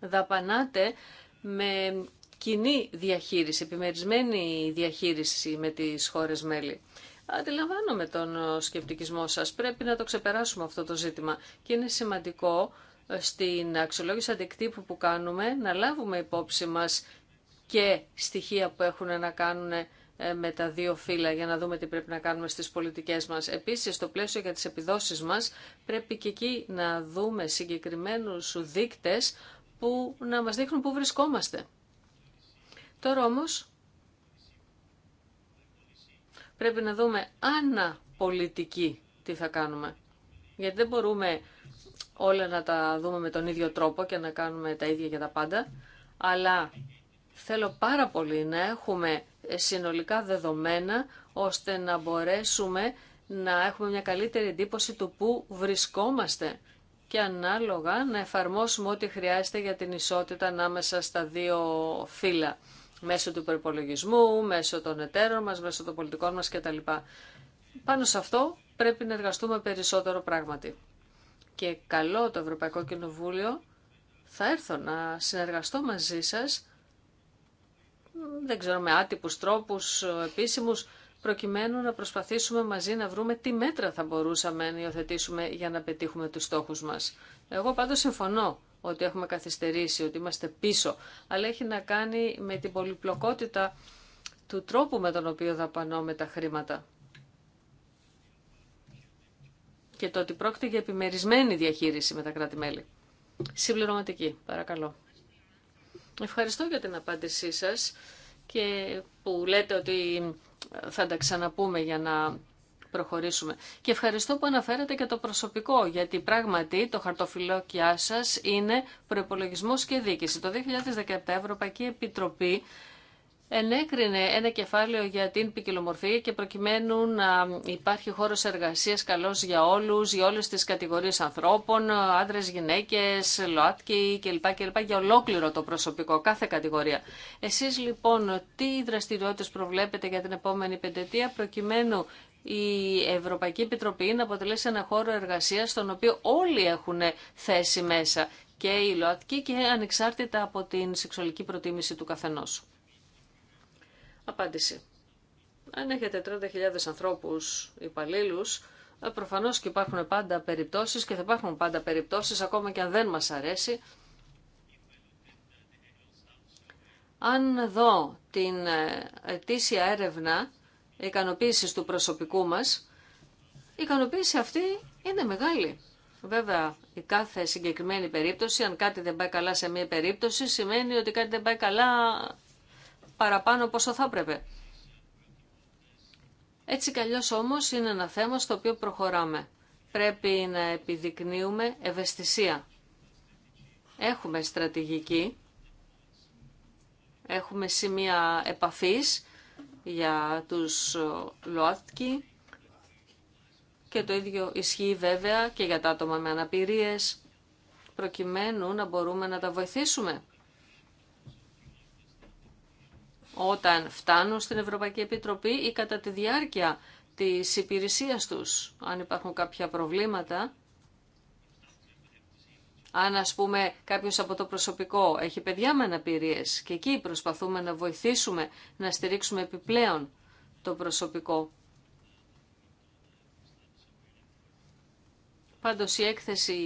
δαπανάται με κοινή διαχείριση, επιμερισμένη διαχείριση με τις χώρες μέλη. Αντιλαμβάνομαι τον σκεπτικισμό σας. Πρέπει να το ξεπεράσουμε αυτό το ζήτημα. Και είναι σημαντικό ε, στην αξιολόγηση αντικτύπου που κάνουμε να λάβουμε υπόψη μας και στοιχεία που έχουν να κάνουν ε, με τα δύο φύλλα για να δούμε τι πρέπει να κάνουμε στις πολιτικές μας. Επίσης, στο πλαίσιο για τις επιδόσεις μας, πρέπει και εκεί να δούμε συγκεκριμένους δείκτες που να μας δείχνουν πού βρισκόμαστε. Τώρα όμως, πρέπει να δούμε αναπολιτική τι θα κάνουμε. Γιατί δεν μπορούμε όλα να τα δούμε με τον ίδιο τρόπο και να κάνουμε τα ίδια για τα πάντα, αλλά θέλω πάρα πολύ να έχουμε συνολικά δεδομένα ώστε να μπορέσουμε να έχουμε μια καλύτερη εντύπωση του πού βρισκόμαστε και ανάλογα να εφαρμόσουμε ό,τι χρειάζεται για την ισότητα ανάμεσα στα δύο φύλλα μέσω του προπολογισμού, μέσω των εταίρων μας, μέσω των πολιτικών μας κτλ. Πάνω σε αυτό πρέπει να εργαστούμε περισσότερο πράγματι. Και καλό το Ευρωπαϊκό Κοινοβούλιο θα έρθω να συνεργαστώ μαζί σας δεν ξέρω με άτυπους τρόπους ε, επίσημους προκειμένου να προσπαθήσουμε μαζί να βρούμε τι μέτρα θα μπορούσαμε να υιοθετήσουμε για να πετύχουμε τους στόχους μας. Εγώ πάντως συμφωνώ ότι έχουμε καθυστερήσει, ότι είμαστε πίσω, αλλά έχει να κάνει με την πολυπλοκότητα του τρόπου με τον οποίο δαπανώμε τα χρήματα. Και το ότι πρόκειται για επιμερισμένη διαχείριση με τα κράτη-μέλη. Συμπληρωματική, παρακαλώ. Ευχαριστώ για την απάντησή σας και που λέτε ότι θα τα ξαναπούμε για να προχωρήσουμε. Και ευχαριστώ που αναφέρατε και το προσωπικό, γιατί πράγματι το χαρτοφυλόκιά σας είναι προπολογισμό και δίκηση. Το 2017 η Ευρωπαϊκή Επιτροπή ενέκρινε ένα κεφάλαιο για την ποικιλομορφία και προκειμένου να υπάρχει χώρο εργασία καλός για όλου, για όλε τι κατηγορίε ανθρώπων, άντρε γυναίκε, ΛΟΑΤΚΙ κλπ, κλπ. για ολόκληρο το προσωπικό, κάθε κατηγορία. Εσεί, λοιπόν τι δραστηριότητε προβλέπετε για την επόμενη πεντετία προκειμένου η Ευρωπαϊκή Επιτροπή να αποτελέσει ένα χώρο εργασία στον οποίο όλοι έχουν θέση μέσα και οι ΛΟΑΤΚΙ και ανεξάρτητα από την σεξουαλική προτίμηση του καθενό. Απάντηση. Αν έχετε 30.000 ανθρώπους υπαλλήλου, ε, προφανώς και υπάρχουν πάντα περιπτώσεις και θα υπάρχουν πάντα περιπτώσεις ακόμα και αν δεν μας αρέσει. Αν δω την ε, ετήσια έρευνα ικανοποίηση του προσωπικού μας, η ικανοποίηση αυτή είναι μεγάλη. Βέβαια, η κάθε συγκεκριμένη περίπτωση, αν κάτι δεν πάει καλά σε μία περίπτωση, σημαίνει ότι κάτι δεν πάει καλά παραπάνω από όσο θα έπρεπε. Έτσι κι όμως είναι ένα θέμα στο οποίο προχωράμε. Πρέπει να επιδεικνύουμε ευαισθησία. Έχουμε στρατηγική, έχουμε σημεία επαφής για τους ΛΟΑΤΚΙ και το ίδιο ισχύει βέβαια και για τα άτομα με αναπηρίες προκειμένου να μπορούμε να τα βοηθήσουμε. όταν φτάνουν στην Ευρωπαϊκή Επιτροπή ή κατά τη διάρκεια της υπηρεσίας τους, αν υπάρχουν κάποια προβλήματα. Αν ας πούμε κάποιος από το προσωπικό έχει παιδιά με αναπηρίες και εκεί προσπαθούμε να βοηθήσουμε, να στηρίξουμε επιπλέον το προσωπικό. Πάντως η έκθεση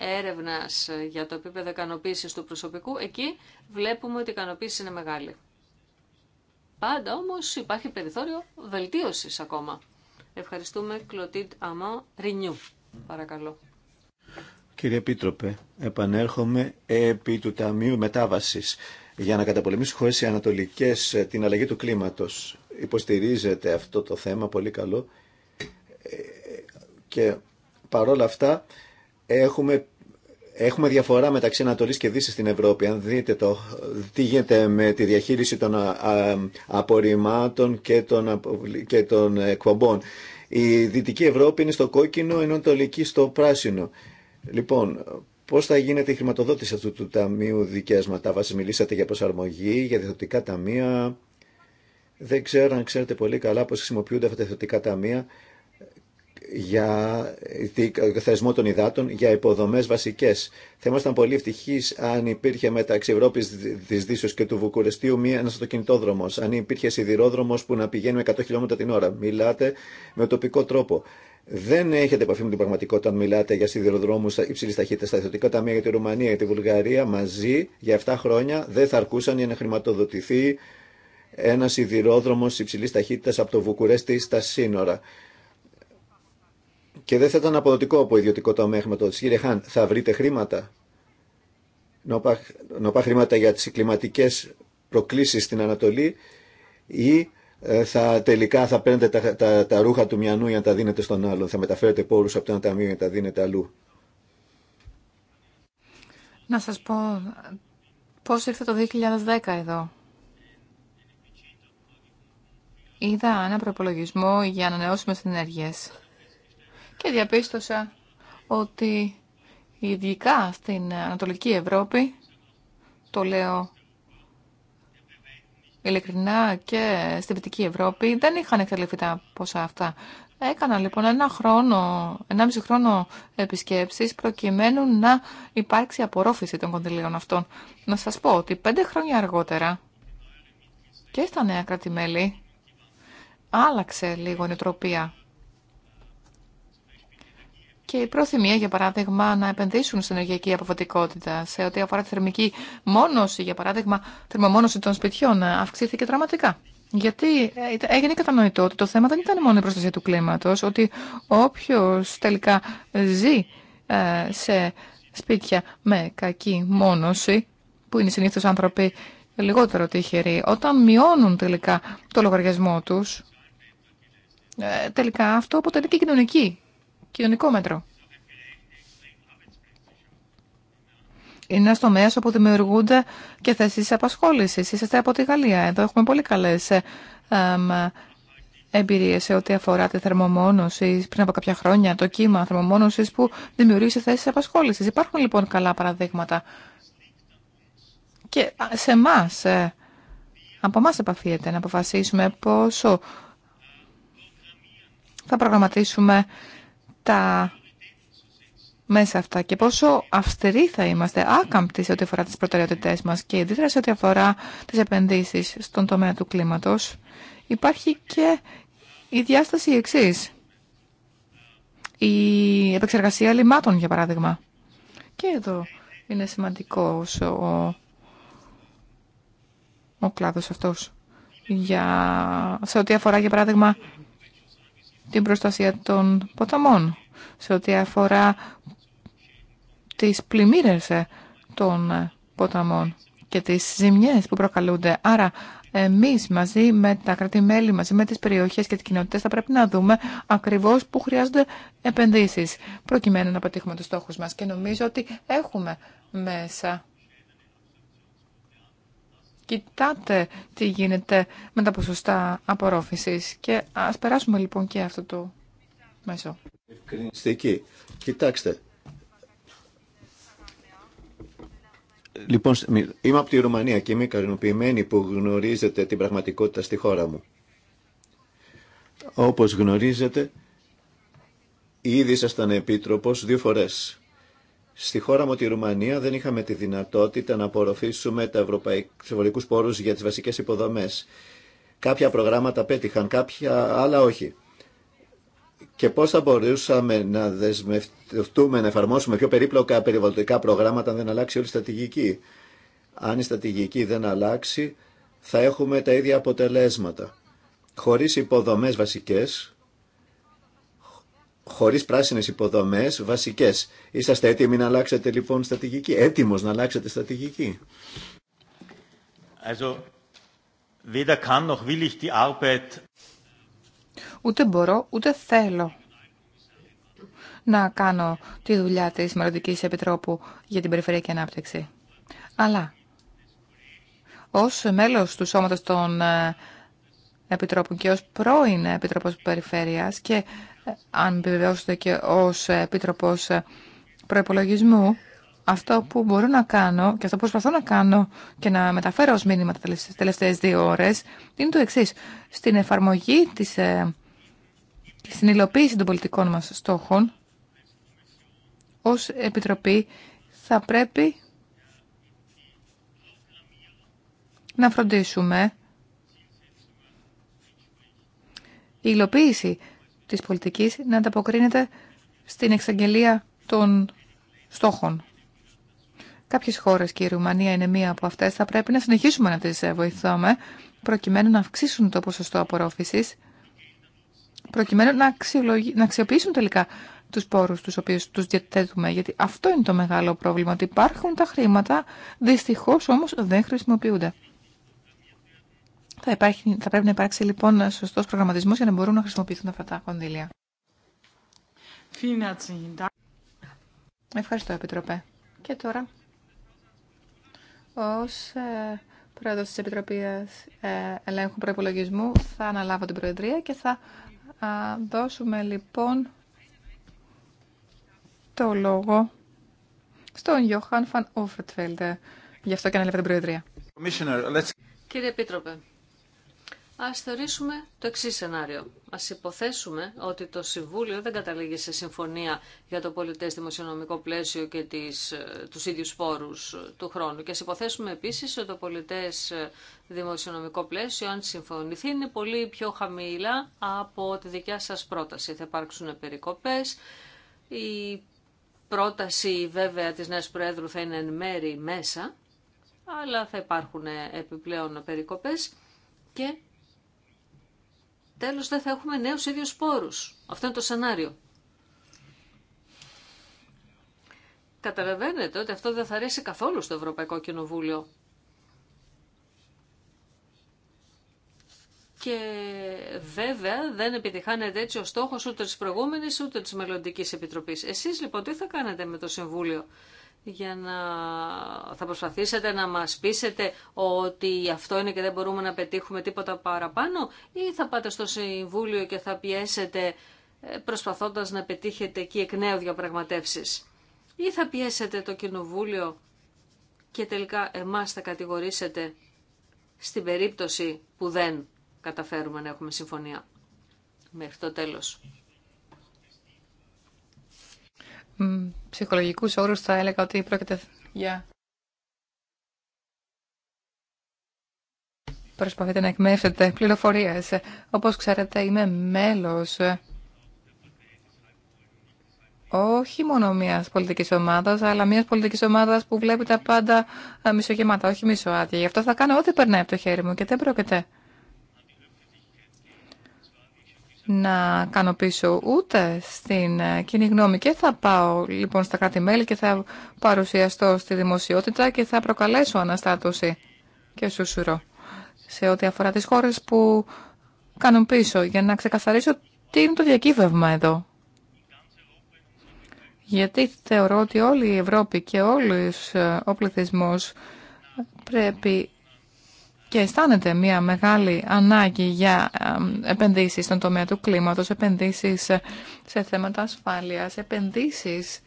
έρευνας ε, για το επίπεδο ικανοποίηση του προσωπικού, εκεί βλέπουμε ότι η ικανοποίηση είναι μεγάλη. Πάντα όμως υπάρχει περιθώριο βελτίωσης ακόμα. Ευχαριστούμε Κλωτίτ Αμά Ρινιού. Παρακαλώ. Κύριε Επίτροπε, επανέρχομαι επί του Ταμείου Μετάβασης για να καταπολεμήσει χώρες οι ανατολικές ε, την αλλαγή του κλίματος. Υποστηρίζεται αυτό το θέμα, πολύ καλό. Ε, και παρόλα αυτά έχουμε, έχουμε διαφορά μεταξύ Ανατολής και Δύσης στην Ευρώπη. Αν δείτε το, τι γίνεται με τη διαχείριση των απορριμμάτων και των, και εκπομπών. Η Δυτική Ευρώπη είναι στο κόκκινο, ενώ η Ανατολική στο πράσινο. Λοιπόν, Πώ θα γίνεται η χρηματοδότηση αυτού του ταμείου δικιάσματα, βάση μιλήσατε για προσαρμογή, για διεθνωτικά ταμεία. Δεν ξέρω αν ξέρετε πολύ καλά πώ χρησιμοποιούνται αυτά τα διεθνωτικά ταμεία για ε, θεσμό των υδάτων για υποδομέ βασικές. Θα ήμασταν πολύ ευτυχεί αν υπήρχε μεταξύ Ευρώπη της Δύσεως και του Βουκουρεστίου μία ένας αυτοκινητόδρομος, αν υπήρχε σιδηρόδρομος που να πηγαίνει με 100 χιλιόμετρα την ώρα. Μιλάτε με τοπικό τρόπο. Δεν έχετε επαφή με την πραγματικότητα αν μιλάτε για σιδηροδρόμους υψηλή ταχύτητα. στα ιδιωτικά ταμεία για τη Ρουμανία και τη Βουλγαρία μαζί για 7 χρόνια δεν θα αρκούσαν για να χρηματοδοτηθεί ένα σιδηρόδρομο υψηλή ταχύτητα από το Βουκουρέστι στα σύνορα και δεν θα ήταν αποδοτικό από ιδιωτικό τομέα χρηματοδότηση. Κύριε Χάν, θα βρείτε χρήματα, νοπά χρήματα για τις κλιματικές προκλήσεις στην Ανατολή ή ε, θα, τελικά θα παίρνετε τα, τα, τα ρούχα του μιανού για να τα δίνετε στον άλλον, θα μεταφέρετε πόρους από το ένα ταμείο για να τα δίνετε αλλού. Να σας πω πώς ήρθε το 2010 εδώ. Είδα ένα προπολογισμό για ανανεώσιμες ενέργειες και διαπίστωσα ότι ειδικά στην Ανατολική Ευρώπη, το λέω ειλικρινά και στη βυτική Ευρώπη, δεν είχαν εκτελεφθεί τα ποσά αυτά. Έκανα λοιπόν ένα χρόνο, ένα μισή χρόνο επισκέψεις προκειμένου να υπάρξει απορρόφηση των κονδυλίων αυτών. Να σας πω ότι πέντε χρόνια αργότερα και στα νέα κράτη-μέλη άλλαξε λίγο η νοοτροπία και η προθυμία, για παράδειγμα, να επενδύσουν στην ενεργειακή αποφατικότητα σε ό,τι αφορά τη θερμική μόνωση, για παράδειγμα, θερμομόνωση των σπιτιών, ε, αυξήθηκε δραματικά. Γιατί ε, έγινε κατανοητό ότι το θέμα δεν ήταν μόνο η προστασία του κλίματο, ότι όποιο τελικά ζει ε, σε σπίτια με κακή μόνωση, που είναι συνήθω άνθρωποι λιγότερο τυχεροί, όταν μειώνουν τελικά το λογαριασμό του. τελικά αυτό αποτελεί και κοινωνική κοινωνικό μέτρο. Είναι ένα τομέα όπου δημιουργούνται και θέσει απασχόληση. Είσαστε από τη Γαλλία. Εδώ έχουμε πολύ καλέ εμπειρίε σε ό,τι αφορά τη θερμομόνωση πριν από κάποια χρόνια, το κύμα θερμομόνωση που δημιουργήσε θέσει απασχόληση. Υπάρχουν λοιπόν καλά παραδείγματα. Και σε εμά, ε, από εμά επαφείεται να αποφασίσουμε πόσο θα προγραμματίσουμε τα μέσα αυτά και πόσο αυστηροί θα είμαστε, άκαμπτοι σε ό,τι αφορά τις προτεραιότητές μας και ιδιαίτερα σε ό,τι αφορά τις επενδύσεις στον τομέα του κλίματος, υπάρχει και η διάσταση εξή. Η επεξεργασία λιμάτων, για παράδειγμα. Και εδώ είναι σημαντικό ο, ο κλάδος αυτός. Για... Σε ό,τι αφορά, για παράδειγμα, την προστασία των ποταμών, σε ό,τι αφορά τις πλημμύρες ε, των ε, ποταμών και τις ζημιές που προκαλούνται. Άρα εμείς μαζί με τα κρατημέλη, μαζί με τις περιοχές και τις κοινότητες θα πρέπει να δούμε ακριβώς που χρειάζονται επενδύσεις προκειμένου να πετύχουμε τους στόχους μας και νομίζω ότι έχουμε μέσα κοιτάτε τι γίνεται με τα ποσοστά απορρόφησης και ας περάσουμε λοιπόν και αυτό το μέσο. Ευκρινιστική. Κοιτάξτε. Λοιπόν, είμαι από τη Ρουμανία και είμαι ικανοποιημένη που γνωρίζετε την πραγματικότητα στη χώρα μου. Όπως γνωρίζετε, ήδη ήσασταν επίτροπος δύο φορές Στη χώρα μου, τη Ρουμανία, δεν είχαμε τη δυνατότητα να απορροφήσουμε τα ευρωπαϊκού πόρου για τι βασικέ υποδομέ. Κάποια προγράμματα πέτυχαν, κάποια άλλα όχι. Και πώ θα μπορούσαμε να δεσμευτούμε, να εφαρμόσουμε πιο περίπλοκα περιβαλλοντικά προγράμματα αν δεν αλλάξει όλη η στρατηγική. Αν η στρατηγική δεν αλλάξει, θα έχουμε τα ίδια αποτελέσματα. Χωρί υποδομέ βασικέ, χωρίς πράσινες υποδομές βασικές. Είσαστε έτοιμοι να αλλάξετε λοιπόν στρατηγική, έτοιμος να αλλάξετε στρατηγική. Also, weder kann noch will Ούτε μπορώ, ούτε θέλω να κάνω τη δουλειά της Μελλοντικής Επιτρόπου για την Περιφερειακή Ανάπτυξη. Αλλά, ως μέλος του Σώματος των ε, Επιτρόπων και ως πρώην Επιτρόπος Περιφέρειας και αν επιβεβαιώσετε και ως Επίτροπος Προϋπολογισμού, αυτό που μπορώ να κάνω και αυτό που προσπαθώ να κάνω και να μεταφέρω ως μήνυμα τα τελευταίες δύο ώρες είναι το εξής. Στην εφαρμογή της, ε, στην υλοποίηση των πολιτικών μας στόχων ως Επιτροπή θα πρέπει να φροντίσουμε η υλοποίηση της πολιτικής να ανταποκρίνεται στην εξαγγελία των στόχων. Κάποιες χώρες και η Ρουμανία είναι μία από αυτές. Θα πρέπει να συνεχίσουμε να τις ε, βοηθούμε προκειμένου να αυξήσουν το ποσοστό απορρόφησης προκειμένου να, να αξιοποιήσουν τελικά τους πόρους τους οποίους τους διαθέτουμε. Γιατί αυτό είναι το μεγάλο πρόβλημα, ότι υπάρχουν τα χρήματα, δυστυχώς όμως δεν χρησιμοποιούνται. Θα, υπάρχει, θα πρέπει να υπάρξει λοιπόν σωστός προγραμματισμός για να μπορούν να χρησιμοποιηθούν αυτά τα κονδύλια. Ευχαριστώ, Επιτροπέ. Και τώρα, ως ε, πρόεδρος της Επιτροπής ε, Ελέγχου Προϋπολογισμού, θα αναλάβω την Προεδρία και θα δώσουμε λοιπόν το λόγο στον Γιώχαν Φαν Όφερτφέλντε. Γι' αυτό και ανέλαβε την Προεδρία. Κύριε Επίτροπε, Ας θεωρήσουμε το εξή σενάριο. Ας υποθέσουμε ότι το Συμβούλιο δεν καταλήγει σε συμφωνία για το πολιτές δημοσιονομικό πλαίσιο και τις, ε, τους ίδιους πόρους ε, του χρόνου. Και ας υποθέσουμε επίσης ότι το πολιτές ε, δημοσιονομικό πλαίσιο, αν συμφωνηθεί, είναι πολύ πιο χαμηλά από τη δικιά σας πρόταση. Θα υπάρξουν περικοπές, η πρόταση βέβαια της Νέας Προέδρου θα είναι εν μέρη μέσα, αλλά θα υπάρχουν επιπλέον περικοπές και τέλος δεν θα έχουμε νέους ίδιους σπόρους. Αυτό είναι το σενάριο. Καταλαβαίνετε ότι αυτό δεν θα αρέσει καθόλου στο Ευρωπαϊκό Κοινοβούλιο. Και βέβαια δεν επιτυχάνεται έτσι ο στόχος ούτε της προηγούμενης ούτε της μελλοντική επιτροπής. Εσείς λοιπόν τι θα κάνετε με το Συμβούλιο για να θα προσπαθήσετε να μας πείσετε ότι αυτό είναι και δεν μπορούμε να πετύχουμε τίποτα παραπάνω ή θα πάτε στο Συμβούλιο και θα πιέσετε ε, προσπαθώντας να πετύχετε εκεί εκ νέου διαπραγματεύσεις ή θα πιέσετε το Κοινοβούλιο και τελικά εμάς θα κατηγορήσετε στην περίπτωση που δεν καταφέρουμε να έχουμε συμφωνία μέχρι το τέλος ψυχολογικούς όρους θα έλεγα ότι πρόκειται για... Προσπαθείτε να εκμεύσετε πληροφορίες. Όπως ξέρετε είμαι μέλος ε, όχι μόνο μια πολιτική ομάδα, αλλά μιας πολιτική ομάδα που βλέπει τα πάντα ε, μισογεμάτα, όχι μισοάδια. Γι' αυτό θα κάνω ό,τι περνάει από το χέρι μου και δεν πρόκειται να κάνω πίσω ούτε στην ε, κοινή γνώμη και θα πάω λοιπόν στα κάτι μελη και θα παρουσιαστώ στη δημοσιότητα και θα προκαλέσω αναστάτωση και σουσουρό σε ό,τι αφορά τις χώρες που κάνουν πίσω για να ξεκαθαρίσω τι είναι το διακύβευμα εδώ. Γιατί θεωρώ ότι όλη η Ευρώπη και όλος ε, ο πληθυσμός πρέπει και αισθάνεται μια μεγάλη ανάγκη για επενδύσεις στον τομέα του κλίματος, επενδύσεις σε θέματα ασφάλειας, επενδύσεις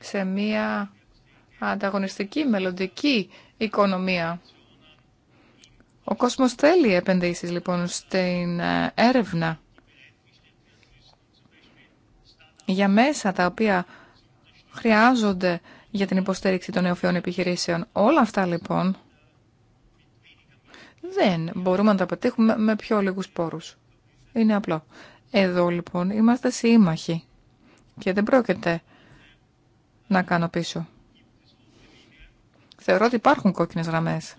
σε μια ανταγωνιστική μελλοντική οικονομία. Ο κόσμος θέλει επενδύσεις λοιπόν στην ε, έρευνα για μέσα τα οποία χρειάζονται για την υποστήριξη των νεοφιών επιχειρήσεων. Όλα αυτά λοιπόν δεν μπορούμε να τα πετύχουμε με πιο λίγους πόρους. Είναι απλό. Εδώ λοιπόν είμαστε σύμμαχοι και δεν πρόκειται να κάνω πίσω. Θεωρώ ότι υπάρχουν κόκκινες γραμμές.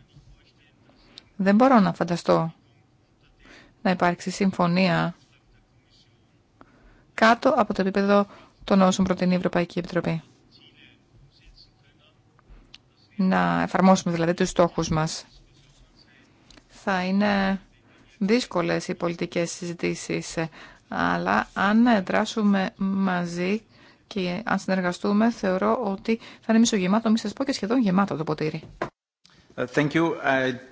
Δεν μπορώ να φανταστώ να υπάρξει συμφωνία κάτω από το επίπεδο των όσων προτείνει η Ευρωπαϊκή Επιτροπή να εφαρμόσουμε δηλαδή τους στόχους μας. Θα είναι δύσκολες οι πολιτικές συζητήσεις, αλλά αν δράσουμε μαζί και αν συνεργαστούμε, θεωρώ ότι θα είναι μισογεμάτο, μη σας πω και σχεδόν γεμάτο το ποτήρι. you.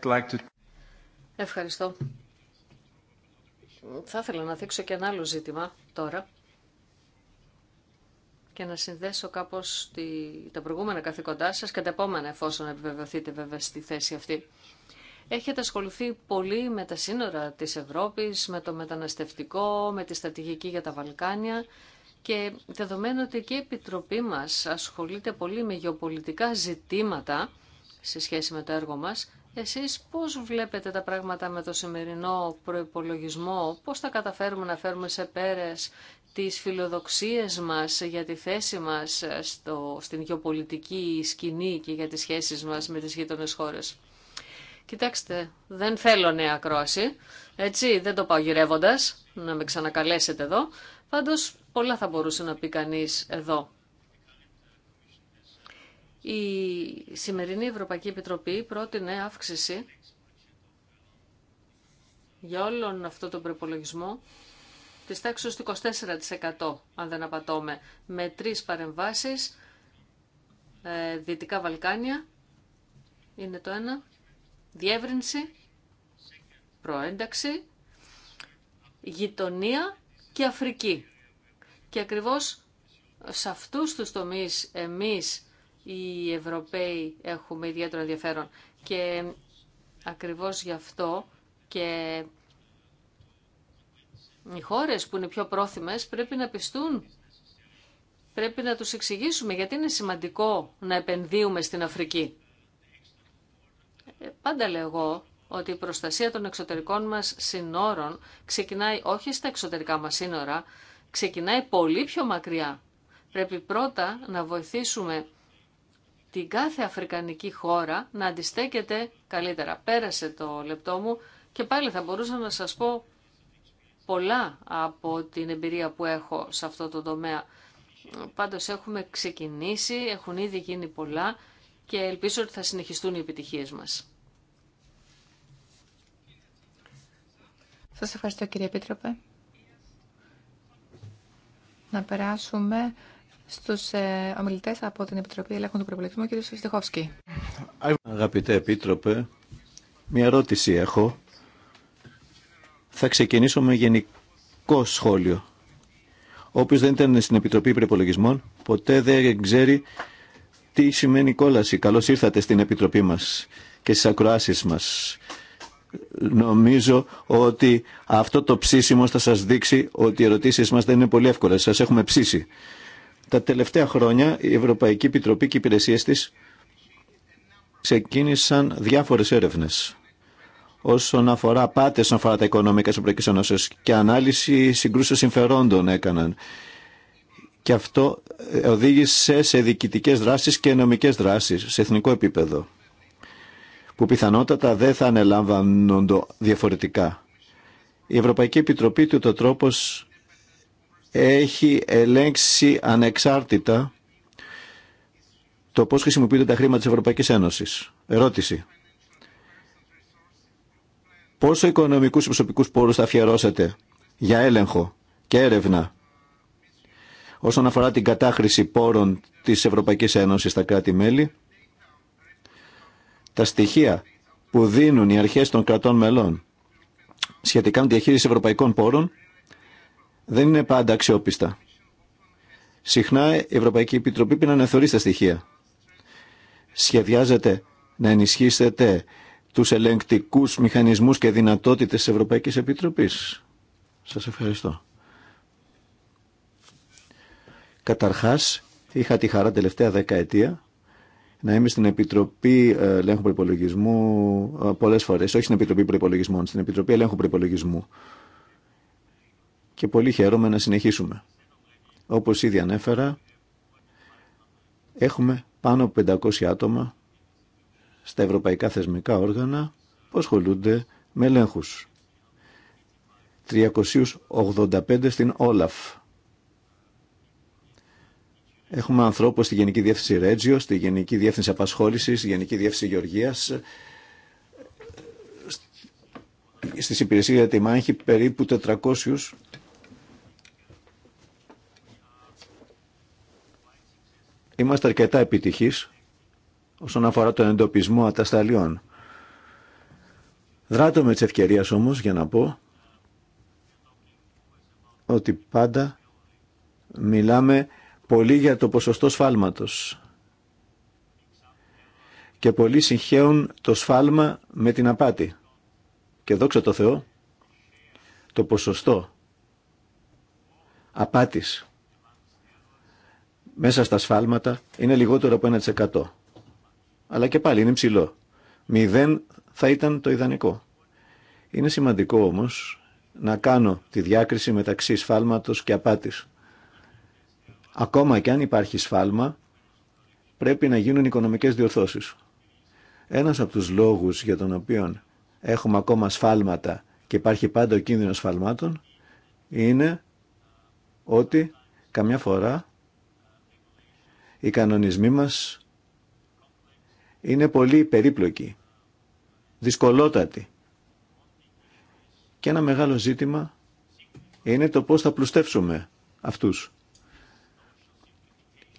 like Ευχαριστώ. Θα ήθελα να δείξω και ένα άλλο ζήτημα τώρα και να συνδέσω κάπως τη, τα προηγούμενα καθήκοντά σας και τα επόμενα εφόσον επιβεβαιωθείτε βέβαια στη θέση αυτή. Έχετε ασχοληθεί πολύ με τα σύνορα της Ευρώπης, με το μεταναστευτικό, με τη στρατηγική για τα Βαλκάνια και δεδομένου ότι και η Επιτροπή μας ασχολείται πολύ με γεωπολιτικά ζητήματα σε σχέση με το έργο μας, εσείς πώς βλέπετε τα πράγματα με το σημερινό προϋπολογισμό, πώς θα καταφέρουμε να φέρουμε σε πέρες τις φιλοδοξίες μας για τη θέση μας ε, στο, στην γεωπολιτική σκηνή και για τις σχέσεις μας με τις γείτονες χώρες. Κοιτάξτε, δεν θέλω νέα ακρόαση, έτσι δεν το πάω να με ξανακαλέσετε εδώ. Πάντως πολλά θα μπορούσε να πει κανείς εδώ. Η σημερινή Ευρωπαϊκή Επιτροπή πρότεινε αύξηση για όλον αυτό τον προπολογισμό τη τάξη του 24% αν δεν απατώμε, με τρεις παρεμβάσεις, ε, Δυτικά Βαλκάνια είναι το ένα, διεύρυνση, προένταξη, γειτονία και Αφρική. Και ακριβώς σε αυτούς τους τομείς εμείς οι Ευρωπαίοι έχουμε ιδιαίτερο ενδιαφέρον. Και ακριβώς γι' αυτό και οι χώρες που είναι πιο πρόθυμες πρέπει να πιστούν, πρέπει να τους εξηγήσουμε γιατί είναι σημαντικό να επενδύουμε στην Αφρική. Ε, πάντα λέω εγώ ότι η προστασία των εξωτερικών μας συνόρων ξεκινάει όχι στα εξωτερικά μας σύνορα, ξεκινάει πολύ πιο μακριά. Πρέπει πρώτα να βοηθήσουμε την κάθε αφρικανική χώρα να αντιστέκεται καλύτερα. Πέρασε το λεπτό μου και πάλι θα μπορούσα να σας πω πολλά από την εμπειρία που έχω σε αυτό το τομέα. Πάντως έχουμε ξεκινήσει, έχουν ήδη γίνει πολλά και ελπίζω ότι θα συνεχιστούν οι επιτυχίες μας. Σας ευχαριστώ κύριε Επίτροπε. Να περάσουμε στους ε, ομιλητές από την Επιτροπή Ελέγχων του Προπολογισμού, κύριο Στεχόφσκι. Αγαπητέ Επίτροπε, μια ερώτηση έχω θα ξεκινήσω με γενικό σχόλιο. Όποιος δεν ήταν στην Επιτροπή Προπολογισμών, ποτέ δεν ξέρει τι σημαίνει κόλαση. Καλώς ήρθατε στην Επιτροπή μας και στις ακροάσεις μας. Νομίζω ότι αυτό το ψήσιμο θα σας δείξει ότι οι ερωτήσεις μας δεν είναι πολύ εύκολες. Σας έχουμε ψήσει. Τα τελευταία χρόνια η Ευρωπαϊκή Επιτροπή και οι υπηρεσίες της ξεκίνησαν διάφορες έρευνες όσον αφορά πάτε, όσον αφορά τα οικονομικά τη Ευρωπαϊκή Ένωση και ανάλυση συγκρούσεων συμφερόντων έκαναν. Και αυτό ε, οδήγησε σε διοικητικές δράσεις και νομικές δράσεις σε εθνικό επίπεδο που πιθανότατα δεν θα ανελάμβανονται διαφορετικά. Η Ευρωπαϊκή Επιτροπή του το τρόπος έχει ελέγξει ανεξάρτητα το πώς χρησιμοποιούνται τα χρήματα της Ευρωπαϊκής Ένωσης. Ερώτηση. Πόσο οικονομικούς και προσωπικούς πόρους θα αφιερώσετε για έλεγχο και έρευνα όσον αφορά την κατάχρηση πόρων της Ευρωπαϊκής Ένωσης στα κράτη-μέλη, τα στοιχεία που δίνουν οι αρχές των κρατών μελών σχετικά με τη διαχείριση ευρωπαϊκών πόρων δεν είναι πάντα αξιόπιστα. Συχνά η Ευρωπαϊκή Επιτροπή πει να τα στοιχεία. Σχεδιάζεται να ενισχύσετε τους ελεγκτικούς μηχανισμούς και δυνατότητες της Ευρωπαϊκής Επιτροπής. Σας ευχαριστώ. Καταρχάς, είχα τη χαρά τελευταία δεκαετία να είμαι στην Επιτροπή Ελέγχου Προπολογισμού ε, πολλέ φορέ. Όχι στην Επιτροπή Προπολογισμών, στην Επιτροπή Ελέγχου Προπολογισμού. Και πολύ χαίρομαι να συνεχίσουμε. Όπω ήδη ανέφερα, έχουμε πάνω από 500 άτομα στα ευρωπαϊκά θεσμικά όργανα που ασχολούνται με ελέγχου. 385 στην Όλαφ. Έχουμε ανθρώπους στη Γενική Διεύθυνση Ρέτζιο, στη Γενική Διεύθυνση Απασχόλησης, στη Γενική Διεύθυνση Γεωργίας. Στις υπηρεσίες για τη μάχη περίπου 400 Είμαστε αρκετά επιτυχείς όσον αφορά τον εντοπισμό ατασταλιών. Δράτω με τη ευκαιρία όμως για να πω ότι πάντα μιλάμε πολύ για το ποσοστό σφάλματος και πολλοί συγχαίουν το σφάλμα με την απάτη. Και δόξα το Θεό, το ποσοστό απάτης μέσα στα σφάλματα είναι λιγότερο από 1% αλλά και πάλι είναι ψηλό. Μηδέν θα ήταν το ιδανικό. Είναι σημαντικό όμως να κάνω τη διάκριση μεταξύ σφάλματος και απάτης. Ακόμα και αν υπάρχει σφάλμα, πρέπει να γίνουν οικονομικές διορθώσεις. Ένας από τους λόγους για τον οποίο έχουμε ακόμα σφάλματα και υπάρχει πάντα ο κίνδυνος σφαλμάτων, είναι ότι καμιά φορά οι κανονισμοί μας είναι πολύ περίπλοκη, δυσκολότατη. Και ένα μεγάλο ζήτημα είναι το πώς θα πλουστεύσουμε αυτούς.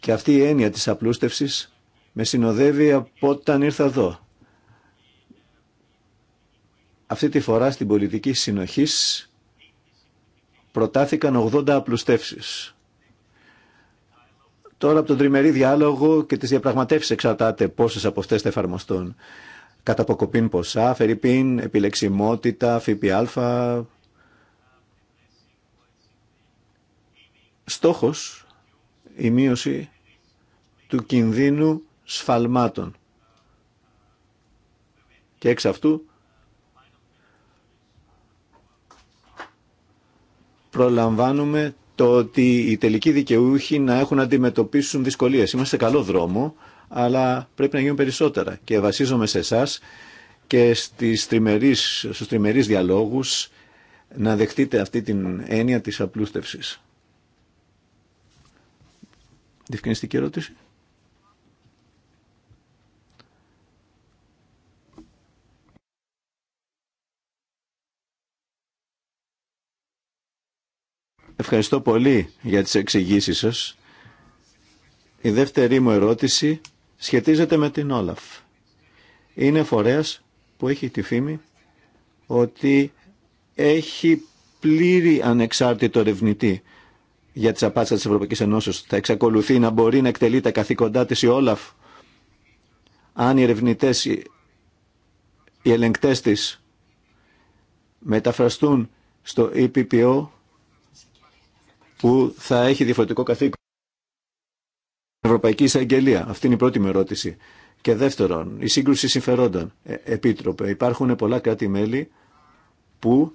Και αυτή η έννοια της απλούστευσης με συνοδεύει από όταν ήρθα εδώ. Αυτή τη φορά στην πολιτική συνοχής προτάθηκαν 80 απλουστεύσεις. Τώρα από τον τριμερή διάλογο και τις διαπραγματεύσεις εξαρτάται πόσες από αυτές θα εφαρμοστούν. Κατά αποκοπήν ποσά, φερρυπίν, επιλεξιμότητα, ΦΠΑ. Στόχος η μείωση του κινδύνου σφαλμάτων. Και εξ αυτού προλαμβάνουμε το ότι οι τελικοί δικαιούχοι να έχουν να αντιμετωπίσουν δυσκολίες. Είμαστε σε καλό δρόμο, αλλά πρέπει να γίνουν περισσότερα. Και βασίζομαι σε εσά και στις τριμερεί στους διαλόγους να δεχτείτε αυτή την έννοια της απλούστευσης. Διευκρινιστική ερώτηση. Ευχαριστώ πολύ για τις εξηγήσεις σας. Η δεύτερη μου ερώτηση σχετίζεται με την Όλαφ. Είναι φορέας που έχει τη φήμη ότι έχει πλήρη ανεξάρτητο ερευνητή για τις απάτσες της Ευρωπαϊκής Ενώσης. Θα εξακολουθεί να μπορεί να εκτελεί τα καθήκοντά της η Όλαφ αν οι ερευνητέ, οι ελεγκτές της μεταφραστούν στο EPPO που θα έχει διαφορετικό καθήκον. Ευρωπαϊκή Εισαγγελία. Αυτή είναι η πρώτη μου ερώτηση. Και δεύτερον, η σύγκρουση συμφερόντων. Ε, επίτροπε, υπάρχουν πολλά κράτη-μέλη που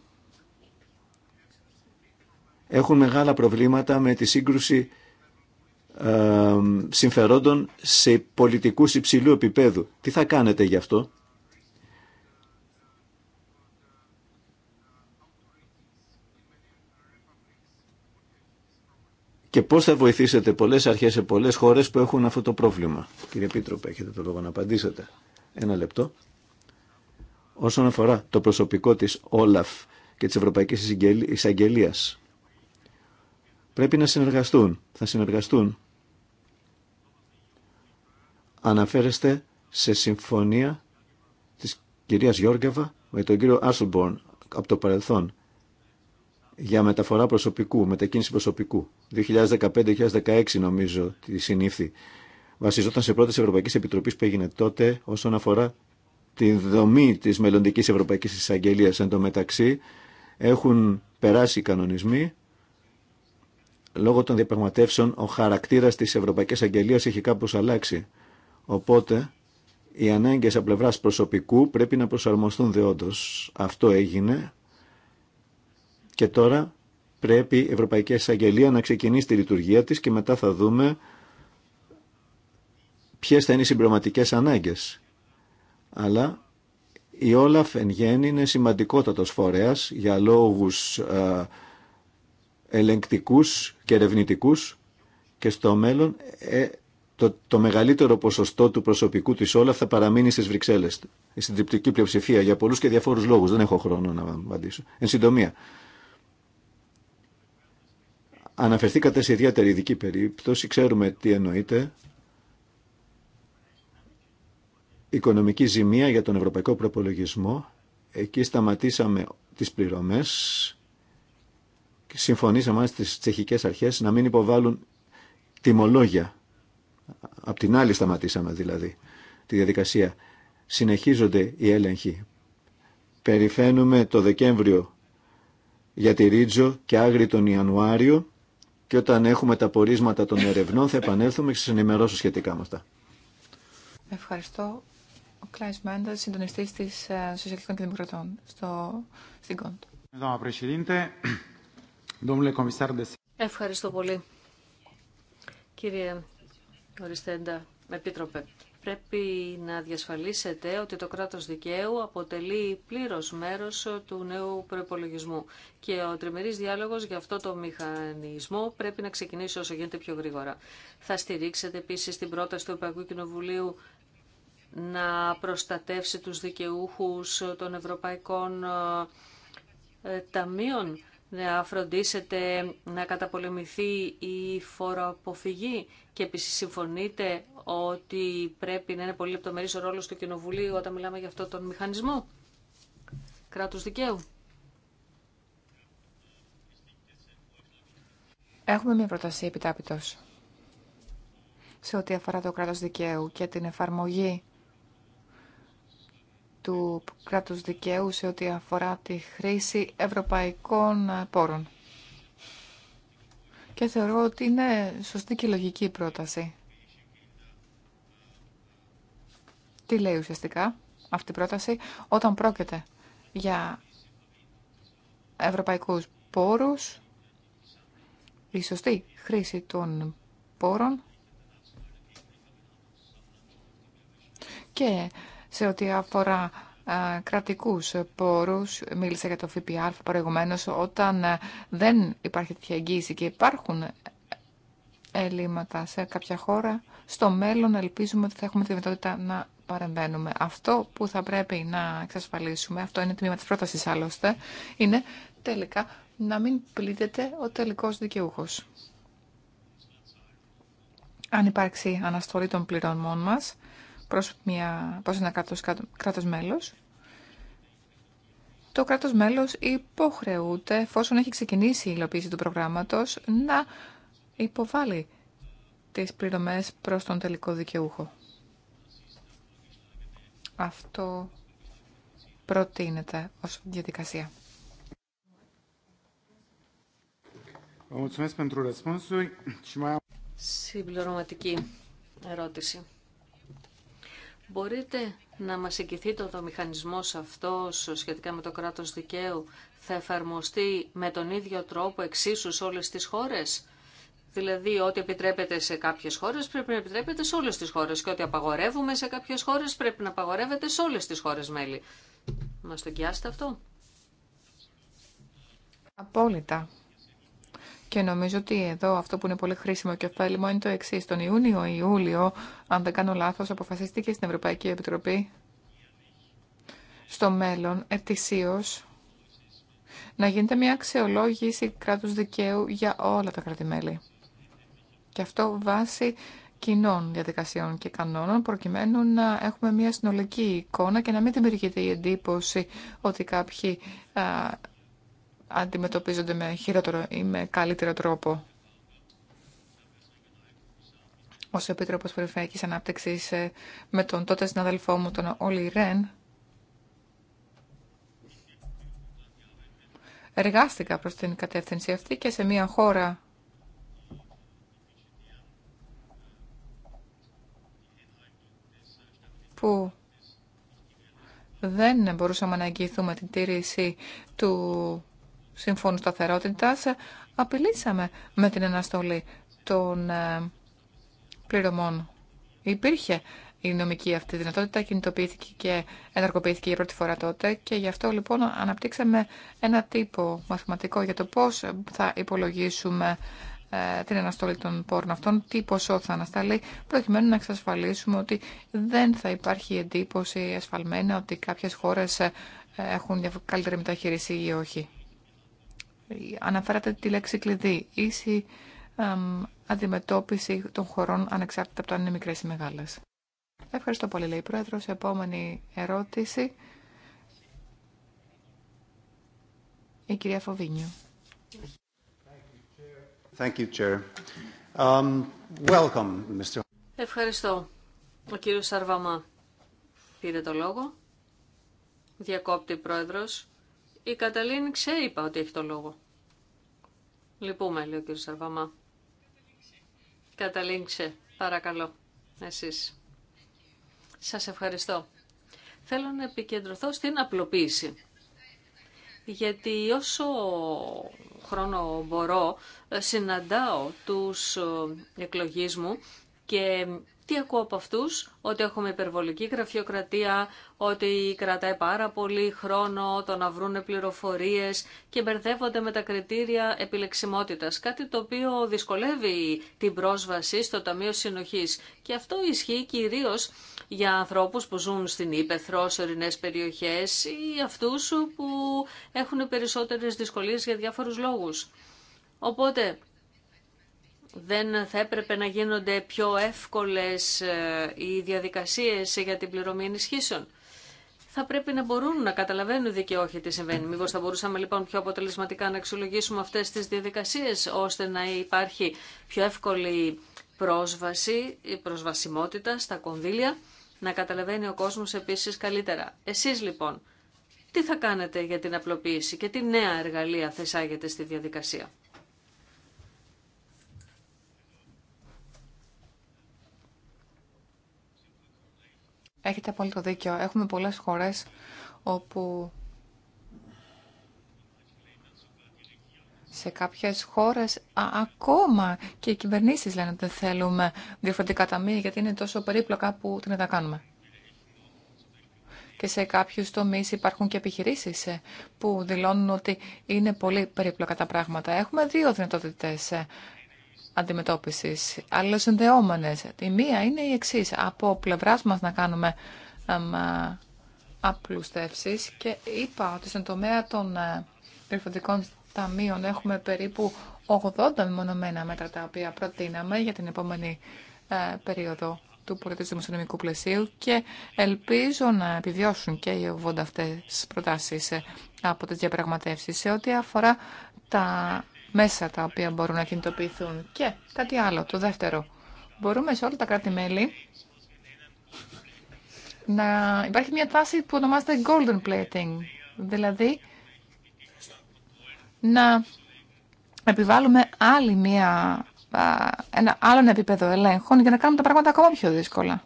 έχουν μεγάλα προβλήματα με τη σύγκρουση ε, συμφερόντων σε πολιτικούς υψηλού επίπεδου. Τι θα κάνετε γι' αυτό. και πώς θα βοηθήσετε πολλές αρχές σε πολλές χώρες που έχουν αυτό το πρόβλημα. Κύριε Πίτροπε, έχετε το λόγο να απαντήσετε. Ένα λεπτό. Όσον αφορά το προσωπικό της Όλαφ και της Ευρωπαϊκής εισαγγελία. πρέπει να συνεργαστούν. Θα συνεργαστούν. Αναφέρεστε σε συμφωνία της κυρίας Γιώργεβα με τον κύριο Άσλμπορν από το παρελθόν για μεταφορά προσωπικού, μετακίνηση προσωπικού. 2015-2016 νομίζω τη συνήθη. Βασιζόταν σε πρώτες Ευρωπαϊκή Επιτροπή που έγινε τότε όσον αφορά τη δομή της μελλοντική Ευρωπαϊκής εισαγγελία. Εν τω μεταξύ έχουν περάσει οι κανονισμοί. Λόγω των διαπραγματεύσεων ο χαρακτήρα τη Ευρωπαϊκή Αγγελία έχει κάπω αλλάξει. Οπότε οι ανάγκε από πλευρά προσωπικού πρέπει να προσαρμοστούν δεόντως. Αυτό έγινε και τώρα πρέπει η Ευρωπαϊκή Εισαγγελία να ξεκινήσει τη λειτουργία της και μετά θα δούμε ποιες θα είναι οι συμπληρωματικές ανάγκες. Αλλά η Όλαφ εν γέννη είναι σημαντικότατος φορέας για λόγους ε, ελεγκτικούς και ερευνητικούς και στο μέλλον ε, το, το μεγαλύτερο ποσοστό του προσωπικού της Όλαφ θα παραμείνει στις Βρυξέλλες, στην τριπτική πλειοψηφία, για πολλούς και διαφόρους λόγους. Δεν έχω χρόνο να απαντήσω. Εν συντομία, Αναφερθήκατε σε ιδιαίτερη ειδική περίπτωση, ξέρουμε τι εννοείται. Οικονομική ζημία για τον ευρωπαϊκό προπολογισμό. Εκεί σταματήσαμε τις πληρωμές και συμφωνήσαμε στις τσεχικές αρχές να μην υποβάλουν τιμολόγια. Απ' την άλλη σταματήσαμε δηλαδή τη διαδικασία. Συνεχίζονται οι έλεγχοι. Περιφαίνουμε το Δεκέμβριο για τη Ρίτζο και άγρι τον Ιανουάριο και όταν έχουμε τα πορίσματα των ερευνών θα επανέλθουμε και σας ενημερώσω σχετικά με αυτά. Ευχαριστώ. Ο Κλάις Μέντα, συντονιστής της ε, Σοσιαλιστικών και Δημοκρατών στο... στην ΚΟΝΤ. Ευχαριστώ πολύ. Κύριε Οριστέντα, Επίτροπε, πρέπει να διασφαλίσετε ότι το κράτος δικαίου αποτελεί πλήρως μέρος του νέου προπολογισμού και ο τριμερής διάλογος για αυτό το μηχανισμό πρέπει να ξεκινήσει όσο γίνεται πιο γρήγορα. Θα στηρίξετε επίσης την πρόταση του Ευρωπαϊκού Κοινοβουλίου να προστατεύσει τους δικαιούχους των ευρωπαϊκών ε, ταμείων να φροντίσετε να καταπολεμηθεί η φοροαποφυγή και επίση συμφωνείτε ότι πρέπει να είναι πολύ λεπτομερής ο ρόλος του Κοινοβουλίου όταν μιλάμε για αυτό τον μηχανισμό κράτους δικαίου. Έχουμε μια πρόταση επιτάπητος σε ό,τι αφορά το κράτος δικαίου και την εφαρμογή του κράτους δικαίου σε ό,τι αφορά τη χρήση ευρωπαϊκών ε, πόρων. Και θεωρώ ότι είναι σωστή και λογική πρόταση. Τι λέει ουσιαστικά αυτή η πρόταση όταν πρόκειται για ευρωπαϊκούς πόρους, η σωστή χρήση των πόρων και σε ό,τι αφορά ε, κρατικούς πόρους, μίλησα για το ΦΠΑ προηγουμένως, όταν ε, δεν υπάρχει τέτοια εγγύηση και υπάρχουν ε, ελλείμματα σε κάποια χώρα, στο μέλλον ελπίζουμε ότι θα έχουμε τη δυνατότητα να παρεμβαίνουμε. Αυτό που θα πρέπει να εξασφαλίσουμε, αυτό είναι το τμήμα της πρότασης άλλωστε, είναι τελικά να μην πλήττεται ο τελικός δικαιούχος. Αν υπάρξει αναστολή των πληρωμών μας, προς, μια, προς ένα κράτος, κράτος μέλος, το κράτος μέλος υποχρεούται, εφόσον έχει ξεκινήσει η υλοποίηση του προγράμματος, να υποβάλει τις πληρωμές προς τον τελικό δικαιούχο. Αυτό προτείνεται ως διαδικασία. Συμπληρωματική ερώτηση. Μπορείτε να μας εγγυθεί ότι ο μηχανισμός αυτός σχετικά με το κράτος δικαίου θα εφαρμοστεί με τον ίδιο τρόπο εξίσου σε όλες τις χώρες. Δηλαδή ό,τι επιτρέπεται σε κάποιες χώρες πρέπει να επιτρέπεται σε όλες τις χώρες και ό,τι απαγορεύουμε σε κάποιες χώρες πρέπει να απαγορεύεται σε όλες τις χώρες μέλη. Μας το αυτό. Απόλυτα. Και νομίζω ότι εδώ αυτό που είναι πολύ χρήσιμο και ωφέλιμο είναι το εξή. Τον Ιούνιο Ιούλιο, αν δεν κάνω λάθο, αποφασίστηκε στην Ευρωπαϊκή Επιτροπή στο μέλλον ετησίω να γίνεται μια αξιολόγηση κράτους δικαίου για όλα τα κράτη-μέλη. Και αυτό βάσει κοινών διαδικασιών και κανόνων, προκειμένου να έχουμε μια συνολική εικόνα και να μην δημιουργείται η εντύπωση ότι κάποιοι αντιμετωπίζονται με χειρότερο ή με καλύτερο τρόπο. Ω Επίτροπο Περιφερειακή Ανάπτυξη ε, με τον τότε συναδελφό μου, τον Όλι Ρεν, εργάστηκα προς την κατεύθυνση αυτή και σε μια χώρα που δεν μπορούσαμε να εγγυηθούμε την τήρηση του Συμφώνου Σταθερότητας απειλήσαμε με την αναστολή των ε, πληρωμών. Υπήρχε η νομική αυτή δυνατότητα, κινητοποιήθηκε και ενεργοποιήθηκε για πρώτη φορά τότε και γι' αυτό λοιπόν αναπτύξαμε ένα τύπο μαθηματικό για το πώς θα υπολογίσουμε ε, την αναστολή των πόρων αυτών, τι ποσό θα ανασταλεί, προκειμένου να εξασφαλίσουμε ότι δεν θα υπάρχει εντύπωση ασφαλμένα ότι κάποιες χώρες ε, έχουν καλύτερη μεταχείριση ή όχι αναφέρατε τη λέξη κλειδί, ίση αντιμετώπιση των χωρών ανεξάρτητα από το αν είναι μικρές ή μεγάλες. Ευχαριστώ πολύ, λέει η Πρόεδρος. Επόμενη ερώτηση. Η κυρία η κυρια φοβινιο Ευχαριστώ. Ο κύριος Σαρβαμά πήρε το λόγο. Διακόπτη, Πρόεδρος. Η Καταλήν ξέρει, είπα, ότι έχει το λόγο. Λυπούμε, λέει ο κύριο Σαρβαμά. Παρακαλώ, εσείς. Σας ευχαριστώ. Θέλω να επικεντρωθώ στην απλοποίηση. Γιατί όσο χρόνο μπορώ, συναντάω τους ε, εκλογείς μου και τι ακούω από αυτού, ότι έχουμε υπερβολική γραφειοκρατία, ότι κρατάει πάρα πολύ χρόνο το να βρούνε πληροφορίες και μπερδεύονται με τα κριτήρια επιλεξιμότητας, κάτι το οποίο δυσκολεύει την πρόσβαση στο Ταμείο Συνοχής. Και αυτό ισχύει κυρίω για ανθρώπους που ζουν στην Ήπεθρο, σε ορεινέ περιοχές ή αυτού που έχουν περισσότερε δυσκολίε για διάφορου λόγους. Οπότε, δεν θα έπρεπε να γίνονται πιο εύκολες ε, οι διαδικασίες για την πληρωμή ενισχύσεων. Θα πρέπει να μπορούν να καταλαβαίνουν δικαιώχοι τι συμβαίνει. Μήπως θα μπορούσαμε λοιπόν πιο αποτελεσματικά να αξιολογήσουμε αυτές τις διαδικασίες ώστε να υπάρχει πιο εύκολη πρόσβαση, η προσβασιμότητα στα κονδύλια, να καταλαβαίνει ο κόσμος επίσης καλύτερα. Εσείς λοιπόν, τι θα κάνετε για την απλοποίηση και τι νέα εργαλεία θα στη διαδικασία. Έχετε απόλυτο δίκιο. Έχουμε πολλές χώρες όπου σε κάποιες χώρες ακόμα και οι κυβερνήσεις λένε ότι δεν θέλουμε διαφορετικά ταμεία γιατί είναι τόσο περίπλοκα που τι να τα κάνουμε. Και σε κάποιους τομείς υπάρχουν και επιχειρήσεις ε, που δηλώνουν ότι είναι πολύ περίπλοκα τα πράγματα. Έχουμε δύο δυνατότητες ε, αντιμετώπισης, αλληλοσυνδεόμενε. Η μία είναι η εξή. από πλευράς μα να κάνουμε ε, απλουστεύσει, και είπα ότι στον τομέα των ε, περιφερειακών ταμείων έχουμε περίπου 80 μονομένα μέτρα τα οποία προτείναμε για την επόμενη ε, περίοδο του πολιτικού δημοσιονομικού πλαισίου και ελπίζω να επιβιώσουν και οι 80 αυτές προτάσεις από τις διαπραγματεύσεις σε ό,τι αφορά τα μέσα τα οποία μπορούν να κινητοποιηθούν. Και κάτι άλλο, το δεύτερο. Μπορούμε σε όλα τα κράτη-μέλη να υπάρχει μια τάση που ονομάζεται golden plating. Δηλαδή, να επιβάλλουμε άλλη μια, ένα άλλο επίπεδο ελέγχων για να κάνουμε τα πράγματα ακόμα πιο δύσκολα.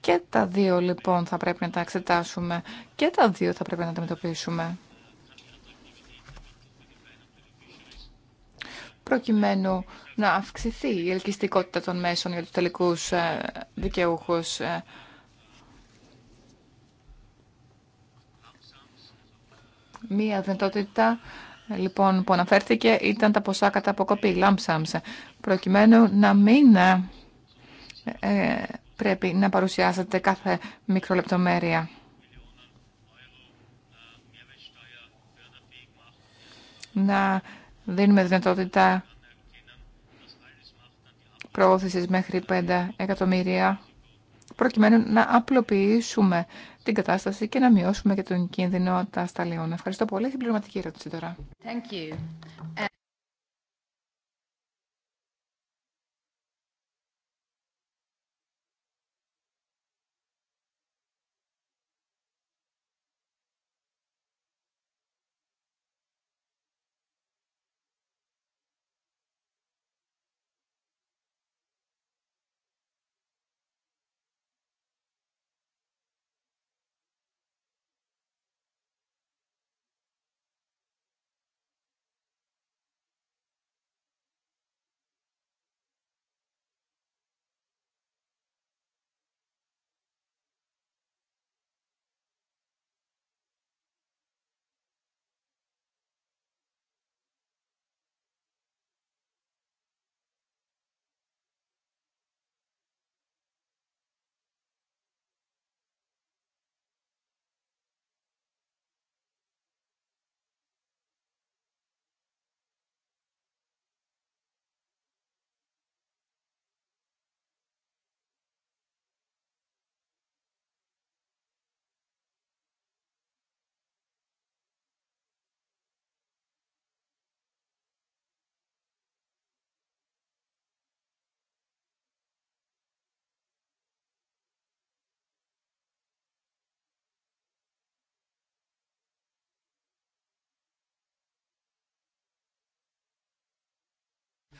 Και τα δύο λοιπόν θα πρέπει να τα εξετάσουμε και τα δύο θα πρέπει να τα αντιμετωπίσουμε. προκειμένου να αυξηθεί η ελκυστικότητα των μέσων για τους τελικούς ε, δικαιούχους. Ε. Μία δυνατότητα ε, λοιπόν, που αναφέρθηκε ήταν τα ποσά κατά αποκοπή, λάμψαμς, προκειμένου να μην πρέπει να παρουσιάσετε κάθε μικρολεπτομέρεια. Να Δίνουμε δυνατότητα προώθησης μέχρι 5 εκατομμύρια προκειμένου να απλοποιήσουμε την κατάσταση και να μειώσουμε και τον κίνδυνο τα ασταλείων. Ευχαριστώ πολύ. πληρωματική ερώτηση τώρα.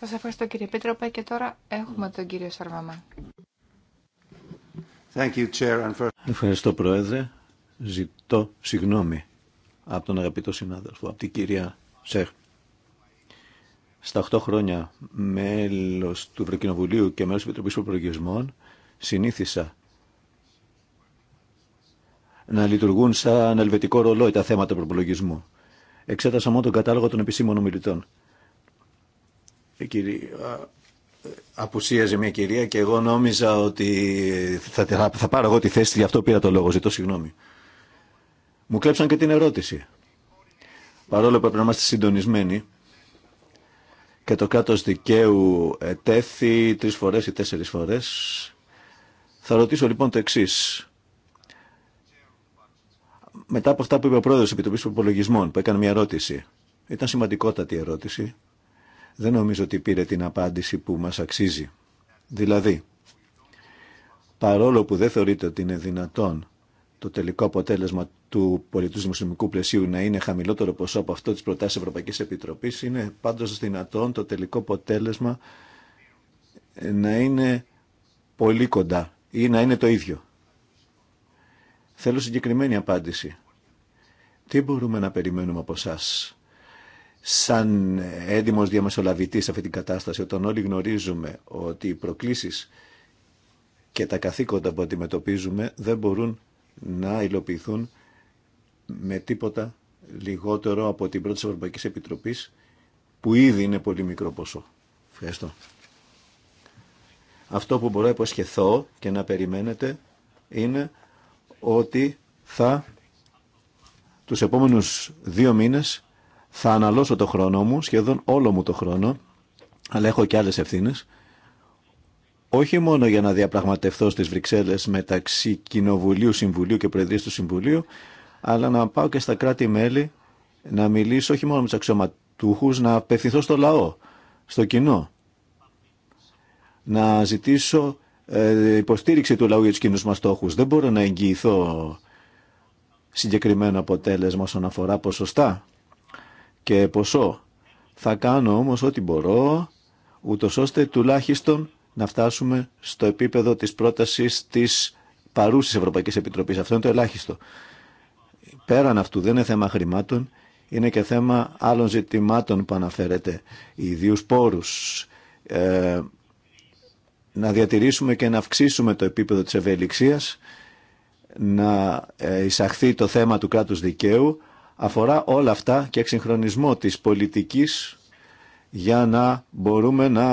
Σας ευχαριστώ κύριε Πίτροπε και τώρα έχουμε τον κύριο Σαρβαμά. Ευχαριστώ Πρόεδρε. Ζητώ συγγνώμη από τον αγαπητό συνάδελφο, από την κυρία Σέχ. Στα 8 χρόνια μέλος του Ευρωκοινοβουλίου και μέλος της Επιτροπής Προπολογισμών συνήθισα να λειτουργούν σαν ελβετικό ρολόι τα θέματα προπολογισμού. Εξέτασα μόνο τον κατάλογο των επισήμων ομιλητών κυρία, απουσίαζε μια κυρία και εγώ νόμιζα ότι θα, θα πάρω εγώ τη θέση, γι' αυτό πήρα το λόγο, ζητώ συγγνώμη. Μου κλέψαν και την ερώτηση. Παρόλο που πρέπει να είμαστε συντονισμένοι και το κάτω δικαίου ετέθη τρει φορές ή τέσσερι φορές, θα ρωτήσω λοιπόν το εξή. μετά από αυτά που είπε ο πρόεδρο τη Επιτροπή Προπολογισμών, που έκανε μια ερώτηση, ήταν σημαντικότατη ερώτηση, δεν νομίζω ότι πήρε την απάντηση που μας αξίζει. Δηλαδή, παρόλο που δεν θεωρείται ότι είναι δυνατόν το τελικό αποτέλεσμα του πολιτού δημοσιονομικού πλαισίου να είναι χαμηλότερο ποσό από αυτό της προτάσης Ευρωπαϊκής Επιτροπής, είναι πάντως δυνατόν το τελικό αποτέλεσμα να είναι πολύ κοντά ή να είναι το ίδιο. Θέλω συγκεκριμένη απάντηση. Τι μπορούμε να περιμένουμε από εσά σαν έντιμος διαμεσολαβητής σε αυτή την κατάσταση, όταν όλοι γνωρίζουμε ότι οι προκλήσεις και τα καθήκοντα που αντιμετωπίζουμε δεν μπορούν να υλοποιηθούν με τίποτα λιγότερο από την πρώτη Ευρωπαϊκή Επιτροπή που ήδη είναι πολύ μικρό ποσό. Ευχαριστώ. Αυτό που μπορώ να υποσχεθώ και να περιμένετε είναι ότι θα τους επόμενους δύο μήνες θα αναλώσω το χρόνο μου, σχεδόν όλο μου το χρόνο, αλλά έχω και άλλες ευθύνες, όχι μόνο για να διαπραγματευτώ στις Βρυξέλλες μεταξύ Κοινοβουλίου, Συμβουλίου και Προεδρίας του Συμβουλίου, αλλά να πάω και στα κράτη-μέλη να μιλήσω όχι μόνο με τους αξιωματούχους, να απευθυνθώ στο λαό, στο κοινό. Να ζητήσω ε, υποστήριξη του λαού για τους κοινούς μας στόχους. Δεν μπορώ να εγγυηθώ συγκεκριμένο αποτέλεσμα όσον αφορά ποσοστά και ποσό. Θα κάνω όμως ό,τι μπορώ, ούτω ώστε τουλάχιστον να φτάσουμε στο επίπεδο της πρότασης της παρούσης Ευρωπαϊκής Επιτροπής. Αυτό είναι το ελάχιστο. Πέραν αυτού δεν είναι θέμα χρημάτων, είναι και θέμα άλλων ζητημάτων που αναφέρεται. Ιδίους πόρους, ε, να διατηρήσουμε και να αυξήσουμε το επίπεδο της ευελιξίας, να ε, εισαχθεί το θέμα του κράτους δικαίου, αφορά όλα αυτά και εξυγχρονισμό της πολιτικής για να μπορούμε να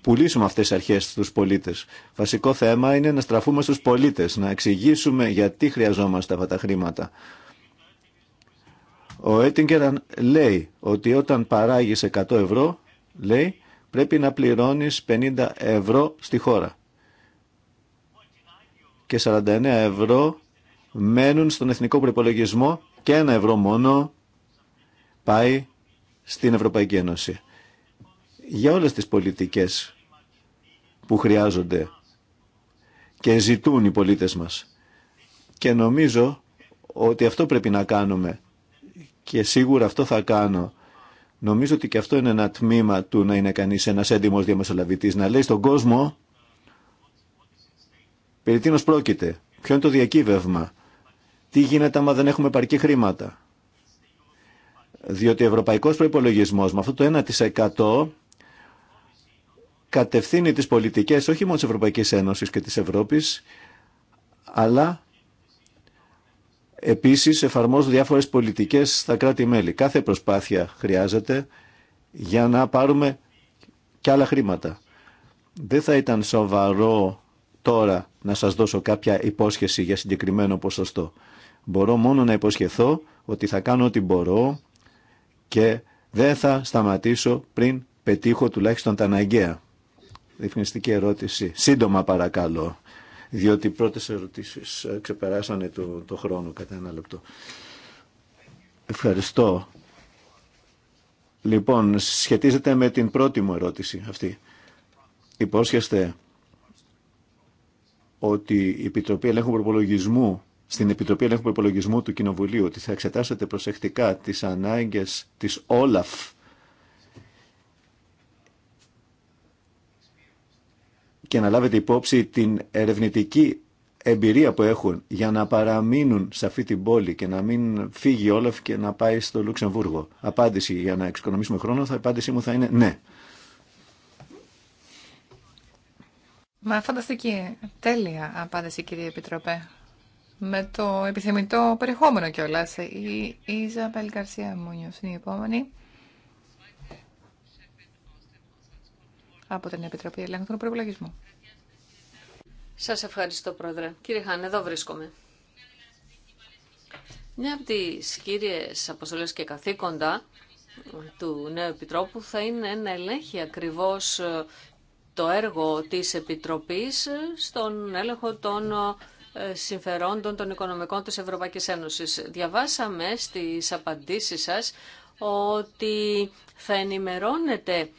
πουλήσουμε αυτές τις αρχές στους πολίτες. Βασικό θέμα είναι να στραφούμε στους πολίτες, να εξηγήσουμε γιατί χρειαζόμαστε αυτά τα χρήματα. Ο Έτιγκερ λέει ότι όταν παράγεις 100 ευρώ, λέει, πρέπει να πληρώνεις 50 ευρώ στη χώρα. Και 49 ευρώ μένουν στον εθνικό προπολογισμό και ένα ευρώ μόνο πάει στην Ευρωπαϊκή Ένωση. Για όλες τις πολιτικές που χρειάζονται και ζητούν οι πολίτες μας. Και νομίζω ότι αυτό πρέπει να κάνουμε και σίγουρα αυτό θα κάνω. Νομίζω ότι και αυτό είναι ένα τμήμα του να είναι κανείς ένας έντιμος διαμεσολαβητής, να λέει στον κόσμο περί πρόκειται, ποιο είναι το διακύβευμα, τι γίνεται άμα δεν έχουμε παρκή χρήματα. Διότι ο ευρωπαϊκός προϋπολογισμός με αυτό το 1% κατευθύνει τις πολιτικές όχι μόνο της Ευρωπαϊκής Ένωσης και της Ευρώπης, αλλά επίσης εφαρμόζουν διάφορες πολιτικές στα κράτη-μέλη. Κάθε προσπάθεια χρειάζεται για να πάρουμε και άλλα χρήματα. Δεν θα ήταν σοβαρό τώρα να σας δώσω κάποια υπόσχεση για συγκεκριμένο ποσοστό. Μπορώ μόνο να υποσχεθώ ότι θα κάνω ό,τι μπορώ και δεν θα σταματήσω πριν πετύχω τουλάχιστον τα αναγκαία. Διευκρινιστική ερώτηση. Σύντομα παρακαλώ, διότι οι πρώτες ερωτήσεις ε, ξεπεράσανε το, το χρόνο κατά ένα λεπτό. Ευχαριστώ. Λοιπόν, σχετίζεται με την πρώτη μου ερώτηση αυτή. Υπόσχεστε ότι η Επιτροπή Ελέγχου Προπολογισμού στην Επιτροπή Ελέγχου Προπολογισμού του Κοινοβουλίου ότι θα εξετάσετε προσεκτικά τις ανάγκες της Όλαφ και να λάβετε υπόψη την ερευνητική εμπειρία που έχουν για να παραμείνουν σε αυτή την πόλη και να μην φύγει Όλαφ και να πάει στο Λουξεμβούργο. Απάντηση για να εξοικονομήσουμε χρόνο, θα απάντησή μου θα είναι ναι. Μα φανταστική, τέλεια απάντηση κύριε Επιτροπέ με το επιθυμητό περιεχόμενο κιόλα. Η Ιζαμπέλ Καρσία Μούνιο είναι η επόμενη. Από την Επιτροπή Ελέγχου του Προπολογισμού. Σα ευχαριστώ, Πρόεδρε. Κύριε Χάν, εδώ βρίσκομαι. Μια από τι κύριε αποστολέ και καθήκοντα του νέου Επιτρόπου θα είναι να ελέγχει ακριβώ το έργο της Επιτροπής στον έλεγχο των συμφερόντων των οικονομικών της Ευρωπαϊκής Ένωσης. Διαβάσαμε στις απαντήσεις σας ότι θα ενημερώνετε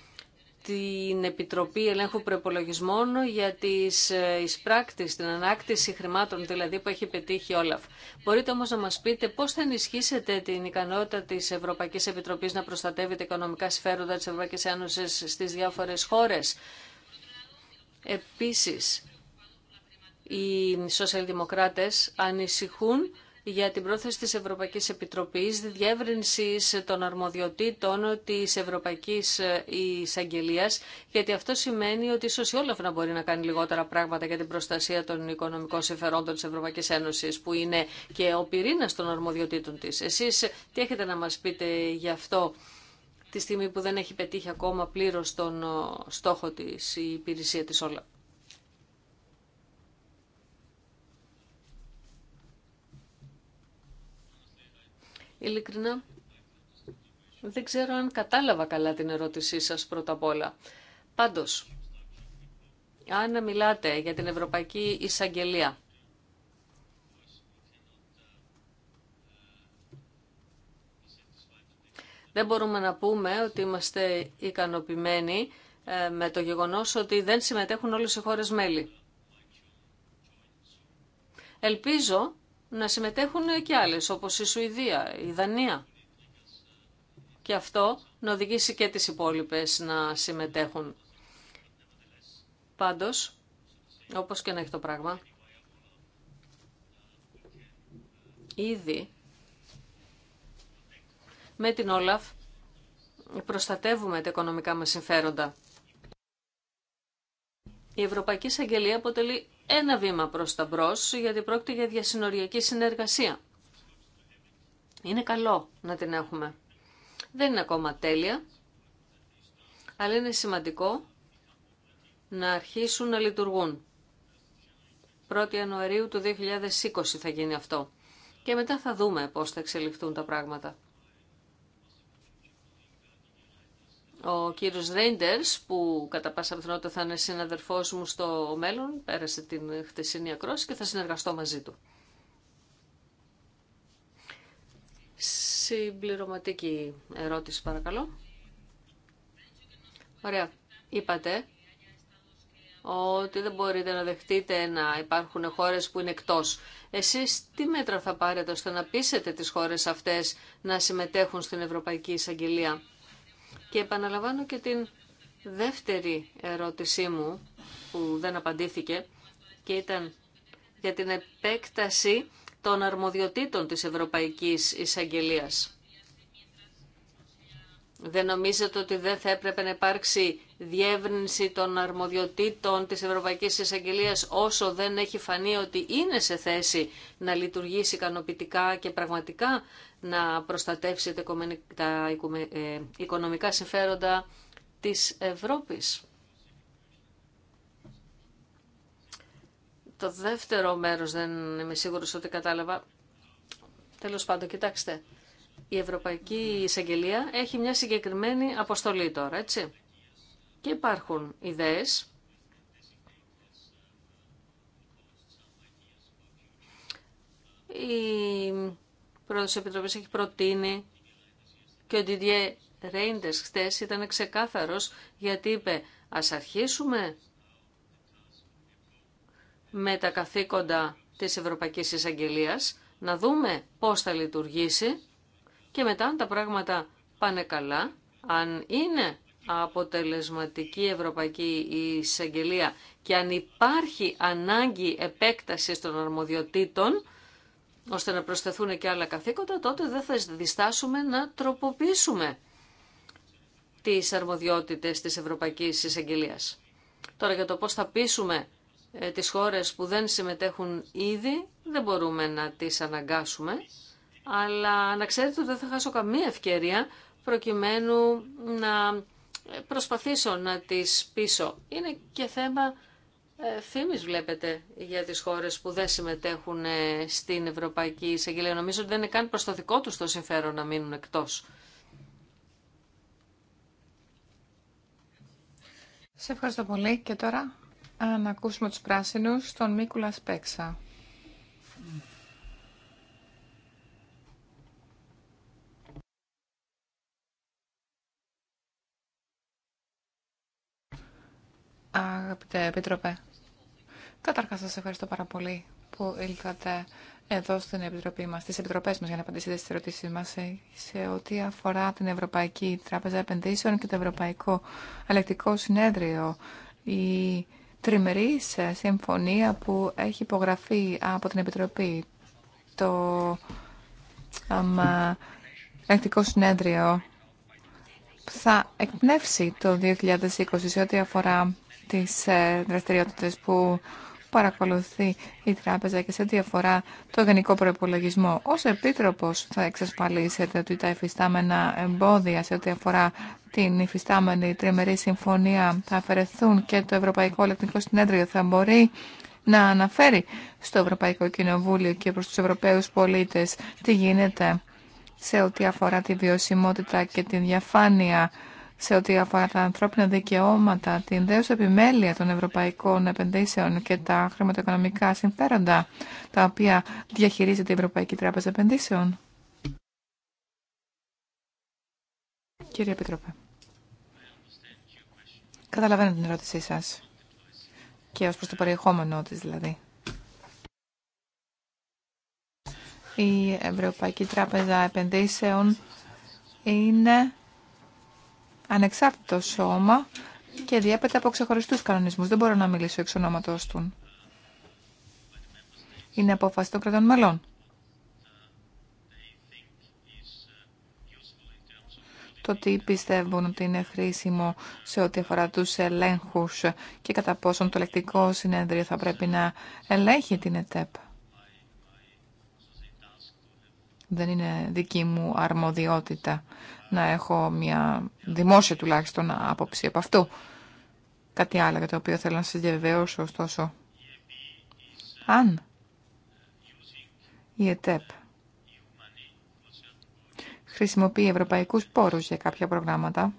την Επιτροπή Ελέγχου Προπολογισμών για τις ε, εισπράκτης, την ανάκτηση χρημάτων δηλαδή που έχει πετύχει Όλαφ. Μπορείτε όμως να μας πείτε πώς θα ενισχύσετε την ικανότητα της Ευρωπαϊκής Επιτροπής να προστατεύει οικονομικά σφαίροντα της Ευρωπαϊκής Ένωσης στις διάφορες χώρες. Επίσης, οι σοσιαλδημοκράτες ανησυχούν για την πρόθεση της Ευρωπαϊκής Επιτροπής διεύρυνσης των αρμοδιοτήτων της Ευρωπαϊκής εισαγγελία, γιατί αυτό σημαίνει ότι ίσως η Όλαφ να μπορεί να κάνει λιγότερα πράγματα για την προστασία των οικονομικών συμφερόντων της Ευρωπαϊκής Ένωσης, που είναι και ο πυρήνας των αρμοδιοτήτων της. Εσείς τι έχετε να μας πείτε γι' αυτό τη στιγμή που δεν έχει πετύχει ακόμα πλήρως τον ε, στόχο της η υπηρεσία της όλα. Ειλικρινά, δεν ξέρω αν κατάλαβα καλά την ερώτησή σας πρώτα απ' όλα. Πάντως, αν μιλάτε για την Ευρωπαϊκή Εισαγγελία, δεν μπορούμε να πούμε ότι είμαστε ικανοποιημένοι ε, με το γεγονός ότι δεν συμμετέχουν όλες οι χώρες μέλη. Ελπίζω να συμμετέχουν και άλλες, όπως η Σουηδία, η Δανία. Και αυτό να οδηγήσει και τις υπόλοιπες να συμμετέχουν. Πάντως, όπως και να έχει το πράγμα, ήδη με την Όλαφ προστατεύουμε τα οικονομικά μας συμφέροντα. Η Ευρωπαϊκή Εισαγγελία αποτελεί ένα βήμα προς τα μπρος, γιατί πρόκειται για διασυνοριακή συνεργασία. Είναι καλό να την έχουμε. Δεν είναι ακόμα τέλεια, αλλά είναι σημαντικό να αρχίσουν να λειτουργούν. 1η Ιανουαρίου του 2020 θα γίνει αυτό. Και μετά θα δούμε πώς θα εξελιχθούν τα πράγματα. Ο κύριος Ρέιντερς, που κατά πάσα πιθανότητα θα είναι συναδερφός μου στο μέλλον, πέρασε την χτεσίνη ακρόση και θα συνεργαστώ μαζί του. Συμπληρωματική ερώτηση, παρακαλώ. Ωραία. Είπατε ότι δεν μπορείτε να δεχτείτε να υπάρχουν χώρες που είναι εκτός. Εσείς τι μέτρα θα πάρετε ώστε να πείσετε τις χώρες αυτές να συμμετέχουν στην Ευρωπαϊκή Εισαγγελία. Και επαναλαμβάνω και την δεύτερη ερώτησή μου που δεν απαντήθηκε και ήταν για την επέκταση των αρμοδιοτήτων της Ευρωπαϊκής εισαγγελία. Δεν νομίζετε ότι δεν θα έπρεπε να υπάρξει διεύρυνση των αρμοδιοτήτων της Ευρωπαϊκής εισαγγελία όσο δεν έχει φανεί ότι είναι σε θέση να λειτουργήσει ικανοποιητικά και πραγματικά να προστατεύσει τα ε, οικονομικά συμφέροντα της Ευρώπης. Το δεύτερο μέρος δεν είμαι σίγουρος ότι κατάλαβα. Τέλος πάντων, κοιτάξτε, η Ευρωπαϊκή Εισαγγελία έχει μια συγκεκριμένη αποστολή τώρα, έτσι. Και υπάρχουν ιδέες η πρόεδρος της Επιτροπής έχει προτείνει και ο Ντιδιέ Ρέιντες χθες ήταν ξεκάθαρος γιατί είπε ας αρχίσουμε με τα καθήκοντα της Ευρωπαϊκής εισαγγελία, να δούμε πώς θα λειτουργήσει και μετά αν τα πράγματα πάνε καλά, αν είναι αποτελεσματική Ευρωπαϊκή Εισαγγελία και αν υπάρχει ανάγκη επέκτασης των αρμοδιοτήτων, ώστε να προσθεθούν και άλλα καθήκοντα, τότε δεν θα διστάσουμε να τροποποιήσουμε τις αρμοδιότητες της Ευρωπαϊκής Εισαγγελίας. Τώρα για το πώς θα πείσουμε ε, τις χώρες που δεν συμμετέχουν ήδη, δεν μπορούμε να τις αναγκάσουμε, αλλά να ξέρετε ότι δεν θα χάσω καμία ευκαιρία προκειμένου να ε, προσπαθήσω να τις πείσω. Είναι και θέμα ε, φήμης βλέπετε για τις χώρες που δεν συμμετέχουν ε, στην Ευρωπαϊκή Εισαγγελία. Νομίζω ότι δεν είναι καν προς το δικό τους το συμφέρον να μείνουν εκτός. Σε ευχαριστώ πολύ και τώρα να ακούσουμε του πράσινους, τον Μίκουλα Πέξα. Αγαπητέ Επίτροπε, Κατάρχά, σα ευχαριστώ πάρα πολύ που ήλθατε εδώ στην Επιτροπή μα, στις Επιτροπές μας για να απαντήσετε στι ερωτήσει μα σε ό,τι αφορά την Ευρωπαϊκή Τράπεζα Επενδύσεων και το Ευρωπαϊκό Ελεκτικό Συνέδριο. Η τριμερή συμφωνία που έχει υπογραφεί από την Επιτροπή το αμα, Συνέδριο θα εκπνεύσει το 2020 σε ό,τι αφορά τις ε, δραστηριότητες που παρακολουθεί η τράπεζα και σε ό,τι αφορά το γενικό προπολογισμό. Ω Επίτροπος θα εξασφαλίσετε ότι τα υφιστάμενα εμπόδια σε ό,τι αφορά την υφιστάμενη τριμερή συμφωνία θα αφαιρεθούν και το Ευρωπαϊκό Ελεκτρικό Συνέδριο θα μπορεί να αναφέρει στο Ευρωπαϊκό Κοινοβούλιο και προς τους Ευρωπαίους πολίτες τι γίνεται σε ό,τι αφορά τη βιωσιμότητα και την διαφάνεια σε ό,τι αφορά τα ανθρώπινα δικαιώματα, την δέωση επιμέλεια των ευρωπαϊκών επενδύσεων και τα χρηματοοικονομικά συμφέροντα, τα οποία διαχειρίζεται η Ευρωπαϊκή Τράπεζα Επενδύσεων. Κύριε Επιτροπέ, καταλαβαίνω την ερώτησή σας και ως προς το περιεχόμενό της δηλαδή. Η Ευρωπαϊκή Τράπεζα Επενδύσεων είναι ανεξάρτητο σώμα και διέπεται από ξεχωριστούς κανονισμούς. Δεν μπορώ να μιλήσω εξ ονόματος του. Είναι απόφαση των κρατών μελών. το τι πιστεύουν ότι είναι χρήσιμο σε ό,τι αφορά τους ελέγχους και κατά πόσον το λεκτικό συνέδριο θα πρέπει να ελέγχει την ΕΤΕΠ. Δεν είναι δική μου αρμοδιότητα να έχω μια δημόσια τουλάχιστον άποψη από αυτού. Κάτι άλλο για το οποίο θέλω να σας διαβεβαιώσω ωστόσο. Αν η ΕΤΕΠ χρησιμοποιεί ευρωπαϊκούς πόρους για κάποια προγράμματα,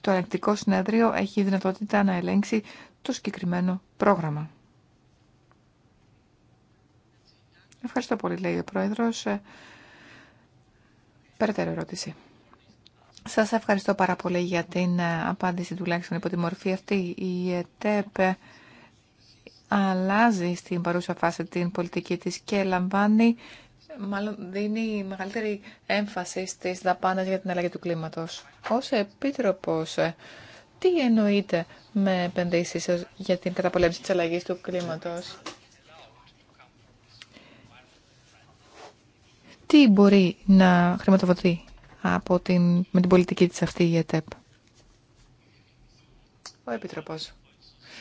το ελεκτικό συνέδριο έχει δυνατότητα να ελέγξει το συγκεκριμένο πρόγραμμα. Ευχαριστώ πολύ, λέει ο πρόεδρο. Ε, περαιτέρω ερώτηση. Σας ευχαριστώ πάρα πολύ για την ε, απάντηση τουλάχιστον υπό τη μορφή αυτή. Η ΕΤΕΠ ε, αλλάζει στην παρούσα φάση την πολιτική της και λαμβάνει, μάλλον δίνει μεγαλύτερη έμφαση στις δαπάνες για την αλλαγή του κλίματος. Ως επίτροπος, τι εννοείται με επενδύσεις για την καταπολέμηση της αλλαγής του κλίματος. τι μπορεί να χρηματοδοτεί από την, με την πολιτική της αυτή η ΕΤΕΠ. Ο Επιτροπός.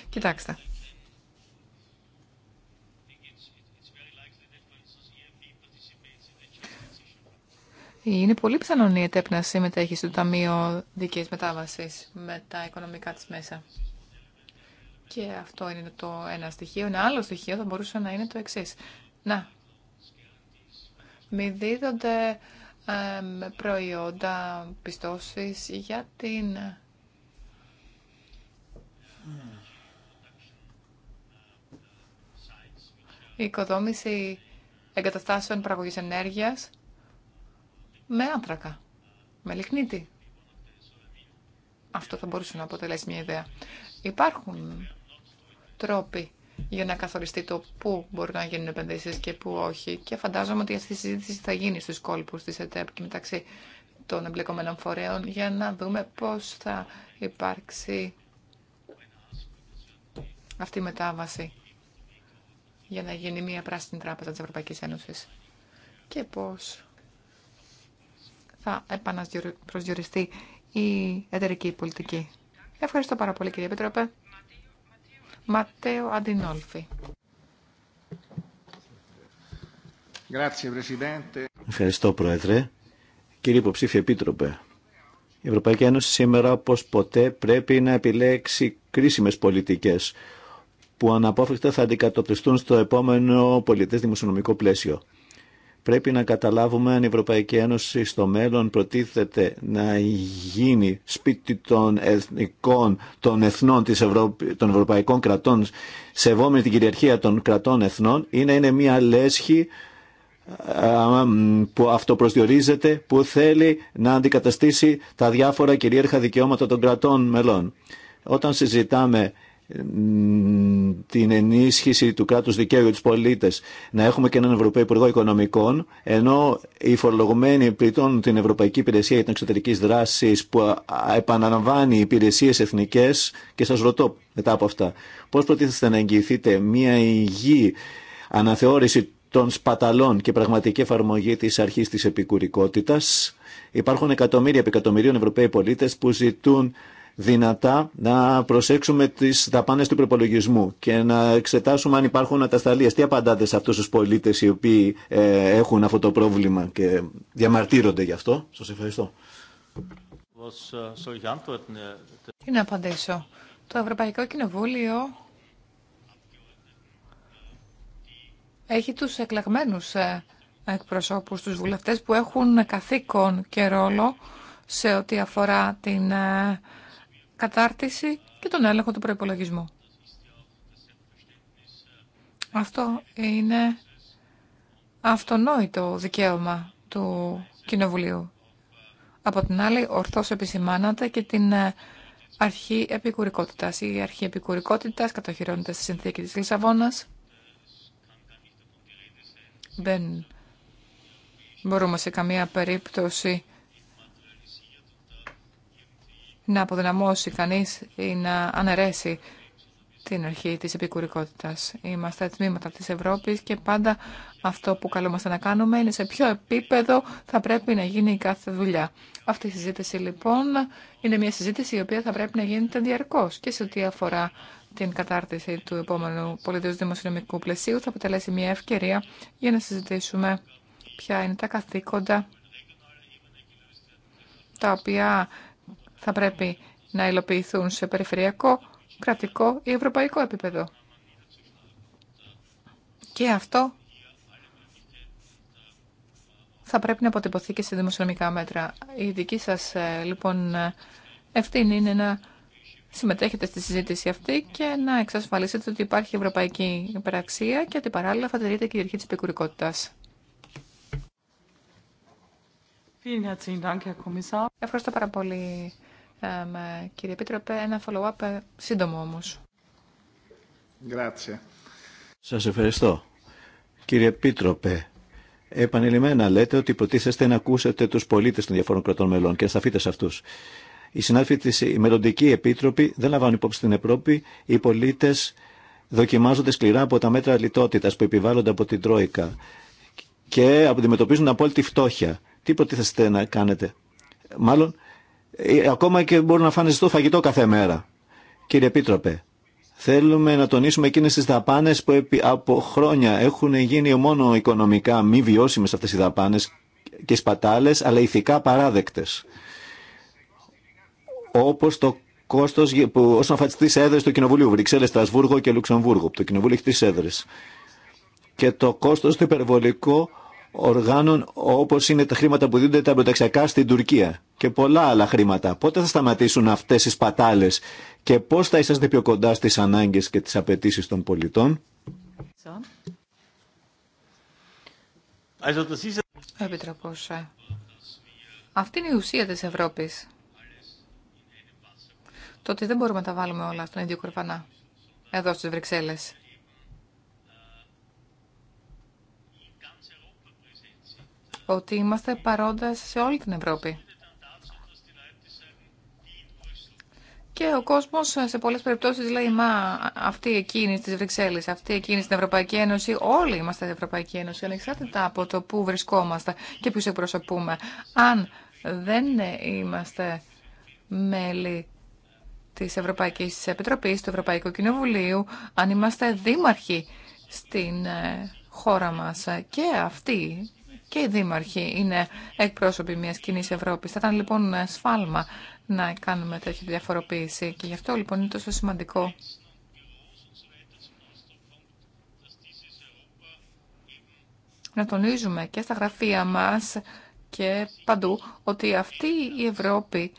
Κοιτάξτε. Είναι πολύ πιθανόν η ΕΤΕΠ να συμμετέχει στο Ταμείο Δικής Μετάβασης με τα οικονομικά της μέσα. Και αυτό είναι το ένα στοιχείο. Ένα άλλο στοιχείο θα μπορούσε να είναι το εξής. Να, μη δίδονται προϊόντα πιστώσεις για την οικοδόμηση εγκαταστάσεων παραγωγής ενέργειας με άνθρακα, με λιχνίτη. Αυτό θα μπορούσε να αποτελέσει μια ιδέα. Υπάρχουν τρόποι για να καθοριστεί το πού μπορούν να γίνουν επενδύσει και πού όχι. Και φαντάζομαι ότι αυτή η συζήτηση θα γίνει στου κόλπου τη ΕΤΕΠ και μεταξύ των εμπλεκομένων φορέων για να δούμε πώ θα υπάρξει αυτή η μετάβαση για να γίνει μια πράσινη τράπεζα της Ευρωπαϊκής Ένωση και πώς θα επαναπροσδιοριστεί η εταιρική πολιτική. Ευχαριστώ πάρα πολύ κύριε Πίτροπε. Ματέο Αντινόλφη. Ευχαριστώ, Πρόεδρε. Κύριε Υποψήφιο Επίτροπε, η Ευρωπαϊκή Ένωση σήμερα, όπως ποτέ, πρέπει να επιλέξει κρίσιμες πολιτικές που αναπόφευκτα θα αντικατοπτριστούν στο επόμενο πολιτές δημοσιονομικό πλαίσιο. Πρέπει να καταλάβουμε αν η Ευρωπαϊκή Ένωση στο μέλλον προτίθεται να γίνει σπίτι των εθνικών, των εθνών της των ευρωπαϊκών κρατών, σεβόμενη την κυριαρχία των κρατών εθνών, ή να είναι μια λέσχη που αυτοπροσδιορίζεται, που θέλει να αντικαταστήσει τα διάφορα κυρίαρχα δικαιώματα των κρατών μελών. Όταν συζητάμε την ενίσχυση του κράτους δικαίου για τους πολίτες να έχουμε και έναν Ευρωπαίο Υπουργό Οικονομικών ενώ οι φορολογουμένοι πλητών την Ευρωπαϊκή Υπηρεσία για την Εξωτερική Δράση που επαναλαμβάνει υπηρεσίε εθνικές και σας ρωτώ μετά από αυτά πώς προτίθεστε να εγγυηθείτε μια υγιή αναθεώρηση των σπαταλών και πραγματική εφαρμογή της αρχής της επικουρικότητας υπάρχουν εκατομμύρια επικατομμυρίων Ευρωπαίοι πολίτες που ζητούν δυνατά να προσέξουμε τι δαπάνε του προπολογισμού και να εξετάσουμε αν υπάρχουν ατασταλίε. Τι απαντάτε σε αυτού του πολίτε οι οποίοι ε, έχουν αυτό το πρόβλημα και διαμαρτύρονται γι' αυτό. Σα ευχαριστώ. Ε, ε, τι να απαντήσω. Το Ευρωπαϊκό Κοινοβούλιο έχει τους εκλεγμένους εκπροσώπους, τους βουλευτές που έχουν καθήκον και ρόλο σε ό,τι αφορά την κατάρτιση και τον έλεγχο του προϋπολογισμού. Αυτό είναι αυτονόητο δικαίωμα του Κοινοβουλίου. Από την άλλη, ορθώς επισημάνατε και την ε, αρχή επικουρικότητας. Η αρχή επικουρικότητας κατοχυρώνεται στη συνθήκη της Λισαβόνας. Δεν μπορούμε σε καμία περίπτωση να αποδυναμώσει κανείς ή να αναιρέσει την αρχή της επικουρικότητας. Είμαστε τμήματα της Ευρώπης και πάντα αυτό που καλούμαστε να κάνουμε είναι σε ποιο επίπεδο θα πρέπει να γίνει η κάθε δουλειά. Αυτή η συζήτηση λοιπόν είναι μια συζήτηση η οποία θα πρέπει να γίνεται διαρκώς και σε ό,τι αφορά την κατάρτιση του επόμενου πολιτικού δημοσιονομικού πλαισίου θα αποτελέσει μια ευκαιρία για να συζητήσουμε ποια είναι τα καθήκοντα τα οποία θα πρέπει να υλοποιηθούν σε περιφερειακό, κρατικό ή ευρωπαϊκό επίπεδο. Και αυτό θα πρέπει να αποτυπωθεί και σε δημοσιονομικά μέτρα. Η δική σας ε, λοιπόν ευθύνη είναι να συμμετέχετε στη συζήτηση αυτή και να εξασφαλίσετε ότι υπάρχει ευρωπαϊκή υπεραξία και ότι παράλληλα θα τηρείται και η αρχή της επικουρικότητας. Ευχαριστώ πάρα πολύ ε, κύριε Επίτροπε. Ένα follow-up ε, σύντομο όμως. Grazie. Σας ευχαριστώ. Κύριε Επίτροπε, επανειλημμένα λέτε ότι προτίθεστε να ακούσετε τους πολίτες των διαφόρων κρατών μελών και να σταθείτε σε αυτούς. Οι συνάδελφοι της οι μελλοντικοί επίτροποι δεν λαμβάνουν υπόψη στην Ευρώπη. Οι πολίτες δοκιμάζονται σκληρά από τα μέτρα λιτότητας που επιβάλλονται από την Τρόικα και αντιμετωπίζουν απόλυτη φτώχεια. Τι προτίθεστε να κάνετε. Μάλλον ε, ακόμα και μπορούν να φάνε στο φαγητό κάθε μέρα. Κύριε Επίτροπε, θέλουμε να τονίσουμε εκείνες τις δαπάνες που από χρόνια έχουν γίνει μόνο οικονομικά μη βιώσιμες αυτές οι δαπάνες και σπατάλες, αλλά ηθικά παράδεκτες. Όπως το κόστος που όσον αφορά τις του Κοινοβουλίου, Βρυξέλλες, Στρασβούργο και Λουξεμβούργο, το Κοινοβούλιο έχει τι έδρες. Και το κόστος του υπερβολικό οργάνων όπως είναι τα χρήματα που δίνονται τα προταξιακά στην Τουρκία και πολλά άλλα χρήματα. Πότε θα σταματήσουν αυτές οι σπατάλες και πώς θα είσαστε πιο κοντά στις ανάγκες και τις απαιτήσει των πολιτών. Επιτροπός, ε, αυτή είναι η ουσία της Ευρώπης. Το ότι δεν μπορούμε να τα βάλουμε όλα στον ίδιο κορφανά, εδώ στις Βρυξέλλες. ότι είμαστε παρόντας σε όλη την Ευρώπη. Και ο κόσμο σε πολλέ περιπτώσει λέει: Μα αυτή εκείνη τη αυτοί αυτή εκείνη στην Ευρωπαϊκή Ένωση. Όλοι είμαστε στην Ευρωπαϊκή Ένωση, ανεξάρτητα από το πού βρισκόμαστε και ποιου εκπροσωπούμε. Αν δεν είμαστε μέλη τη Ευρωπαϊκή Επιτροπής, του Ευρωπαϊκού Κοινοβουλίου, αν είμαστε δήμαρχοι στην ε, χώρα μας ε, και αυτοί και οι δήμαρχοι είναι εκπρόσωποι μια κοινή Ευρώπη. Θα ήταν λοιπόν σφάλμα να κάνουμε τέτοια διαφοροποίηση και γι' αυτό λοιπόν είναι τόσο σημαντικό. Να τονίζουμε και στα γραφεία μας και παντού ότι αυτή η Ευρώπη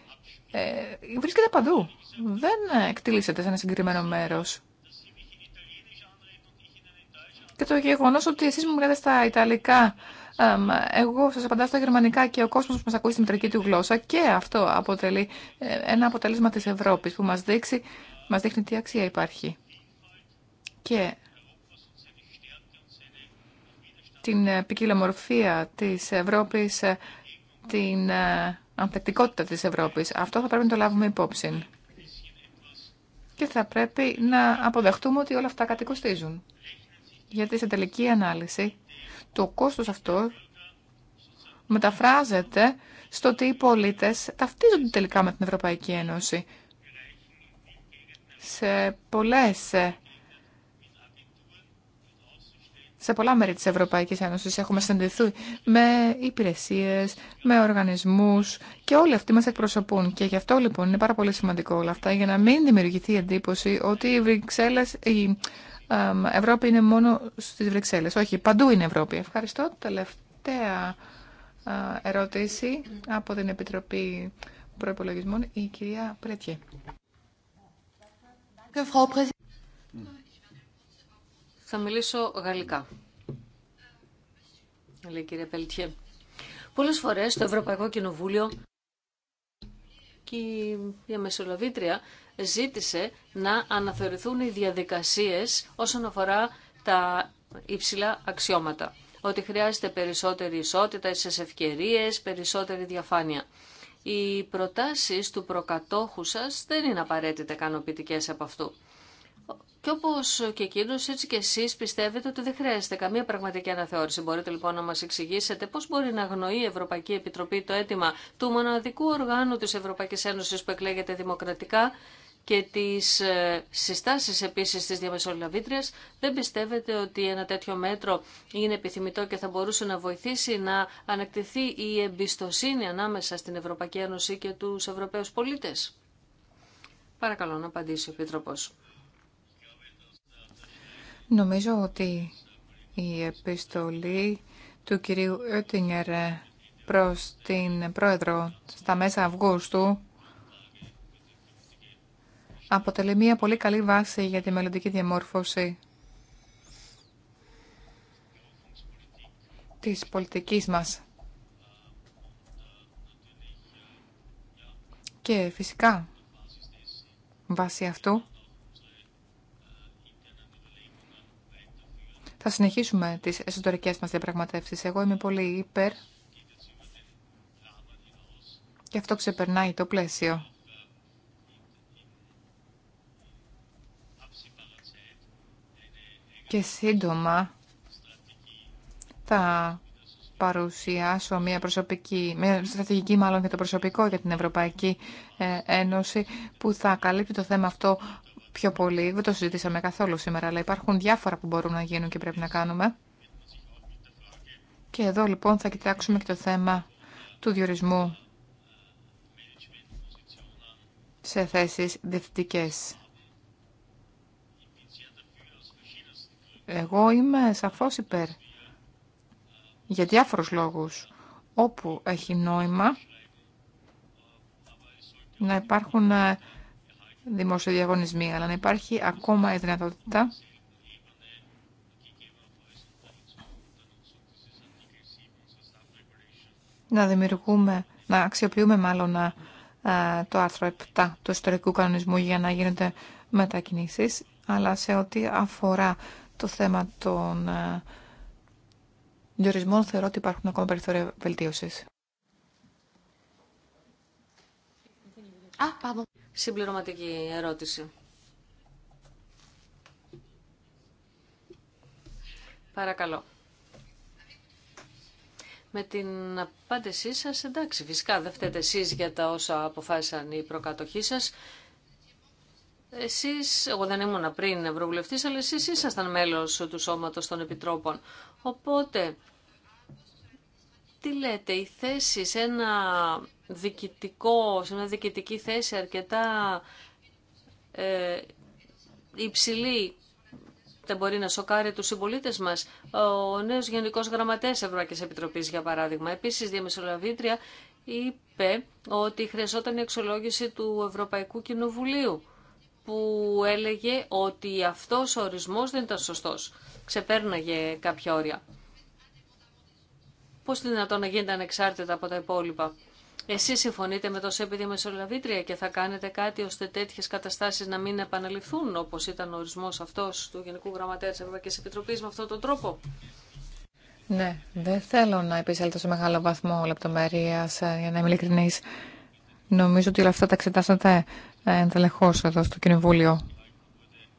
ε, βρίσκεται παντού. Δεν εκτελήσεται σε ένα συγκεκριμένο μέρος. Και το γεγονός ότι εσείς μου μιλάτε στα Ιταλικά εγώ σα απαντάω στα γερμανικά και ο κόσμο που μας ακούει στη μητρική του γλώσσα και αυτό αποτελεί ε, ένα αποτέλεσμα τη Ευρώπη που μα δείξει, μας δείχνει τι αξία υπάρχει. Και την ε, ποικιλομορφία της Ευρώπης, ε, την ανθεκτικότητα της Ευρώπης. Αυτό θα πρέπει να το λάβουμε υπόψη. Και θα πρέπει να αποδεχτούμε ότι όλα αυτά κατοικοστίζουν. Γιατί σε τελική ανάλυση το κόστος αυτό μεταφράζεται στο ότι οι πολίτες ταυτίζονται τελικά με την Ευρωπαϊκή Ένωση σε πολλές σε πολλά μέρη της Ευρωπαϊκής Ένωσης έχουμε συνδεθεί με υπηρεσίες, με οργανισμούς και όλοι αυτοί μας εκπροσωπούν. Και γι' αυτό λοιπόν είναι πάρα πολύ σημαντικό όλα αυτά για να μην δημιουργηθεί εντύπωση ότι οι Βρυξέλλες, Ευρώπη είναι μόνο στις Βρυξέλλες. Όχι, παντού είναι Ευρώπη. Ευχαριστώ. Τελευταία ερώτηση από την Επιτροπή Προπολογισμών, η κυρία Πρέτιε. Θα μιλήσω γαλλικά. Λέει κυρία Πελτιέ. Πολλές φορές το Ευρωπαϊκό Κοινοβούλιο και η διαμεσολαβήτρια ζήτησε να αναθεωρηθούν οι διαδικασίες όσον αφορά τα υψηλά αξιώματα. Ότι χρειάζεται περισσότερη ισότητα στις ευκαιρίες, περισσότερη διαφάνεια. Οι προτάσεις του προκατόχου σας δεν είναι απαραίτητα ικανοποιητικέ από αυτού. Και όπω και εκείνο, έτσι και εσεί πιστεύετε ότι δεν χρειάζεται καμία πραγματική αναθεώρηση. Μπορείτε λοιπόν να μα εξηγήσετε πώ μπορεί να αγνοεί η Ευρωπαϊκή Επιτροπή το αίτημα του μοναδικού οργάνου τη Ευρωπαϊκή Ένωση που εκλέγεται δημοκρατικά και τις ε, συστάσεις επίσης της διαμεσολαβήτριας, δεν πιστεύετε ότι ένα τέτοιο μέτρο είναι επιθυμητό και θα μπορούσε να βοηθήσει να ανακτηθεί η εμπιστοσύνη ανάμεσα στην Ευρωπαϊκή Ένωση και τους Ευρωπαίους πολίτες. Παρακαλώ να απαντήσει ο επίτροπο. Νομίζω ότι η επιστολή του κυρίου Ότινγκερ προς την Πρόεδρο στα μέσα Αυγούστου αποτελεί μια πολύ καλή βάση για τη μελλοντική διαμόρφωση της πολιτικής μας. Και φυσικά, βάσει αυτού, θα συνεχίσουμε τις εσωτερικές μας διαπραγματεύσεις. Εγώ είμαι πολύ υπέρ και αυτό ξεπερνάει το πλαίσιο. και σύντομα θα παρουσιάσω μια προσωπική, μια στρατηγική μάλλον για το προσωπικό για την Ευρωπαϊκή ε, Ένωση που θα καλύπτει το θέμα αυτό πιο πολύ. Δεν το συζητήσαμε καθόλου σήμερα, αλλά υπάρχουν διάφορα που μπορούν να γίνουν και πρέπει να κάνουμε. Και εδώ λοιπόν θα κοιτάξουμε και το θέμα του διορισμού σε θέσεις διευθυντικές Εγώ είμαι σαφώς υπέρ για διάφορους λόγους όπου έχει νόημα να υπάρχουν ε, δημοσιοδιαγωνισμοί, αλλά να υπάρχει ακόμα η δυνατότητα να δημιουργούμε, να αξιοποιούμε μάλλον ε, το άρθρο 7 του ιστορικού κανονισμού για να γίνονται μετακινήσεις, αλλά σε ό,τι αφορά το θέμα των ε, διορισμών θεωρώ ότι υπάρχουν ακόμα περιθώρια βελτίωση. Συμπληρωματική ερώτηση. Παρακαλώ. Με την απάντησή σας, εντάξει, φυσικά δεν φταίτε εσείς για τα όσα αποφάσισαν οι προκατοχοί σας. Εσείς, εγώ δεν ήμουν πριν ευρωβουλευτής, αλλά εσείς ήσασταν μέλος του Σώματος των Επιτρόπων. Οπότε, τι λέτε, η θέση σε ένα διοικητικό, σε μια διοικητική θέση αρκετά ε, υψηλή, δεν μπορεί να σοκάρει τους συμπολίτε μας. Ο νέος Γενικός Γραμματέας Ευρωπαϊκής Επιτροπής, για παράδειγμα, επίσης διαμεσολαβήτρια, είπε ότι χρειαζόταν η αξιολόγηση του Ευρωπαϊκού Κοινοβουλίου που έλεγε ότι αυτός ο ορισμός δεν ήταν σωστός. Ξεπέρναγε κάποια όρια. Πώς είναι δυνατόν να γίνεται ανεξάρτητα από τα υπόλοιπα. Εσείς συμφωνείτε με το ΣΕΠ Μεσολαβήτρια και θα κάνετε κάτι ώστε τέτοιες καταστάσεις να μην επαναληφθούν όπως ήταν ο ορισμός αυτός του Γενικού Γραμματέα της Ευρωπαϊκής Επιτροπής με αυτόν τον τρόπο. Ναι, δεν θέλω να επισέλθω σε μεγάλο βαθμό λεπτομέρειας ε, για να είμαι ειλικρινής. Νομίζω ότι όλα αυτά τα εξετάσατε ενδελεχώς εδώ στο Κοινοβούλιο.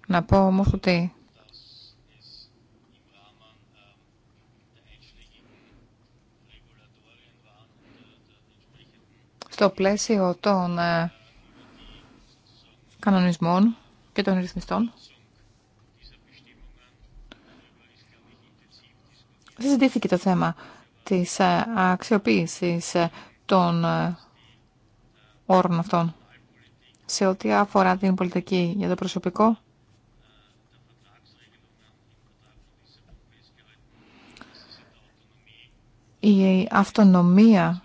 Να πω όμω ότι στο πλαίσιο των ε, κανονισμών και των ρυθμιστών συζητήθηκε το θέμα της ε, αξιοποίησης ε, των όρων αυτών σε ό,τι αφορά την πολιτική για το προσωπικό. Η αυτονομία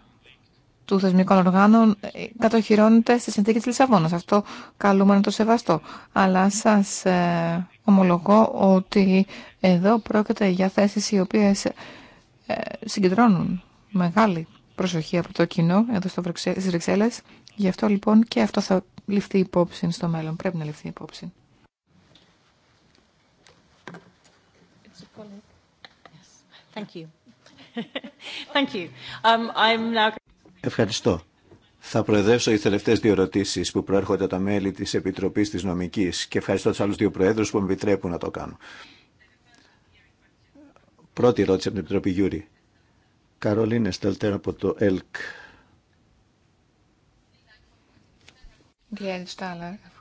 του θεσμικών οργάνων ε, κατοχυρώνεται στη συνθήκη της Λισαβόνας. Αυτό καλούμε να το σεβαστώ. Αλλά σας ε, ομολογώ ότι εδώ πρόκειται για θέσεις οι οποίες ε, συγκεντρώνουν μεγάλη προσοχή από το κοινό εδώ στο στις Γι' αυτό λοιπόν και αυτό θα ληφθεί υπόψη στο μέλλον. Πρέπει να ληφθεί υπόψη. Ευχαριστώ. Θα προεδρεύσω οι τελευταίε δύο ερωτήσει που προέρχονται από τα μέλη τη Επιτροπή τη Νομική και ευχαριστώ του άλλου δύο προέδρου που με επιτρέπουν να το κάνω. Πρώτη ερώτηση από την Επιτροπή Γιούρη. Καρολίνε Στέλτερ από το ΕΛΚ.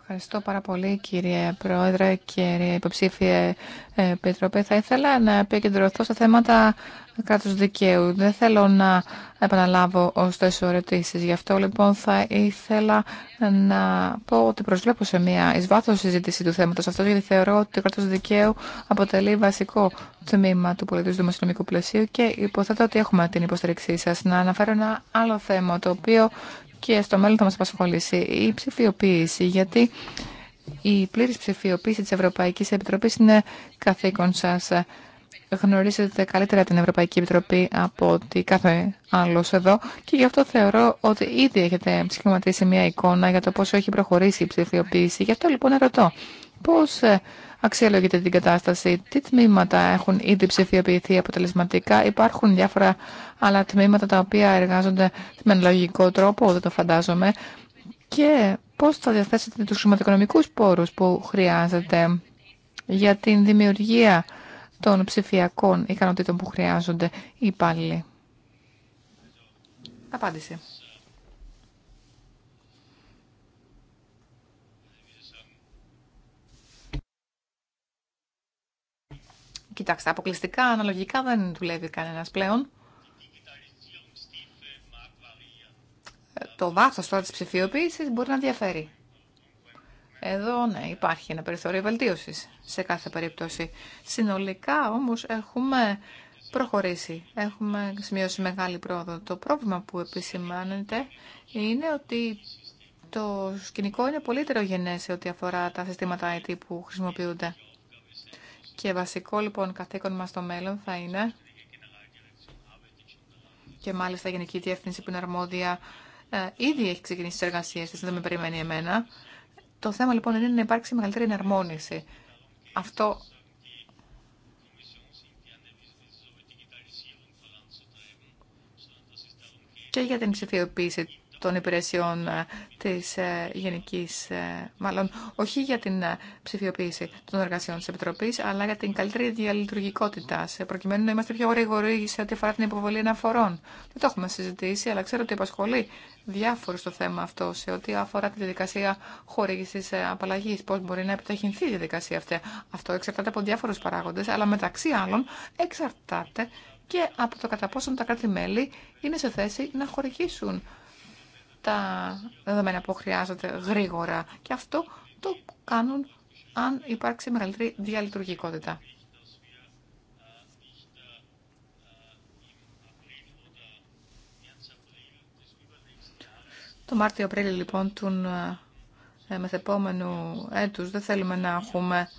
ευχαριστώ πάρα πολύ κύριε Πρόεδρε, κύριε υποψήφιε ε, Επιτροπή. Θα ήθελα να επικεντρωθώ στα θέματα κράτους δικαίου. Δεν θέλω να επαναλάβω ωστόσο ερωτήσει. Γι' αυτό λοιπόν θα ήθελα να πω ότι προσβλέπω σε μια εις συζήτηση του θέματος αυτό γιατί θεωρώ ότι το κράτο δικαίου αποτελεί βασικό τμήμα του πολιτικού δημοσιονομικού πλαισίου και υποθέτω ότι έχουμε την υποστήριξή σα Να αναφέρω ένα άλλο θέμα το οποίο και στο μέλλον θα μας απασχολήσει η ψηφιοποίηση, γιατί η πλήρης ψηφιοποίηση της Ευρωπαϊκής Επιτροπής είναι καθήκον σας. Γνωρίζετε καλύτερα την Ευρωπαϊκή Επιτροπή από ότι κάθε άλλος εδώ και γι' αυτό θεωρώ ότι ήδη έχετε σχηματίσει μια εικόνα για το πόσο έχει προχωρήσει η ψηφιοποίηση. Γι' αυτό λοιπόν ερωτώ. πώς αξιολογείτε την κατάσταση, τι τμήματα έχουν ήδη ψηφιοποιηθεί αποτελεσματικά, υπάρχουν διάφορα άλλα τμήματα τα οποία εργάζονται με λογικό τρόπο, δεν το φαντάζομαι, και πώς θα διαθέσετε τους χρηματοοικονομικούς πόρους που χρειάζεται για την δημιουργία των ψηφιακών ικανοτήτων που χρειάζονται οι υπάλληλοι. Απάντηση. Κοιτάξτε, αποκλειστικά, αναλογικά δεν δουλεύει κανένας πλέον. Ε, το βάθος τώρα της ψηφιοποίησης μπορεί να διαφέρει. Εδώ, ναι, υπάρχει ένα περιθώριο βελτίωσης σε κάθε περίπτωση. Συνολικά, όμως, έχουμε προχωρήσει. Έχουμε σημειώσει μεγάλη πρόοδο. Το πρόβλημα που επισημάνεται είναι ότι το σκηνικό είναι πολύ τερογενές σε ό,τι αφορά τα συστήματα IT που χρησιμοποιούνται. Και βασικό λοιπόν καθήκον μας στο μέλλον θα είναι και μάλιστα η Γενική Διεύθυνση που είναι αρμόδια ε, ήδη έχει ξεκινήσει τις εργασίες τη, δεν με περιμένει εμένα. Το θέμα λοιπόν είναι να υπάρξει μεγαλύτερη εναρμόνιση. Αυτό και για την ψηφιοποίηση των υπηρεσιών ε, της ε, γενικής, ε, μάλλον όχι για την ψηφιοποίηση των εργασιών της Επιτροπής, αλλά για την καλύτερη διαλειτουργικότητα, σε προκειμένου να είμαστε πιο γρήγοροι σε ό,τι αφορά την υποβολή αναφορών. Δεν το έχουμε συζητήσει, αλλά ξέρω ότι απασχολεί διάφορο το θέμα αυτό σε ό,τι αφορά τη διαδικασία χορήγηση απαλλαγή. Πώ μπορεί να επιταχυνθεί η διαδικασία αυτή. Αυτό εξαρτάται από διάφορου παράγοντε, αλλά μεταξύ άλλων εξαρτάται και από το κατά πόσον τα κράτη-μέλη είναι σε θέση να χορηγήσουν τα δεδομένα που χρειάζονται γρήγορα. Και αυτό το κάνουν αν υπάρξει μεγαλύτερη διαλειτουργικότητα. Το Μάρτιο-Απρίλιο λοιπόν του ε, μεθεπόμενου έτους δεν θέλουμε να έχουμε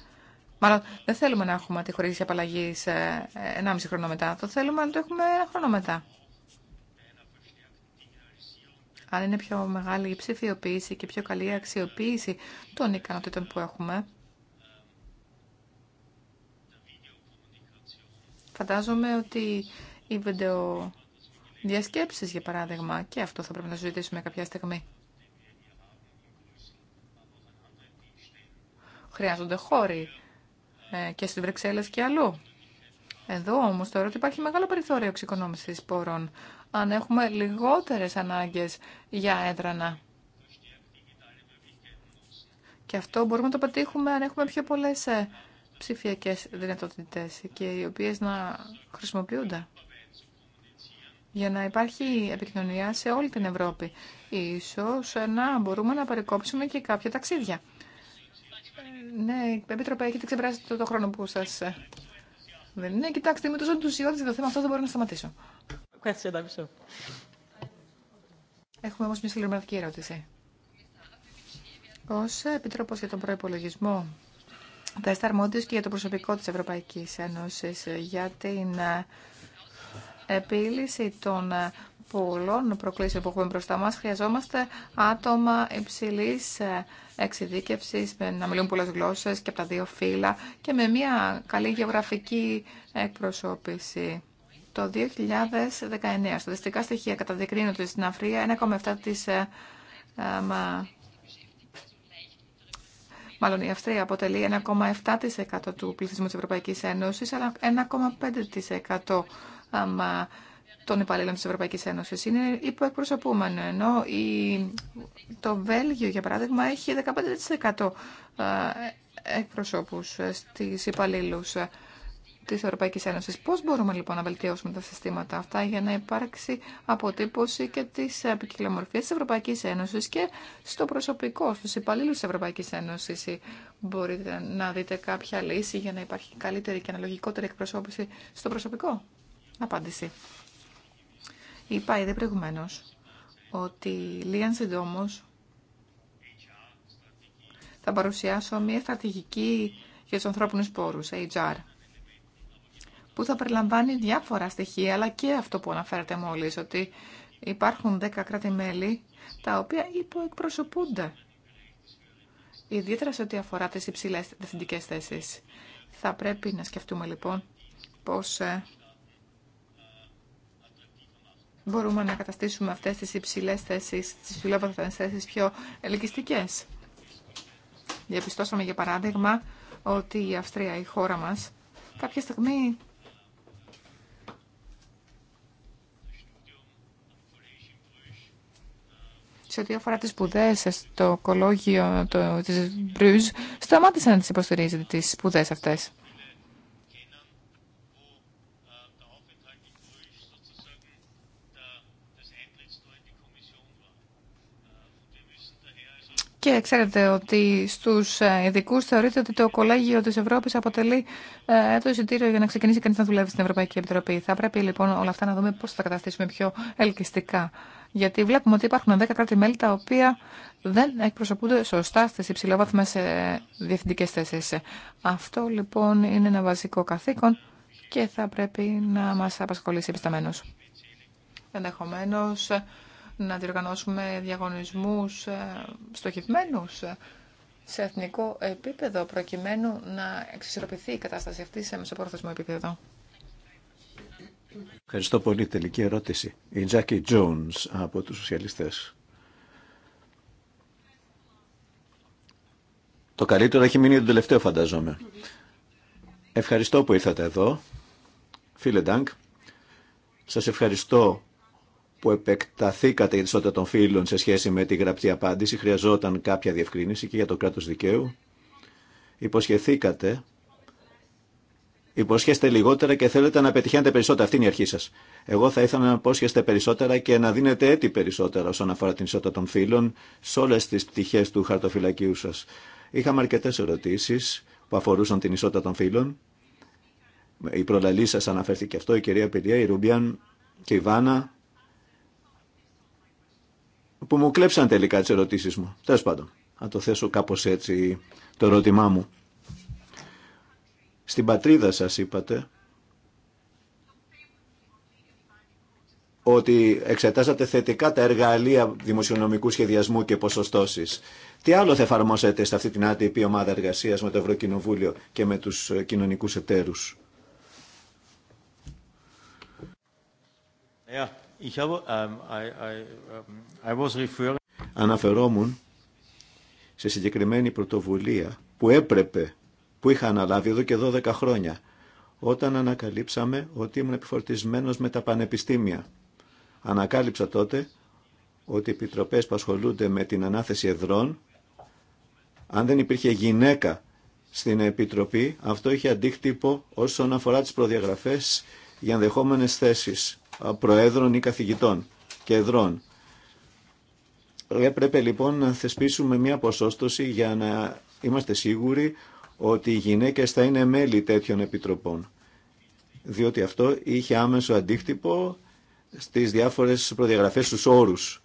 Μάλλον δεν θέλουμε να έχουμε τη χορήγηση απαλλαγή 1,5 ε, χρόνο μετά. Το θέλουμε να το έχουμε ένα χρόνο μετά αν είναι πιο μεγάλη η ψηφιοποίηση και πιο καλή η αξιοποίηση των ικανότητων που έχουμε. Φαντάζομαι ότι οι βιντεοδιασκέψεις, για παράδειγμα, και αυτό θα πρέπει να συζητήσουμε κάποια στιγμή. Χρειάζονται χώροι ε, και στις Βρυξέλλες και αλλού. Εδώ όμως θεωρώ ότι υπάρχει μεγάλο περιθώριο εξοικονόμησης πόρων αν έχουμε λιγότερες ανάγκες για έδρανα. Και αυτό μπορούμε να το πετύχουμε αν έχουμε πιο πολλές ε, ψηφιακές δυνατότητες και οι οποίες να χρησιμοποιούνται για να υπάρχει επικοινωνία σε όλη την Ευρώπη. Ίσως ε, να μπορούμε να παρικόψουμε και κάποια ταξίδια. Ναι, Επίτροπε, έχετε ξεπεράσει το, το χρόνο που σας... Ε, δεν κοιτάξτε, είμαι τόσο ενθουσιώδης για το θέμα αυτό, δεν μπορώ να σταματήσω. Έχουμε όμως μια συλλογική ερώτηση. Ως Επιτρόπος για τον Προϋπολογισμό, θα αρμόδιος και για το προσωπικό της Ευρωπαϊκής Ένωσης για την ε, επίλυση των ε, πολλών προκλήσεων που έχουμε μπροστά μας χρειαζόμαστε άτομα υψηλής ε, εξειδίκευσης με να μιλούν πολλές γλώσσες και από τα δύο φύλλα και με μια καλή γεωγραφική εκπροσώπηση. Το 2019, στατιστικά στοιχεία καταδεικνύουν ότι στην Αφρία 1,7 ε, ε, μάλλον η Αυστρία αποτελεί 1,7% του πληθυσμού της Ευρωπαϊκής Ένωσης, αλλά 1,5% ε, των υπαλλήλων της Ευρωπαϊκής Ένωσης. Είναι υποεκπροσωπούμενο, ενώ το Βέλγιο, για παράδειγμα, έχει 15% εκπροσώπους στις υπαλλήλους της Ευρωπαϊκής Ένωσης. Πώς μπορούμε λοιπόν να βελτιώσουμε τα συστήματα αυτά για να υπάρξει αποτύπωση και της επικοινωνίας της Ευρωπαϊκής Ένωσης και στο προσωπικό, στους υπαλλήλους της Ευρωπαϊκής Ένωσης. Μπορείτε να δείτε κάποια λύση για να υπάρχει καλύτερη και αναλογικότερη εκπροσώπηση στο προσωπικό. Απάντηση. Είπα ήδη προηγουμένω ότι λίγαν συντόμω θα παρουσιάσω μια στρατηγική για του ανθρώπινου πόρου, HR που θα περιλαμβάνει διάφορα στοιχεία, αλλά και αυτό που αναφέρατε μόλις, ότι υπάρχουν 10 κράτη-μέλη τα οποία υποεκπροσωπούνται. Ιδιαίτερα σε ό,τι αφορά τις υψηλές διευθυντικές θέσεις. Θα πρέπει να σκεφτούμε λοιπόν πώς ε, μπορούμε να καταστήσουμε αυτές τις υψηλές θέσεις, τις υψηλότερες θέσεις πιο ελκυστικές. Διαπιστώσαμε για παράδειγμα ότι η Αυστρία, η χώρα μας, κάποια στιγμή σε ό,τι αφορά τι σπουδέ στο κολόγιο τη Μπρουζ, σταμάτησε να τι υποστηρίζετε τι σπουδέ αυτέ. Και ξέρετε ότι στου ε, ειδικού θεωρείται ότι το Κολέγιο τη Ευρώπη αποτελεί ε, το εισιτήριο για να ξεκινήσει κανείς να δουλεύει στην Ευρωπαϊκή Επιτροπή. Θα πρέπει λοιπόν όλα αυτά να δούμε πώ θα τα καταστήσουμε πιο ελκυστικά. Γιατί βλέπουμε ότι υπάρχουν 10 κράτη-μέλη τα οποία δεν εκπροσωπούνται σωστά στι υψηλόβάθμε διευθυντικέ θέσει. Αυτό λοιπόν είναι ένα βασικό καθήκον και θα πρέπει να μα απασχολήσει επισταμένω. Ενδεχομένω, να διοργανώσουμε διαγωνισμούς ε, στοχευμένους ε, σε εθνικό επίπεδο προκειμένου να εξισορροπηθεί η κατάσταση αυτή σε μεσοπρόθεσμο επίπεδο. Ευχαριστώ πολύ. Τελική ερώτηση. Η Τζάκι Jones από τους σοσιαλιστές. Το καλύτερο έχει μείνει το τελευταίο φανταζόμαι. Ευχαριστώ που ήρθατε εδώ. Φίλε Ντάγκ, σας ευχαριστώ που επεκταθήκατε για τη ισότητα των φύλων σε σχέση με τη γραπτή απάντηση, χρειαζόταν κάποια διευκρίνηση και για το κράτος δικαίου. Υποσχεθήκατε, υποσχέστε λιγότερα και θέλετε να πετυχαίνετε περισσότερα. Αυτή είναι η αρχή σα. Εγώ θα ήθελα να υπόσχεστε περισσότερα και να δίνετε έτη περισσότερα όσον αφορά την ισότητα των φύλων σε όλε τι πτυχέ του χαρτοφυλακίου σα. Είχαμε αρκετέ ερωτήσει που αφορούσαν την ισότητα των φύλων. Η προλαλή σα αναφέρθηκε αυτό, η κυρία Πηλία, η Ρουμπιάν και η Βάνα που μου κλέψαν τελικά τις ερωτήσεις μου. Τέλος πάντων, να το θέσω κάπως έτσι το ερώτημά μου. Στην πατρίδα σας είπατε ότι εξετάσατε θετικά τα εργαλεία δημοσιονομικού σχεδιασμού και ποσοστώσεις. Τι άλλο θα εφαρμόσετε σε αυτή την άτυπη ομάδα εργασίας με το Ευρωκοινοβούλιο και με τους ε, κοινωνικούς εταίρους. Yeah. Ähm, ähm, Αναφερόμουν σε συγκεκριμένη πρωτοβουλία που έπρεπε, που είχα αναλάβει εδώ και 12 χρόνια, όταν ανακαλύψαμε ότι ήμουν επιφορτισμένος με τα πανεπιστήμια. Ανακάλυψα τότε ότι οι επιτροπές που ασχολούνται με την ανάθεση εδρών, αν δεν υπήρχε γυναίκα στην Επιτροπή, αυτό είχε αντίκτυπο όσον αφορά τις προδιαγραφές για ενδεχόμενες θέσεις. Ε, προέδρων ή καθηγητών και εδρών. Πρέπει λοιπόν να θεσπίσουμε μια ποσόστοση για να είμαστε σίγουροι ότι οι γυναίκες θα είναι μέλη τέτοιων επιτροπών. Διότι αυτό είχε άμεσο αντίκτυπο στις διάφορες προδιαγραφές στους όρους.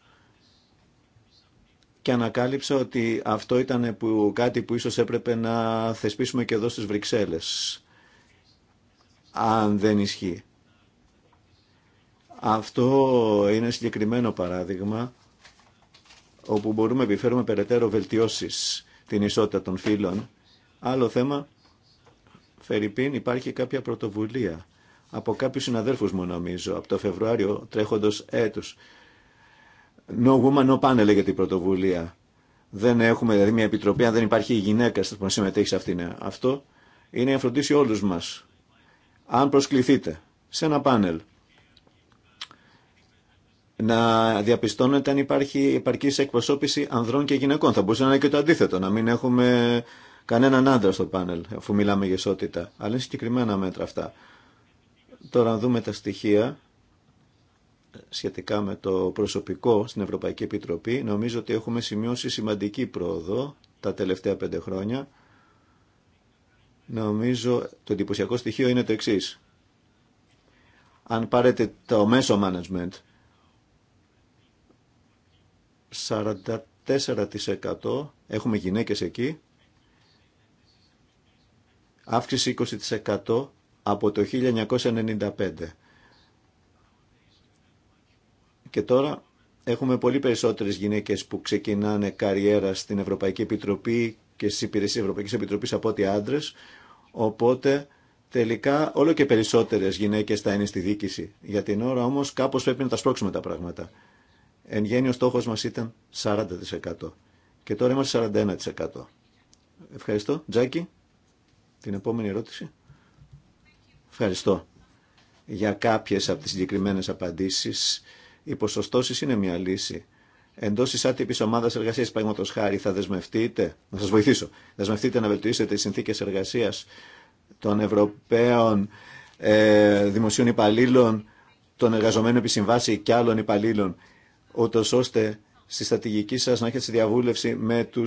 Και ανακάλυψα ότι αυτό ήταν που, κάτι που ίσως έπρεπε να θεσπίσουμε και εδώ στις Βρυξέλλες. Αν δεν ισχύει. Αυτό είναι συγκεκριμένο παράδειγμα όπου μπορούμε να επιφέρουμε περαιτέρω βελτιώσεις την ισότητα των φύλων. Άλλο θέμα, Φερρυπίν, υπάρχει κάποια πρωτοβουλία από κάποιους συναδέρφους μου νομίζω, από το Φεβρουάριο τρέχοντος έτους. No woman, no panel λέγεται η πρωτοβουλία. Δεν έχουμε δηλαδή μια επιτροπή, αν δεν υπάρχει η γυναίκα που να συμμετέχει σε αυτήν. Αυτό είναι η φροντίσει όλους μας. Αν προσκληθείτε σε ένα πάνελ να διαπιστώνεται αν υπάρχει επαρκή εκπροσώπηση ανδρών και γυναικών. Θα μπορούσε να είναι και το αντίθετο, να μην έχουμε κανέναν άντρα στο πάνελ, αφού μιλάμε για ισότητα. Αλλά είναι συγκεκριμένα μέτρα αυτά. Τώρα, αν δούμε τα στοιχεία σχετικά με το προσωπικό στην Ευρωπαϊκή Επιτροπή, νομίζω ότι έχουμε σημειώσει σημαντική πρόοδο τα τελευταία πέντε χρόνια. Νομίζω το εντυπωσιακό στοιχείο είναι το εξή. Αν πάρετε το μέσο management, 44% έχουμε γυναίκες εκεί, αύξηση 20% από το 1995. Και τώρα έχουμε πολύ περισσότερες γυναίκες που ξεκινάνε καριέρα στην Ευρωπαϊκή Επιτροπή και στις υπηρεσίες Ευρωπαϊκής Επιτροπής από ότι άντρες, οπότε τελικά όλο και περισσότερες γυναίκες θα είναι στη δίκηση. Για την ώρα όμως κάπως πρέπει να τα σπρώξουμε τα πράγματα. Εν γέννη ο στόχος μας ήταν 40% και τώρα είμαστε 41%. Ευχαριστώ. Τζάκι, την επόμενη ερώτηση. Ευχαριστώ για κάποιες από τις συγκεκριμένες απαντήσεις. Οι ποσοστώσεις είναι μια λύση. Εντό τη άτυπη ομάδα εργασία, παραδείγματο χάρη, θα δεσμευτείτε, να σα βοηθήσω, δεσμευτείτε να βελτιώσετε τι συνθήκε εργασία των Ευρωπαίων ε, δημοσίων υπαλλήλων, των εργαζομένων επί και άλλων υπαλλήλων ούτω ώστε στη στρατηγική σα να έχετε τη διαβούλευση με του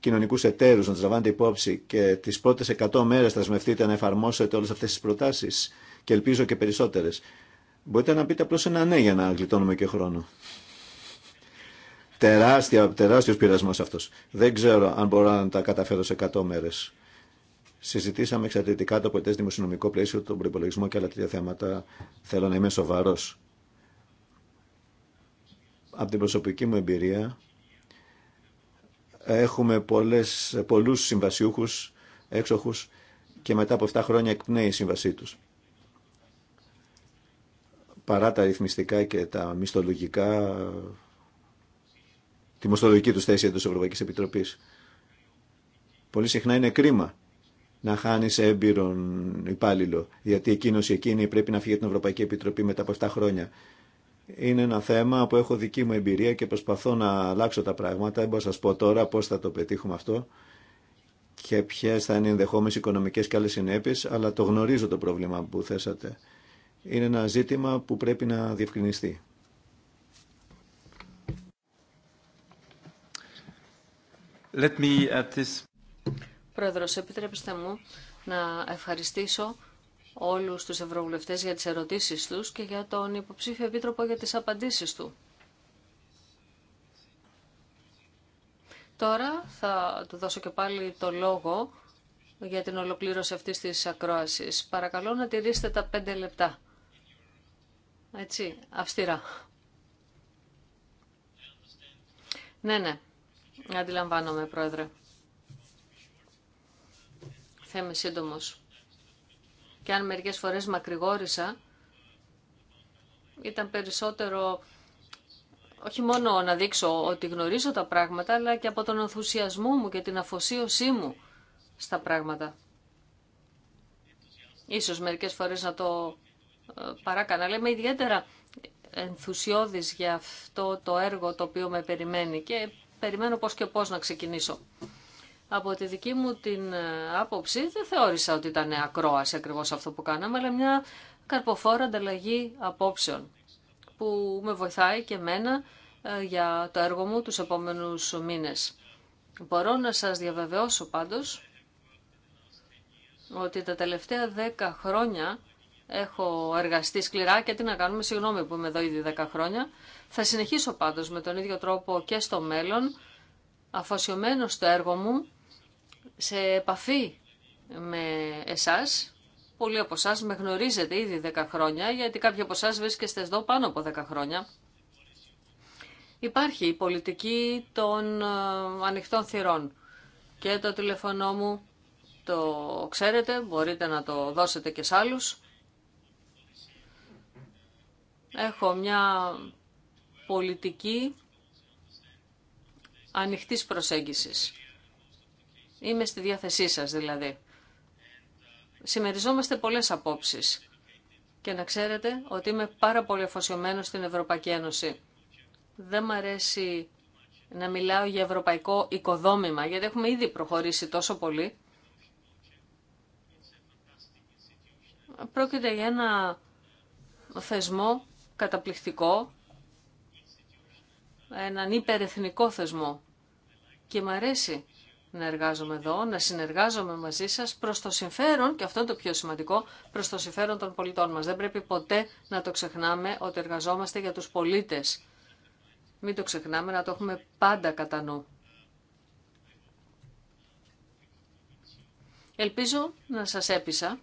κοινωνικού εταίρους, να του λαμβάνετε υπόψη και τι πρώτε 100 μέρε θα δεσμευτείτε να εφαρμόσετε όλε αυτέ τι προτάσει και ελπίζω και περισσότερε. Μπορείτε να πείτε απλώ ένα ναι για να γλιτώνουμε και χρόνο. Τεράστια, τεράστιος πειρασμός αυτός. Δεν ξέρω αν μπορώ να τα καταφέρω σε 100 μέρες. Συζητήσαμε εξαρτητικά το ποτέ δημοσιονομικό πλαίσιο, τον προπολογισμό και άλλα τέτοια θέματα. Θέλω να είμαι σοβαρός από την προσωπική μου εμπειρία έχουμε πολλές, πολλούς συμβασιούχους, έξοχους και μετά από 7 χρόνια εκπνέει η σύμβασή τους. Παρά τα ρυθμιστικά και τα μισθολογικά, τη μισθολογική τους θέση εντός Ευρωπαϊκής Επιτροπής. Πολύ συχνά είναι κρίμα να χάνει σε έμπειρον υπάλληλο, γιατί εκείνο ή εκείνη πρέπει να φύγει από την Ευρωπαϊκή Επιτροπή μετά από 7 χρόνια είναι ένα θέμα που έχω δική μου εμπειρία και προσπαθώ να αλλάξω τα πράγματα. Δεν μπορώ να σας πω τώρα πώς θα το πετύχουμε αυτό και ποιε θα είναι οι ενδεχόμενε οικονομικές και άλλε συνέπειε, αλλά το γνωρίζω το πρόβλημα που θέσατε. Είναι ένα ζήτημα που πρέπει να διευκρινιστεί. Let me at uh, this... Πρόεδρος, επιτρέψτε μου να ευχαριστήσω όλους τους ευρωβουλευτές για τις ερωτήσεις τους και για τον υποψήφιο επίτροπο για τις απαντήσεις του. Τώρα θα του δώσω και πάλι το λόγο για την ολοκλήρωση αυτής της ακρόασης. Παρακαλώ να τηρήσετε τα πέντε λεπτά. Έτσι, αυστηρά. Ναι, ναι. Αντιλαμβάνομαι, Πρόεδρε. Θα είμαι σύντομος και αν μερικές φορές μακρηγόρησα, ήταν περισσότερο όχι μόνο να δείξω ότι γνωρίζω τα πράγματα, αλλά και από τον ενθουσιασμό μου και την αφοσίωσή μου στα πράγματα. Ίσως μερικές φορές να το ε, παράκανα, αλλά είμαι ιδιαίτερα ενθουσιώδης για αυτό το έργο το οποίο με περιμένει και περιμένω πώς και πώς να ξεκινήσω. Από τη δική μου την ε, άποψη δεν θεώρησα ότι ήταν ακρόαση ακριβώς αυτό που κάναμε, αλλά μια καρποφόρα ανταλλαγή απόψεων που με βοηθάει και εμένα ε, για το έργο μου τους επόμενους μήνες. Μπορώ να σας διαβεβαιώσω πάντως ότι τα τελευταία δέκα χρόνια έχω εργαστεί σκληρά και τι να κάνουμε, συγγνώμη που είμαι εδώ ήδη δέκα χρόνια. Θα συνεχίσω πάντως με τον ίδιο τρόπο και στο μέλλον, αφοσιωμένο στο έργο μου σε επαφή με εσάς. Πολλοί από εσά με γνωρίζετε ήδη 10 χρόνια, γιατί κάποιοι από εσά βρίσκεστε εδώ πάνω από 10 χρόνια. Υπάρχει η πολιτική των ε, ανοιχτών θυρών και το τηλεφωνό μου το ξέρετε, μπορείτε να το δώσετε και σε άλλους. Έχω μια πολιτική ανοιχτής προσέγγισης. Είμαι στη διάθεσή σας δηλαδή. Συμμεριζόμαστε πολλές απόψεις και να ξέρετε ότι είμαι πάρα πολύ αφοσιωμένο στην Ευρωπαϊκή Ένωση. Δεν μ' αρέσει να μιλάω για ευρωπαϊκό οικοδόμημα, γιατί έχουμε ήδη προχωρήσει τόσο πολύ. Πρόκειται για ένα θεσμό καταπληκτικό, έναν υπερεθνικό θεσμό. Και μ' αρέσει να εργάζομαι εδώ, να συνεργάζομαι μαζί σας προς το συμφέρον, και αυτό είναι το πιο σημαντικό, προς το συμφέρον των πολιτών μας. Δεν πρέπει ποτέ να το ξεχνάμε ότι εργαζόμαστε για τους πολίτες. Μην το ξεχνάμε, να το έχουμε πάντα κατά νου. Ελπίζω να σας έπεισα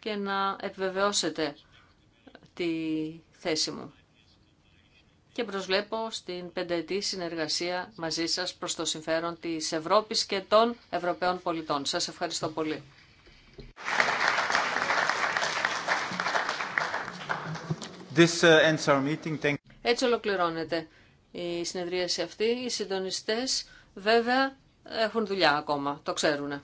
και να επιβεβαιώσετε τη θέση μου και προσβλέπω στην πενταετή συνεργασία μαζί σας προς το συμφέρον της Ευρώπης και των Ευρωπαίων πολιτών. Σας ευχαριστώ πολύ. This uh, ends our meeting. Thank Έτσι ολοκληρώνεται η συνεδρίαση αυτή. Οι συντονιστές βέβαια έχουν δουλειά ακόμα, το ξέρουν.